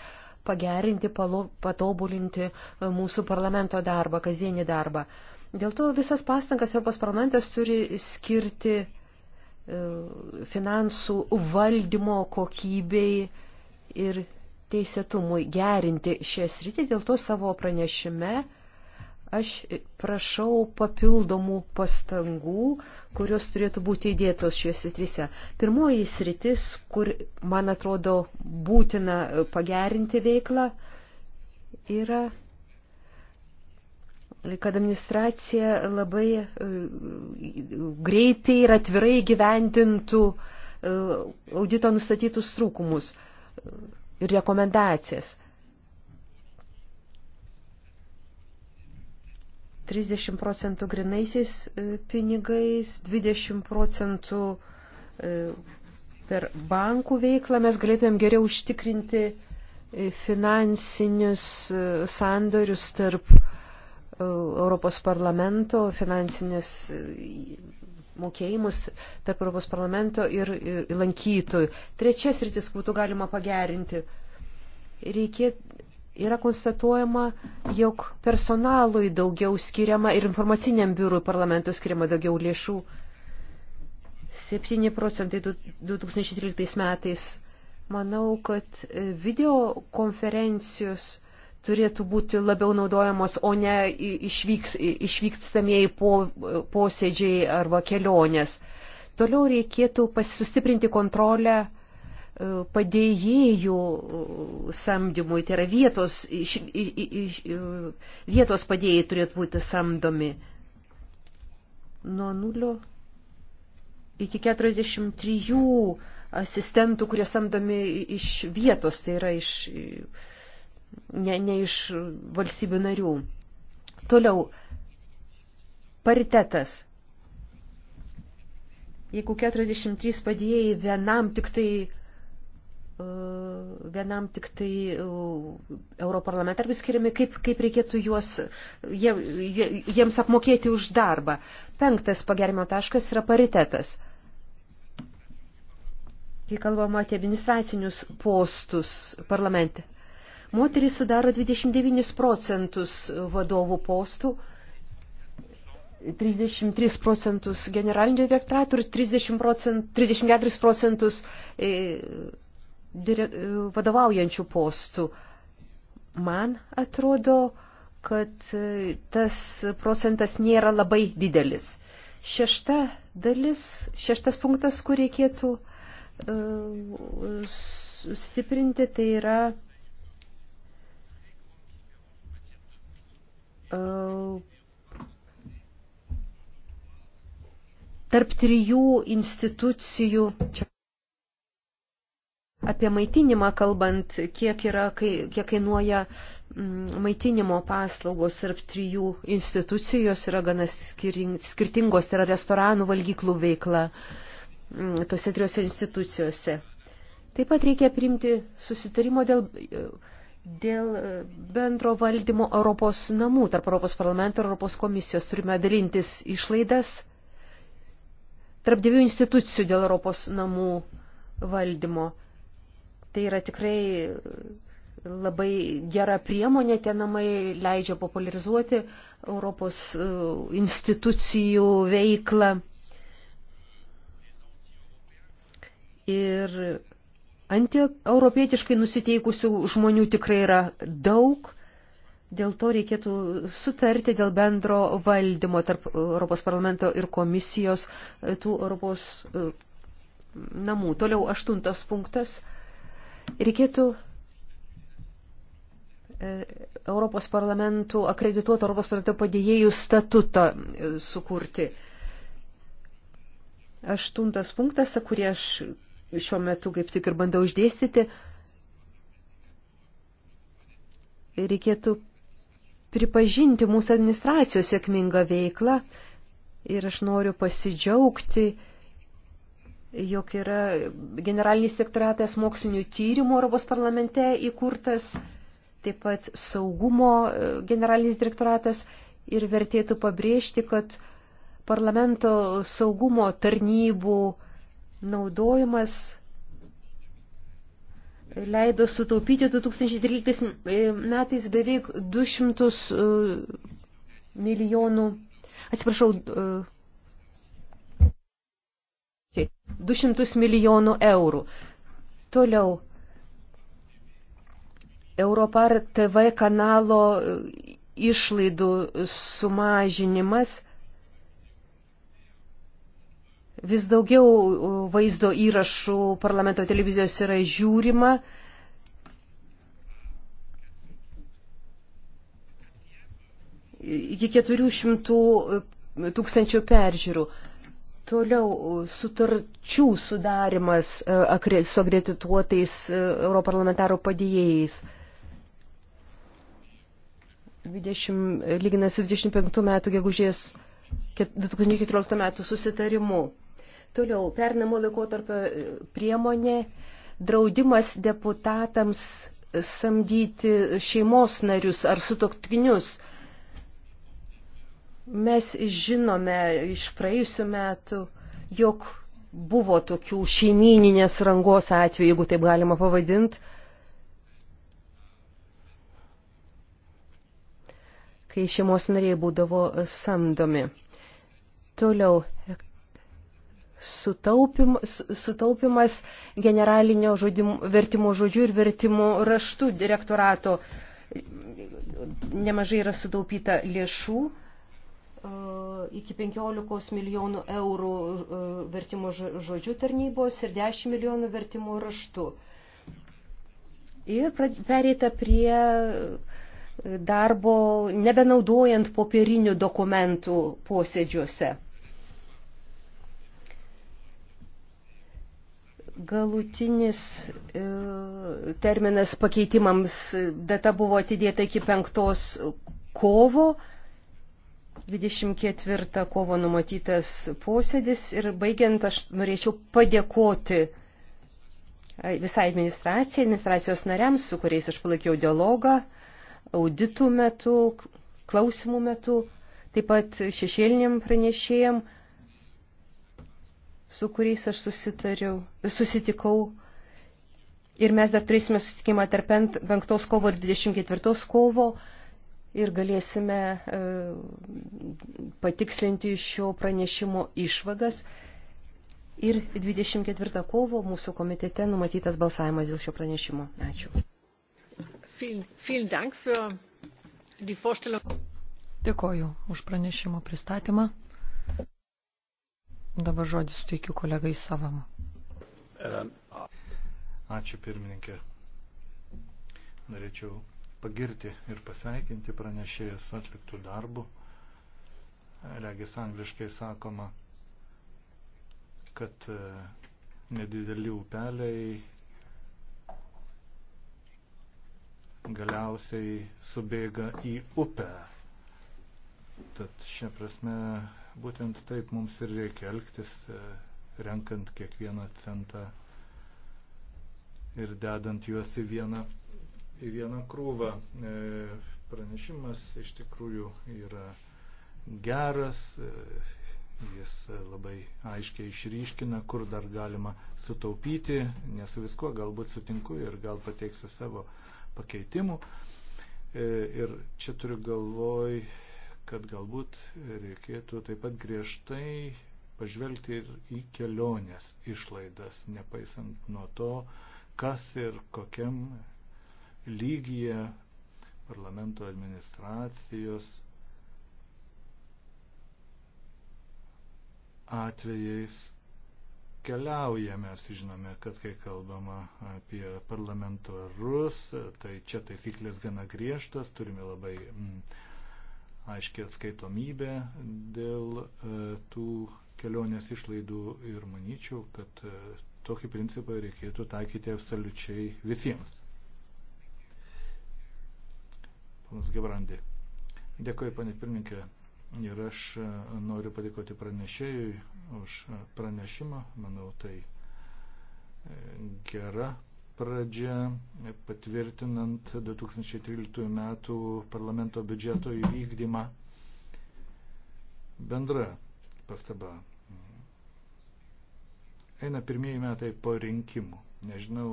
pagerinti, patobulinti mūsų parlamento darbą, kasdienį darbą. Dėl to visas pastangas Europos parlamentas turi skirti E, finansų valdymo kokybei ir teisėtumui gerinti šią sritį. Dėl to savo pranešime aš prašau papildomų pastangų, kurios turėtų būti įdėtos šiuose trise. Pirmoji sritis, kur, man atrodo, būtina pagerinti veiklą, yra kad administracija labai e, greitai ir atvirai gyvendintų e, audito nustatytus trūkumus e, ir rekomendacijas. 30 procentų grinaisiais pinigais, 20 procentų per bankų veiklą mes galėtumėm geriau užtikrinti finansinius sandorius tarp uh, Europos parlamento finansinės e, mokėjimus tarp Europos parlamento ir, ir e, lankytojų. Trečias rytis, kur būtų galima pagerinti. Reikėt, yra konstatuojama, jog personalui daugiau skiriama ir informaciniam biurui parlamento skiriama daugiau lėšų. 7 procentai 2013 metais. Manau, kad video konferencijos turėtų būti labiau naudojamos, o ne išvyks, išvykstamieji po, posėdžiai arba kelionės. Toliau reikėtų pasistiprinti kontrolę e, padėjėjų e, samdymui, tai yra vietos, iš, iš, iš, e, vietos padėjėjai turėtų būti samdomi nuo 0 iki 43 asistentų, kurie samdomi iš vietos, tai yra iš ne, ne iš valstybių narių. Toliau, paritetas. Jeigu 43 padėjai vienam tik tai e, vienam tik tai e, europarlamentarui skiriami, kaip, kaip reikėtų juos, jie, jie, jiems apmokėti už darbą. Penktas pagerimo taškas yra paritetas. Kai kalbama apie administracinius postus parlamente. Moterys sudaro 29 procentus vadovų postų, 33 procentus generalinių direktoratų ir 30 procent, 34 procentus e, dire, e, vadovaujančių postų. Man atrodo, kad e, tas procentas nėra labai didelis. Šešta dalis, šeštas punktas, kur reikėtų uh, stiprinti, tai yra uh, tarp trijų institucijų, čia apie maitinimą kalbant, kiek, yra, kai, kiek kainuoja mm, maitinimo paslaugos tarp trijų institucijų, jos yra gana skirtingos, tai yra restoranų valgyklų veikla mm, tose trijose institucijose. Taip pat reikia priimti susitarimo dėl Dėl e, bendro valdymo Europos namų tarp Europos parlamento ir Europos komisijos turime dalintis išlaidas tarp dviejų institucijų dėl Europos namų valdymo. Tai yra tikrai e, labai gera priemonė, tie namai leidžia popularizuoti Europos e, institucijų veiklą. Ir Antieuropietiškai nusiteikusių žmonių tikrai yra daug, dėl to reikėtų sutarti dėl bendro valdymo tarp Europos parlamento ir komisijos e, tų Europos e, namų. Toliau aštuntas punktas. Reikėtų e, Europos parlamentų, akredituoto Europos parlamento padėjėjų statutą sukurti. Aštuntas punktas, kurį aš šiuo metu kaip tik ir bandau išdėstyti, reikėtų pripažinti mūsų administracijos sėkmingą veiklą ir aš noriu pasidžiaugti, jog yra generalinis sektoratas mokslinių tyrimų Europos parlamente įkurtas, taip pat saugumo e, generalinis direktoratas ir vertėtų pabrėžti, kad parlamento saugumo tarnybų uh, naudojimas leido sutaupyti 2013 e, metais beveik 200 e, milijonų, atsiprašau, 200 e, milijonų eurų. Toliau, Europar TV kanalo išlaidų sumažinimas – Vis daugiau vaizdo įrašų parlamento televizijos yra žiūrima. Iki 400 tūkstančių peržiūrų. Toliau sutarčių sudarimas e, su akredituotais e, europarlamentaro padėjėjais. 20, lyginasi 25 metų gegužės 2014 metų susitarimu. Toliau, pernamo laikotarpio e, priemonė draudimas deputatams samdyti šeimos narius ar sutoktinius. Mes žinome iš praėjusių metų, jog buvo tokių šeimininės rangos atvejų, jeigu taip galima pavadinti, kai šeimos nariai būdavo samdomi. Toliau, sutaupimas, sutaupimas generalinio žodim, vertimo žodžių ir vertimo raštų direktorato. Nemažai yra sutaupyta lėšų e, iki 15 milijonų eurų e, vertimo žodžių tarnybos ir 10 milijonų vertimo raštų. Ir pereita prie darbo nebenaudojant popierinių dokumentų posėdžiuose. Galutinis e, terminas pakeitimams data buvo atidėta iki 5 kovo. 24 kovo numatytas posėdis ir baigiant aš norėčiau padėkoti e, visai administracijai, administracijos nariams, su kuriais aš palaikiau dialogą, auditų metu, klausimų metu, taip pat šešėliniam pranešėjam su kuriais aš susitariau, susitikau. Ir mes dar turėsime susitikimą tarp 5 kovo ir 24 kovo ir galėsime e, patikslinti šio pranešimo išvagas. Ir 24 kovo mūsų komitete numatytas balsavimas dėl šio pranešimo. Ačiū. Dėkoju už pranešimo pristatymą. Dabar žodį suteikiu kolegai savam. Ačiū pirmininkė. Norėčiau pagirti ir pasveikinti pranešėjus atliktų darbų. Regis angliškai sakoma, kad e, nedideli upeliai galiausiai subėga į upę. Tad šią prasme Būtent taip mums ir reikia elgtis, e, renkant kiekvieną centą ir dedant juos į vieną, į vieną krūvą. E, pranešimas iš tikrųjų yra geras, e, jis labai aiškiai išryškina, kur dar galima sutaupyti, nes visko galbūt sutinku ir gal pateiksiu savo pakeitimų. Ir čia turiu galvoj kad galbūt reikėtų taip pat griežtai pažvelgti ir į kelionės išlaidas, nepaisant nuo to, kas ir kokiam lygyje parlamento administracijos atvejais keliauja, mes žinome, kad kai kalbama apie parlamentarus, tai čia taisyklės gana griežtas, turime labai mm, aiškiai atskaitomybė dėl e, tų kelionės išlaidų ir manyčiau, kad e, tokį principą reikėtų taikyti absoliučiai visiems. Panas Gebrandi. Dėkuoju, panė pirmininkė. Ir aš e, noriu padėkoti pranešėjui už pranešimą. Manau, tai gera pradžia, patvirtinant 2013 metų parlamento biudžeto įvykdymą. Bendra pastaba. Eina pirmieji metai po rinkimų. Nežinau,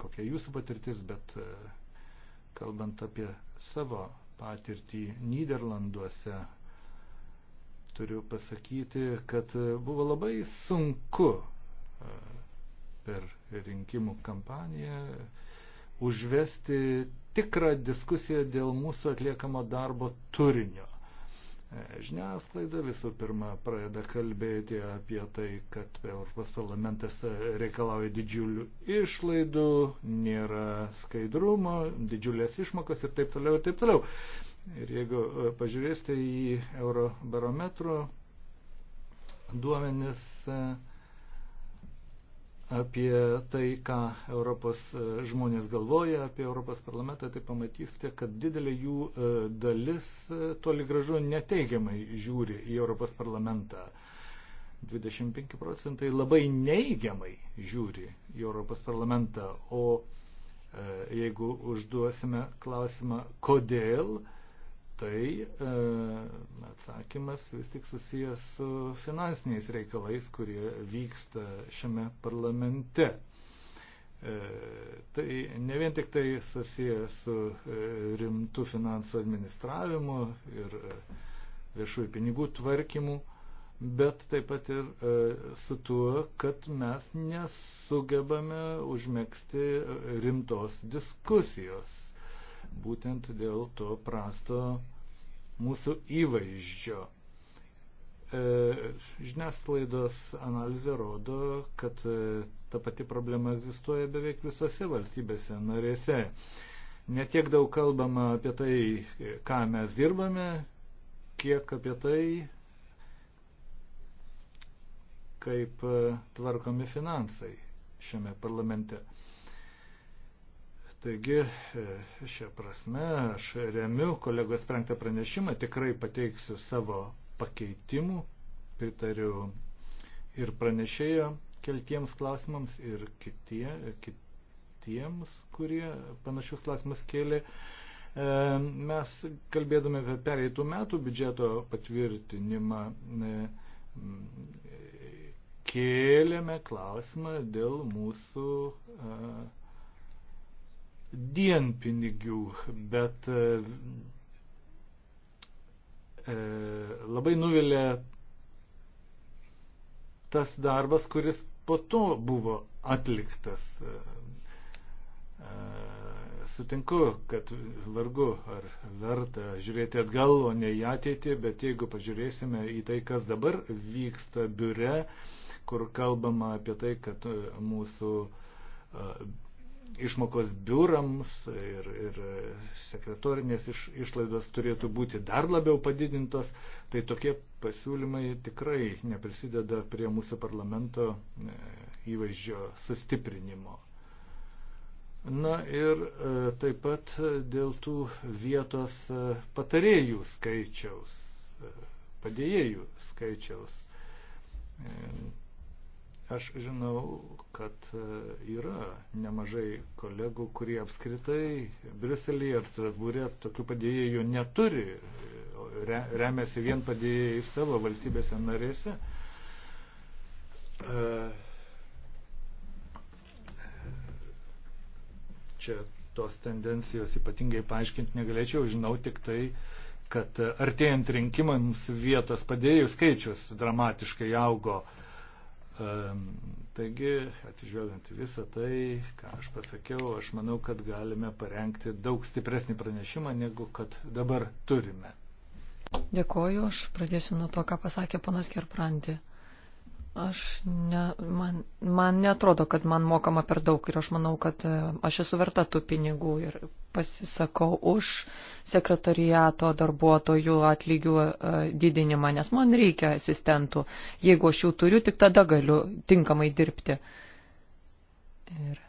kokia jūsų patirtis, bet e, kalbant apie savo patirtį Niderlanduose, turiu pasakyti, kad e, buvo labai sunku e, per rinkimų kampaniją užvesti tikrą diskusiją dėl mūsų atliekamo darbo turinio. E, žiniasklaida visų pirma pradeda kalbėti apie tai, kad Europos parlamentas reikalauja didžiulių išlaidų, nėra skaidrumo, didžiulės išmokos ir taip toliau ir taip toliau. Ir jeigu e, pažiūrėsite į eurobarometro duomenis, e, apie tai, ką Europos e, žmonės galvoja apie Europos parlamentą, tai pamatysite, kad didelė jų e, dalis e, toli gražu neteigiamai žiūri į Europos parlamentą. 25 procentai labai neigiamai žiūri į Europos parlamentą, o jeigu užduosime klausimą, kodėl, tai e, atsakymas vis tik susijęs su finansiniais reikalais, kurie vyksta šiame parlamente. E, tai ne vien tik tai susiję su e, rimtu finansų administravimu ir viešųjų pinigų tvarkymu, bet taip pat ir su tuo, kad mes nesugebame užmėgsti rimtos diskusijos būtent dėl to prasto mūsų įvaizdžio. E, žiniasklaidos analizė rodo, kad e, ta pati problema egzistuoja beveik visose valstybėse narėse. Netiek daug kalbama apie tai, ką mes dirbame, kiek apie tai, kaip e, tvarkomi finansai šiame parlamente. Taigi, e, šią prasme, aš remiu kolegos sprendtą pranešimą, tikrai pateiksiu savo pakeitimų, pritariu ir pranešėjo keltiems klausimams ir kitie, kitiems, kurie panašius klausimus kėlė. E, mes kalbėdami apie pereitų metų biudžeto patvirtinimą e, kėlėme klausimą dėl mūsų dienpinigių, bet e, e, labai nuvilė tas darbas, kuris po to buvo atliktas. E, e, sutinku, kad vargu ar verta žiūrėti atgal, o ne į ateitį, bet jeigu pažiūrėsime į tai, kas dabar vyksta biure, kur kalbama apie tai, kad e, mūsų išmokos biurams ir, ir sekretorinės iš, išlaidos turėtų būti dar labiau padidintos, tai tokie pasiūlymai tikrai neprisideda prie mūsų parlamento e, įvaizdžio sustiprinimo. Na ir e, taip pat dėl tų vietos e, patarėjų skaičiaus, padėjėjų skaičiaus Aš žinau, kad e, yra nemažai kolegų, kurie apskritai Briuselėje ar Strasbūrė tokių padėjėjų neturi, remiasi vien padėjėjai savo valstybėse narėse. E, čia tos tendencijos ypatingai paaiškinti negalėčiau, žinau tik tai, kad artėjant rinkimams vietos padėjėjų skaičius dramatiškai augo. Taigi, atižvelgiant visą tai, ką aš pasakiau, aš manau, kad galime parengti daug stipresnį pranešimą, negu kad dabar turime. Dėkoju, aš pradėsiu nuo to, ką pasakė ponas Gerpranti. Aš ne, man, man netrodo, kad man mokama per daug ir aš manau, kad e, aš esu verta tų pinigų ir pasisakau už sekretariato darbuotojų atlygių e, didinimą, nes man reikia asistentų. Jeigu aš jų turiu, tik tada galiu tinkamai dirbti. Ir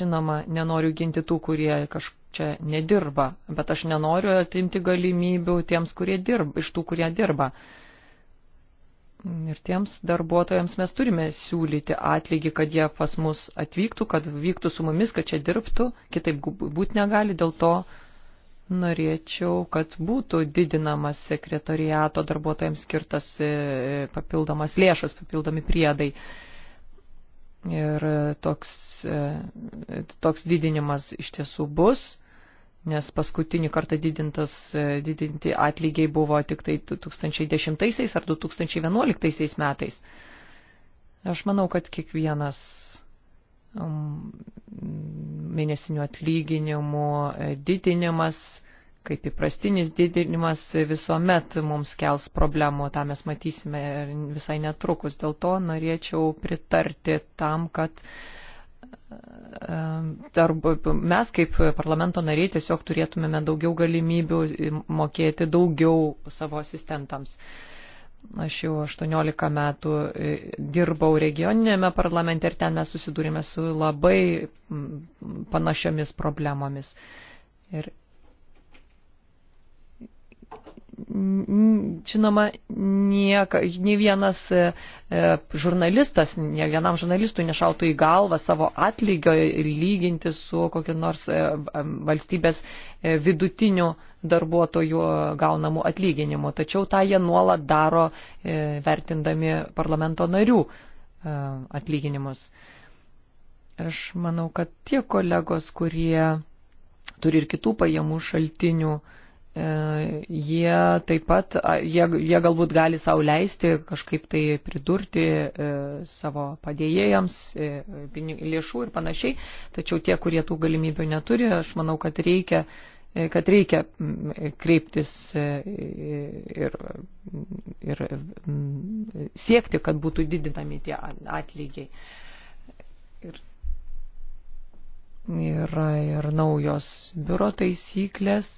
žinoma, nenoriu ginti tų, kurie kažkaip čia nedirba, bet aš nenoriu atimti galimybių tiems, kurie dirba, iš tų, kurie dirba. Uh, Ir tiems darbuotojams mes turime siūlyti atlygį, kad jie pas mus atvyktų, kad vyktų su mumis, kad čia dirbtų, kitaip būt negali, dėl to norėčiau, kad būtų didinamas sekretariato darbuotojams skirtas e, papildomas lėšas, papildomi priedai. Ir toks, e, toks didinimas iš tiesų bus nes paskutinį kartą didintas, e, didinti atlygiai buvo tik tai 2010 ar 2011 metais. Aš manau, kad kiekvienas um, mėnesinių atlyginimų e, didinimas, kaip įprastinis didinimas, e, visuomet mums kels problemų, tą mes matysime visai netrukus. Dėl to norėčiau pritarti tam, kad uh, Tarp, ehm, mes kaip parlamento nariai tiesiog turėtumėme daugiau galimybių mokėti daugiau savo asistentams. Aš jau 18 metų e, dirbau regioninėme parlamente ir ten mes susidūrėme su labai panašiomis problemomis. Ir žinoma, nieka, nie vienas e, e, žurnalistas, nie vienam žurnalistui nešautų į galvą savo atlygio lyginti su kokiu nors e, valstybės vidutiniu darbuotojų gaunamų atlyginimų. Tačiau tą jie nuolat daro vertindami parlamento narių atlyginimus. Ir aš manau, kad tie kolegos, kurie turi ir kitų pajamų šaltinių, uh, E, jie taip pat, jie, jie galbūt gali savo leisti kažkaip tai pridurti e, savo padėjėjams e, lėšų ir panašiai, tačiau tie, kurie tų galimybių neturi, aš manau, kad reikia kad reikia kreiptis ir, ir siekti, kad būtų didinami tie atlygiai. Ir yra ir naujos biuro taisyklės,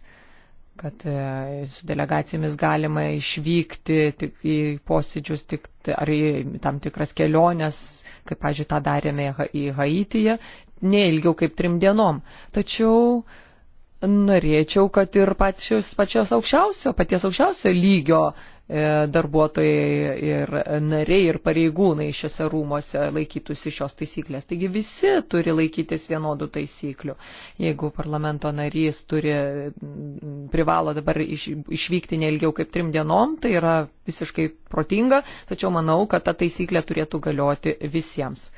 kad e, su delegacijomis galima išvykti tik į posėdžius tik, ar į tam tikras keliones, kaip, pažiūrėjau, tą darėme į Haityje, neilgiau kaip trim dienom. Tačiau norėčiau, kad ir pačios, pačios aukščiausio, paties aukščiausio lygio e, darbuotojai ir nariai ir pareigūnai šiuose rūmose laikytųsi šios taisyklės. Taigi visi turi laikytis vienodų taisyklių. Jeigu parlamento narys turi, privalo dabar iš, išvykti neilgiau kaip trim dienom, tai yra visiškai protinga, tačiau manau, kad ta taisyklė turėtų galioti visiems.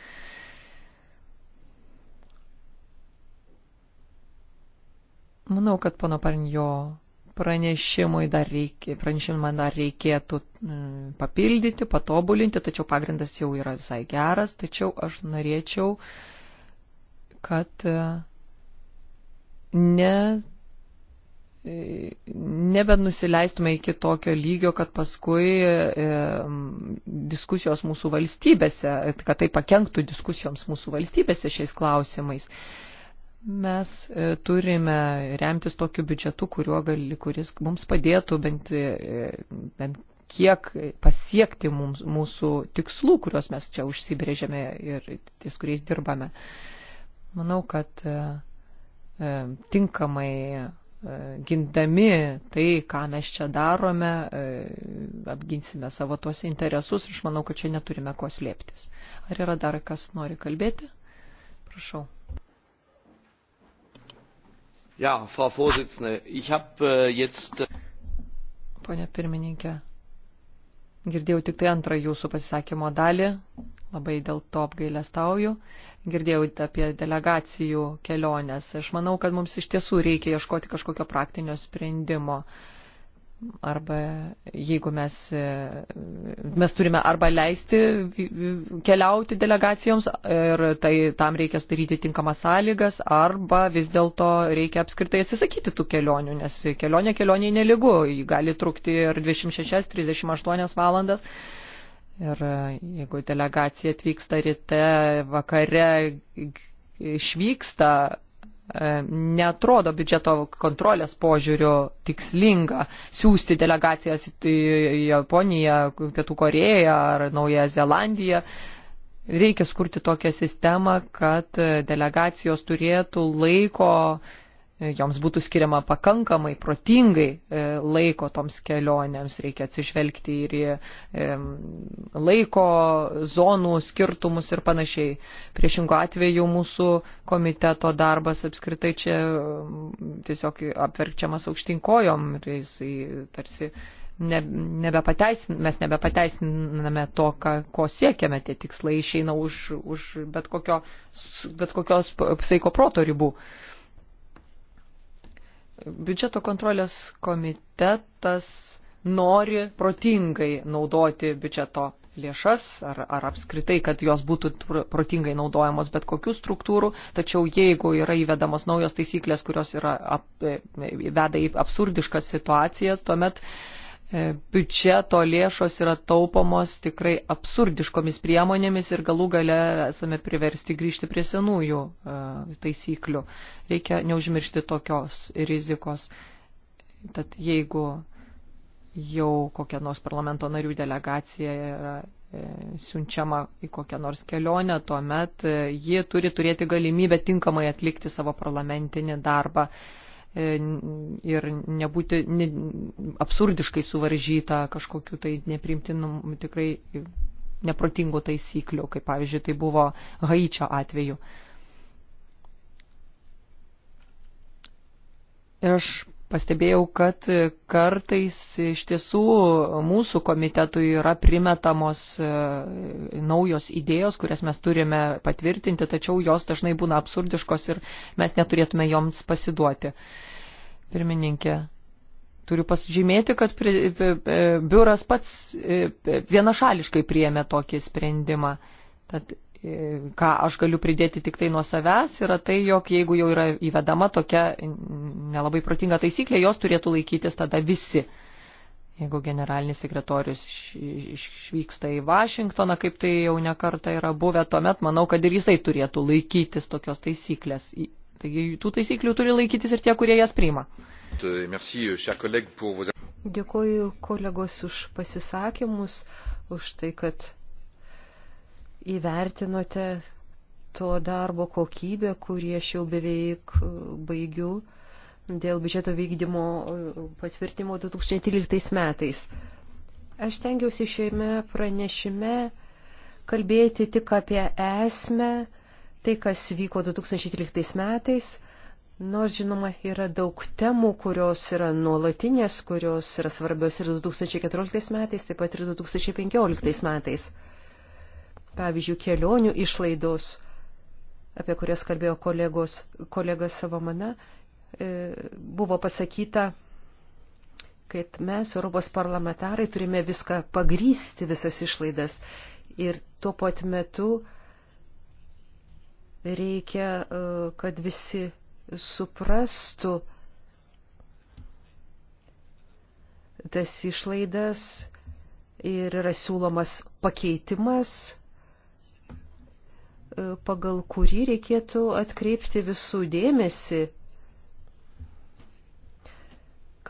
Manau, kad pono Parnio pranešimui dar, reikia, pranešimui dar reikėtų mm, papildyti, patobulinti, tačiau pagrindas jau yra visai geras, tačiau aš norėčiau, kad e, ne e, nebenusileistume iki tokio lygio, kad paskui e, mm, diskusijos mūsų valstybėse, kad tai pakenktų diskusijoms mūsų valstybėse šiais klausimais mes e, turime remtis tokiu biudžetu, gali, kuris mums padėtų bent, e, bent kiek pasiekti mums, mūsų tikslų, kuriuos mes čia užsibrėžėme ir ties kuriais dirbame. Manau, kad e, e, tinkamai e, gindami tai, ką mes čia darome, e, apginsime savo tuos interesus ir aš manau, kad čia neturime ko slėptis. Ar yra dar kas nori kalbėti? Prašau. Ja, Frau Vorsitzende, ich habe äh, jetzt. Äh Pone pirmininkė, girdėjau tik tai antrą jūsų pasisakymo dalį, labai dėl to apgailestauju. Girdėjau apie delegacijų keliones. Aš manau, kad mums iš tiesų reikia ieškoti kažkokio praktinio sprendimo. Uh, arba jeigu mes, e, mes turime arba leisti keliauti delegacijoms ir tai tam reikia sudaryti tinkamas sąlygas, arba vis dėlto reikia apskritai atsisakyti tų kelionių, nes kelionė kelioniai neligu, ji gali trukti ir 26-38 valandas. Ir e, jeigu delegacija atvyksta ryte, vakare išvyksta, E, netrodo biudžeto kontrolės požiūriu tikslinga siūsti delegacijas į Japoniją, Pietų Koreją ar Naująją Zelandiją. Reikia skurti tokią sistemą, kad delegacijos turėtų laiko joms būtų skiriama pakankamai protingai e, laiko toms kelionėms, reikia atsižvelgti ir į e, laiko zonų skirtumus ir panašiai. Priešingų atveju mūsų komiteto darbas apskritai čia tiesiog apverkčiamas aukštinkojom ir jisai tarsi ne, nebepateisin, mes nebepateisiname to, ką, ko siekiame, tie tikslai išeina už, už bet, kokio, bet kokios saiko proto ribų. Uh, Biudžeto kontrolės komitetas nori protingai naudoti biudžeto lėšas ar, ar apskritai, kad jos būtų protingai naudojamos bet kokių struktūrų, tačiau jeigu yra įvedamos naujos taisyklės, kurios yra ap, e, veda į absurdiškas situacijas, tuomet uh, E, biudžeto lėšos yra taupomos tikrai absurdiškomis priemonėmis ir galų gale esame priversti grįžti prie senųjų e, taisyklių. Reikia neužmiršti tokios rizikos. Tad jeigu jau kokia nors parlamento narių delegacija yra e, siunčiama į kokią nors kelionę, tuomet ji turi turėti galimybę tinkamai atlikti savo parlamentinį darbą E, ir nebūti ne, absurdiškai suvaržyta kažkokiu tai neprimtinu, tikrai neprotingų taisyklių, kaip pavyzdžiui tai buvo Haičio atveju. Ir aš Pastebėjau, kad kartais iš tiesų mūsų komitetui yra primetamos e, naujos idėjos, kurias mes turime patvirtinti, tačiau jos dažnai būna absurdiškos ir mes neturėtume joms pasiduoti. Pirmininkė, turiu pasižymėti, kad e, e, biuras pats vienašališkai priėmė tokį sprendimą. Tad ką aš galiu pridėti tik tai nuo savęs, yra tai, jog jeigu jau yra įvedama tokia nelabai protinga taisyklė, jos turėtų laikytis tada visi. Jeigu generalinis sekretorius išvyksta į Vašingtoną, kaip tai jau nekarta yra buvę, tuomet manau, kad ir jisai turėtų laikytis tokios taisyklės. Taigi tų taisyklių turi laikytis ir tie, kurie jas priima. Dėkoju kolegos už pasisakymus, už tai, kad įvertinote to darbo kokybę, kurį aš jau beveik e, baigiu dėl biudžeto vykdymo e, patvirtimo 2013 metais. Aš tengiausi šiame pranešime kalbėti tik apie esmę, tai kas vyko 2013 metais, nors žinoma yra daug temų, kurios yra nuolatinės, kurios yra svarbios ir 2014 metais, taip pat ir 2015 metais. Pavyzdžiui, kelionių išlaidos, apie kurias kalbėjo kolegos, kolega savo mana, e, buvo pasakyta, kad mes, Europos parlamentarai, turime viską pagrysti, visas išlaidas. Ir tuo pat metu reikia, e, kad visi suprastų tas išlaidas ir yra siūlomas pakeitimas E, pagal kurį reikėtų atkreipti visų dėmesį,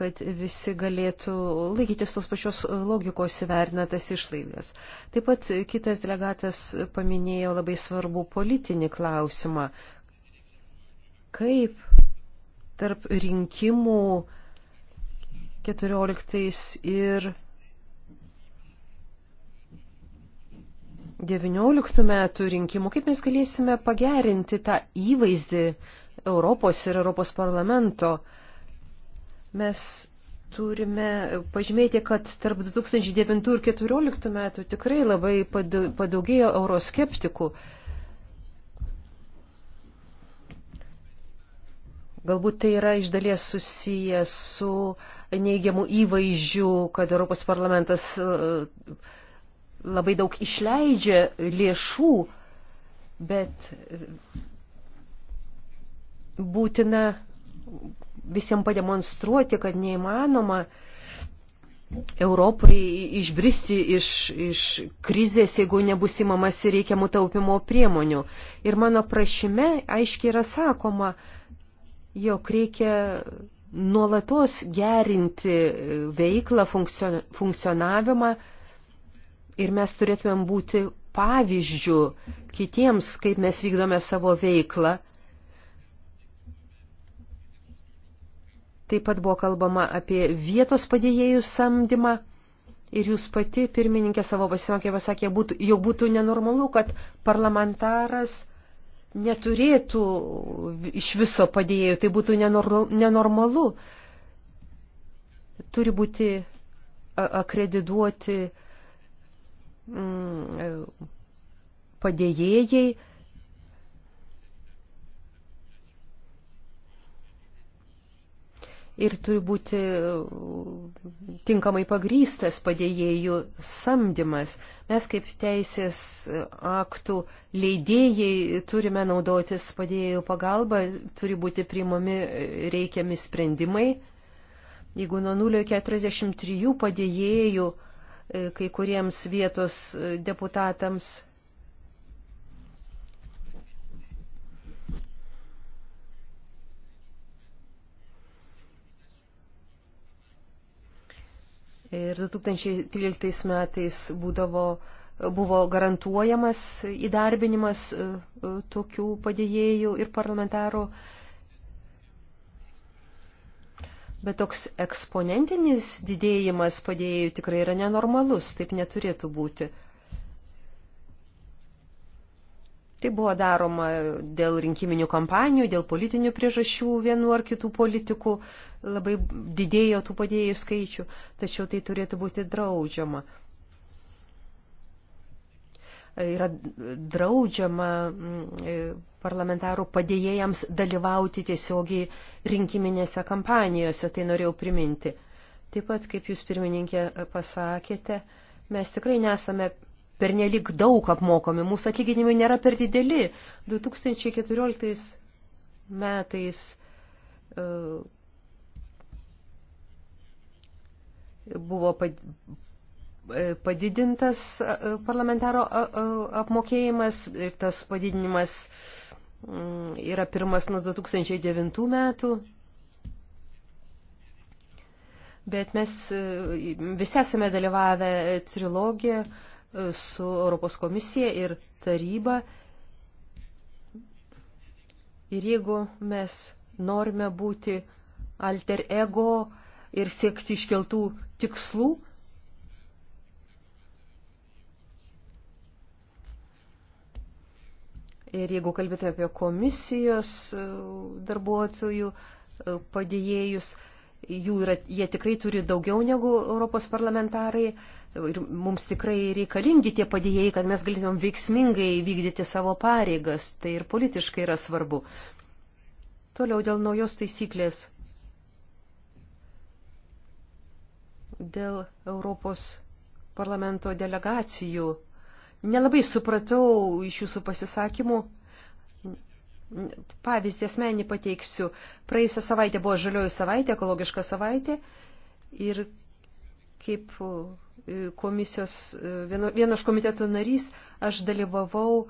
kad visi galėtų laikytis tos pačios logikos įvertina tas išlaidas. Taip pat kitas delegatas paminėjo labai svarbų politinį klausimą. Kaip tarp rinkimų 14 ir 19 metų rinkimų, kaip mes galėsime pagerinti tą įvaizdį Europos ir Europos parlamento. Mes turime pažymėti, kad tarp 2009 ir 2014 metų tikrai labai padaugėjo euroskeptikų. Galbūt tai yra iš dalies susiję su neigiamu įvaizdžiu, kad Europos parlamentas labai daug išleidžia lėšų, bet būtina visiems pademonstruoti, kad neįmanoma Europai išbristi iš, iš krizės, jeigu nebus įmamas reikiamų taupimo priemonių. Ir mano prašyme aiškiai yra sakoma, jog reikia nuolatos gerinti veiklą, funkcionavimą, ir mes turėtumėm būti pavyzdžių kitiems, kaip mes vykdome savo veiklą. Taip pat buvo kalbama apie vietos padėjėjų samdymą ir jūs pati pirmininkė savo pasimokė pasakė, būtų, jau būtų nenormalu, kad parlamentaras neturėtų iš viso padėjėjų, tai būtų nenormalu. Turi būti akredituoti Mm, padėjėjai. Ir turi būti tinkamai pagrystas padėjėjų samdymas. Mes kaip teisės aktų leidėjai turime naudotis padėjėjų pagalba, turi būti priimami reikiami sprendimai. Jeigu nuo 0 43 padėjėjų E, kai kuriems vietos e, deputatams. Ir 2013 metais būdavo, buvo garantuojamas įdarbinimas e, tokių padėjėjų ir parlamentarų. Bet toks eksponentinis didėjimas padėjėjų tikrai yra nenormalus, taip neturėtų būti. Tai buvo daroma dėl rinkiminių kampanijų, dėl politinių priežasčių vienu ar kitų politikų, labai didėjo tų padėjėjų skaičių, tačiau tai turėtų būti draudžiama. Yra draudžiama mm, parlamentarų padėjėjams dalyvauti tiesiogiai rinkiminėse kampanijose, tai norėjau priminti. Taip pat, kaip jūs pirmininkė pasakėte, mes tikrai nesame pernelik daug apmokomi, mūsų atlyginimai nėra per dideli. 2014 metais e, buvo E, padidintas e, parlamentaro e, apmokėjimas ir tas padidinimas mm, yra pirmas nuo 2009 metų. Bet mes visi esame dalyvavę trilogiją su Europos komisija ir taryba. Ir jeigu mes norime būti alter ego ir siekti iškeltų tikslų, Ir jeigu kalbėtume apie komisijos e, darbuotojų e, padėjėjus, jų yra, jie tikrai turi daugiau negu Europos parlamentarai ir mums tikrai reikalingi tie padėjėjai, kad mes galėtumėm veiksmingai vykdyti savo pareigas. Tai ir politiškai yra svarbu. Toliau dėl naujos taisyklės. Dėl Europos parlamento delegacijų Nelabai supratau iš jūsų pasisakymų. Pavyzdį asmenį pateiksiu. Praėjusią savaitę buvo žalioji savaitė, ekologiška savaitė. Ir kaip e, komisijos, e, vieno, vienas komiteto narys, aš dalyvavau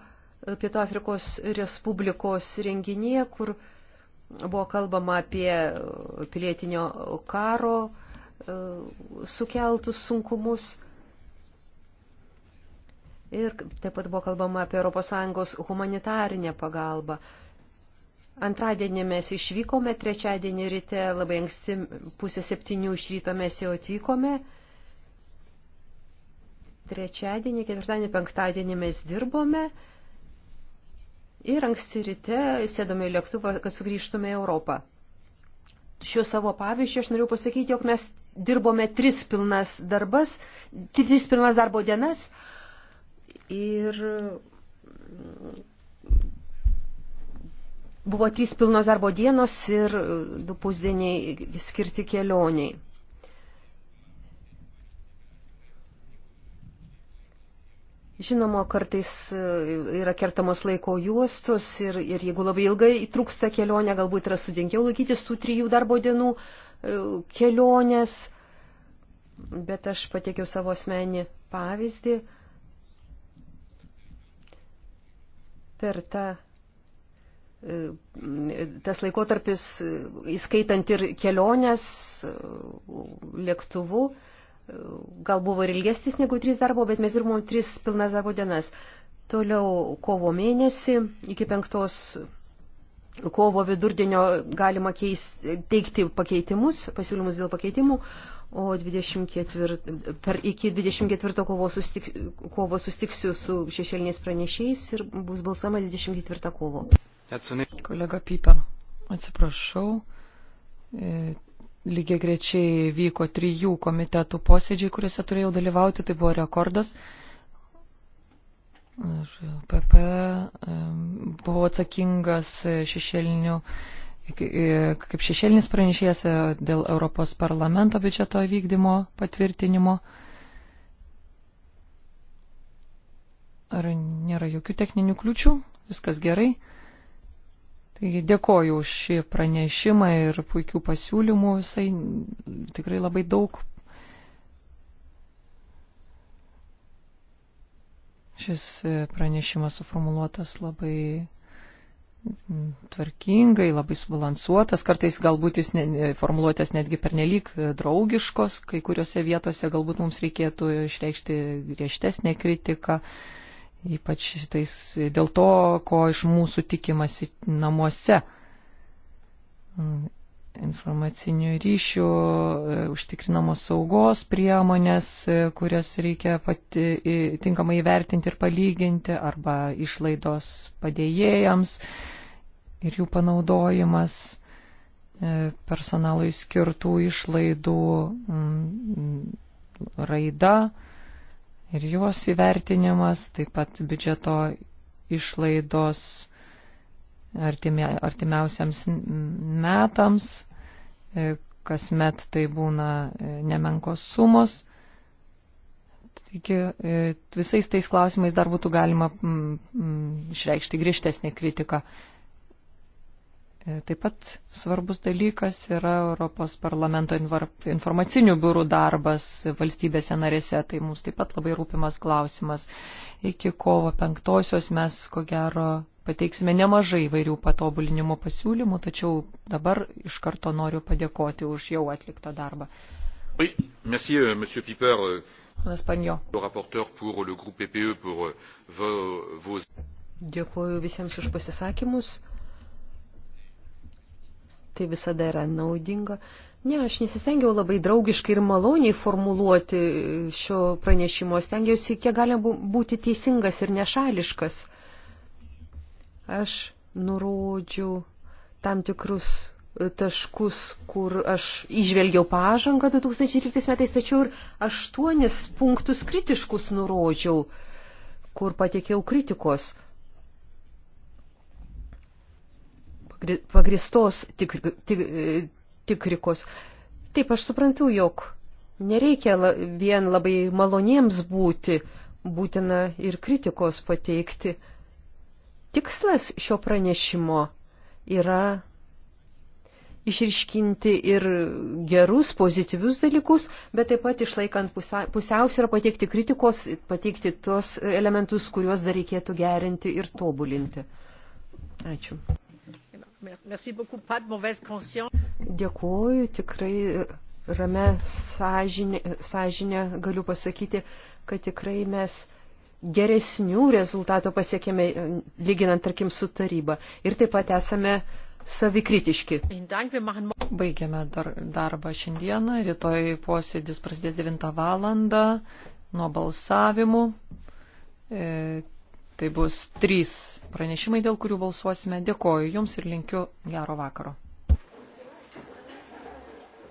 Pietų Afrikos Respublikos renginėje, kur buvo kalbama apie pilietinio karo e, sukeltus sunkumus. Ir taip pat buvo kalbama apie ES humanitarinę pagalbą. Antradienį mes išvykome, trečiadienį ryte labai anksti pusė septynių iš ryto mes jau atvykome. Trečiadienį, ketvirtadienį, penktadienį mes dirbome ir anksti ryte sėdome į lėktuvą, kad sugrįžtume į Europą. Šiuo savo pavyzdžiu aš noriu pasakyti, jog mes dirbome tris pilnas darbas, tris pilnas darbo dienas, ir buvo trys pilnos darbo dienos ir du pusdieniai skirti kelioniai. Žinoma, kartais yra kertamos laiko juostos ir, ir jeigu labai ilgai trūksta kelionė, galbūt yra sudėngiau laikytis tų trijų darbo dienų e, kelionės, bet aš patiekiau savo asmenį pavyzdį. per tą e, tas laikotarpis, e, įskaitant ir kelionės e, lėktuvų, gal buvo ir ilgesnis negu trys darbo, bet mes dirbom tris pilnas darbo dienas. Toliau kovo mėnesį iki penktos kovo vidurdienio galima keis, teikti pakeitimus, pasiūlymus dėl pakeitimų, o 24, per, iki 24 kovo, sustik, kovo sustiksiu su šešėliniais pranešiais ir bus balsama 24 kovo. Kolega Pipa, atsiprašau. E, Lygiai grečiai vyko trijų komitetų posėdžiai, kuriuose turėjau dalyvauti, tai buvo rekordas. Ir PP e, buvo atsakingas šešėlinių E, kaip šešėlinis pranešėjas e, dėl Europos parlamento biudžeto vykdymo patvirtinimo. Ar nėra jokių techninių kliučių? Viskas gerai. Taigi dėkoju už šį pranešimą ir puikių pasiūlymų visai, tikrai labai daug. Šis e, pranešimas suformuluotas labai tvarkingai, labai subalansuotas, kartais galbūt jis ne, e, formuluotės netgi pernelyg e, draugiškos, kai kuriuose vietose galbūt mums reikėtų išreikšti griežtesnę kritiką, ypač tais, dėl to, ko iš mūsų tikimasi namuose. Mm informacinių ryšių, e, užtikrinamos saugos priemonės, e, kurias reikia pati, tinkamai įvertinti ir palyginti, arba išlaidos padėjėjams ir jų panaudojimas e, personalui skirtų išlaidų mm, raida ir jos įvertinimas, taip pat biudžeto išlaidos artimiausiams metams, e, kasmet tai būna e, nemenkos sumos. Taigi e, visais tais klausimais dar būtų galima išreikšti grįžtesnį kritiką. Taip pat svarbus dalykas yra Europos parlamento informacinių biurų darbas valstybėse narėse. Tai mums taip pat labai rūpimas klausimas. Iki kovo penktosios mes, ko gero, pateiksime nemažai vairių patobulinimo pasiūlymų, tačiau dabar iš karto noriu padėkoti už jau atliktą darbą. Oui, merci, euh, monsieur Piper. Euh, e euh, Dėkuoju visiems už pasisakymus. Tai visada yra naudinga. Ne, aš nesistengiau labai draugiškai ir maloniai formuluoti šio pranešimo. Stengiausi, kiek galima būti teisingas ir nešališkas. Aš nurodžiau tam tikrus e, taškus, kur aš išvelgiau pažangą 2013 metais, tačiau ir aštuonis punktus kritiškus nurodžiau, kur patikėjau kritikos. Pagristos tik, tik, e, tikrikos. Taip, aš suprantu, jog nereikia vien labai maloniems būti, būtina ir kritikos pateikti. Tikslas šio pranešimo yra išriškinti ir gerus, pozityvius dalykus, bet taip pat išlaikant pusiausvyrą pateikti kritikos, pateikti tuos elementus, kuriuos dar reikėtų gerinti ir tobulinti. Ačiū. Dėkuoju, tikrai rame sąžinė, sąžinė galiu pasakyti, kad tikrai mes geresnių rezultatų pasiekėme, e, lyginant, tarkim, su taryba. Ir taip pat esame savikritiški. Baigiame dar, darbą šiandieną. Rytoj posėdis prasidės 9 valandą nuo balsavimų. E, tai bus trys pranešimai, dėl kurių balsuosime. Dėkoju Jums ir linkiu gero vakaro.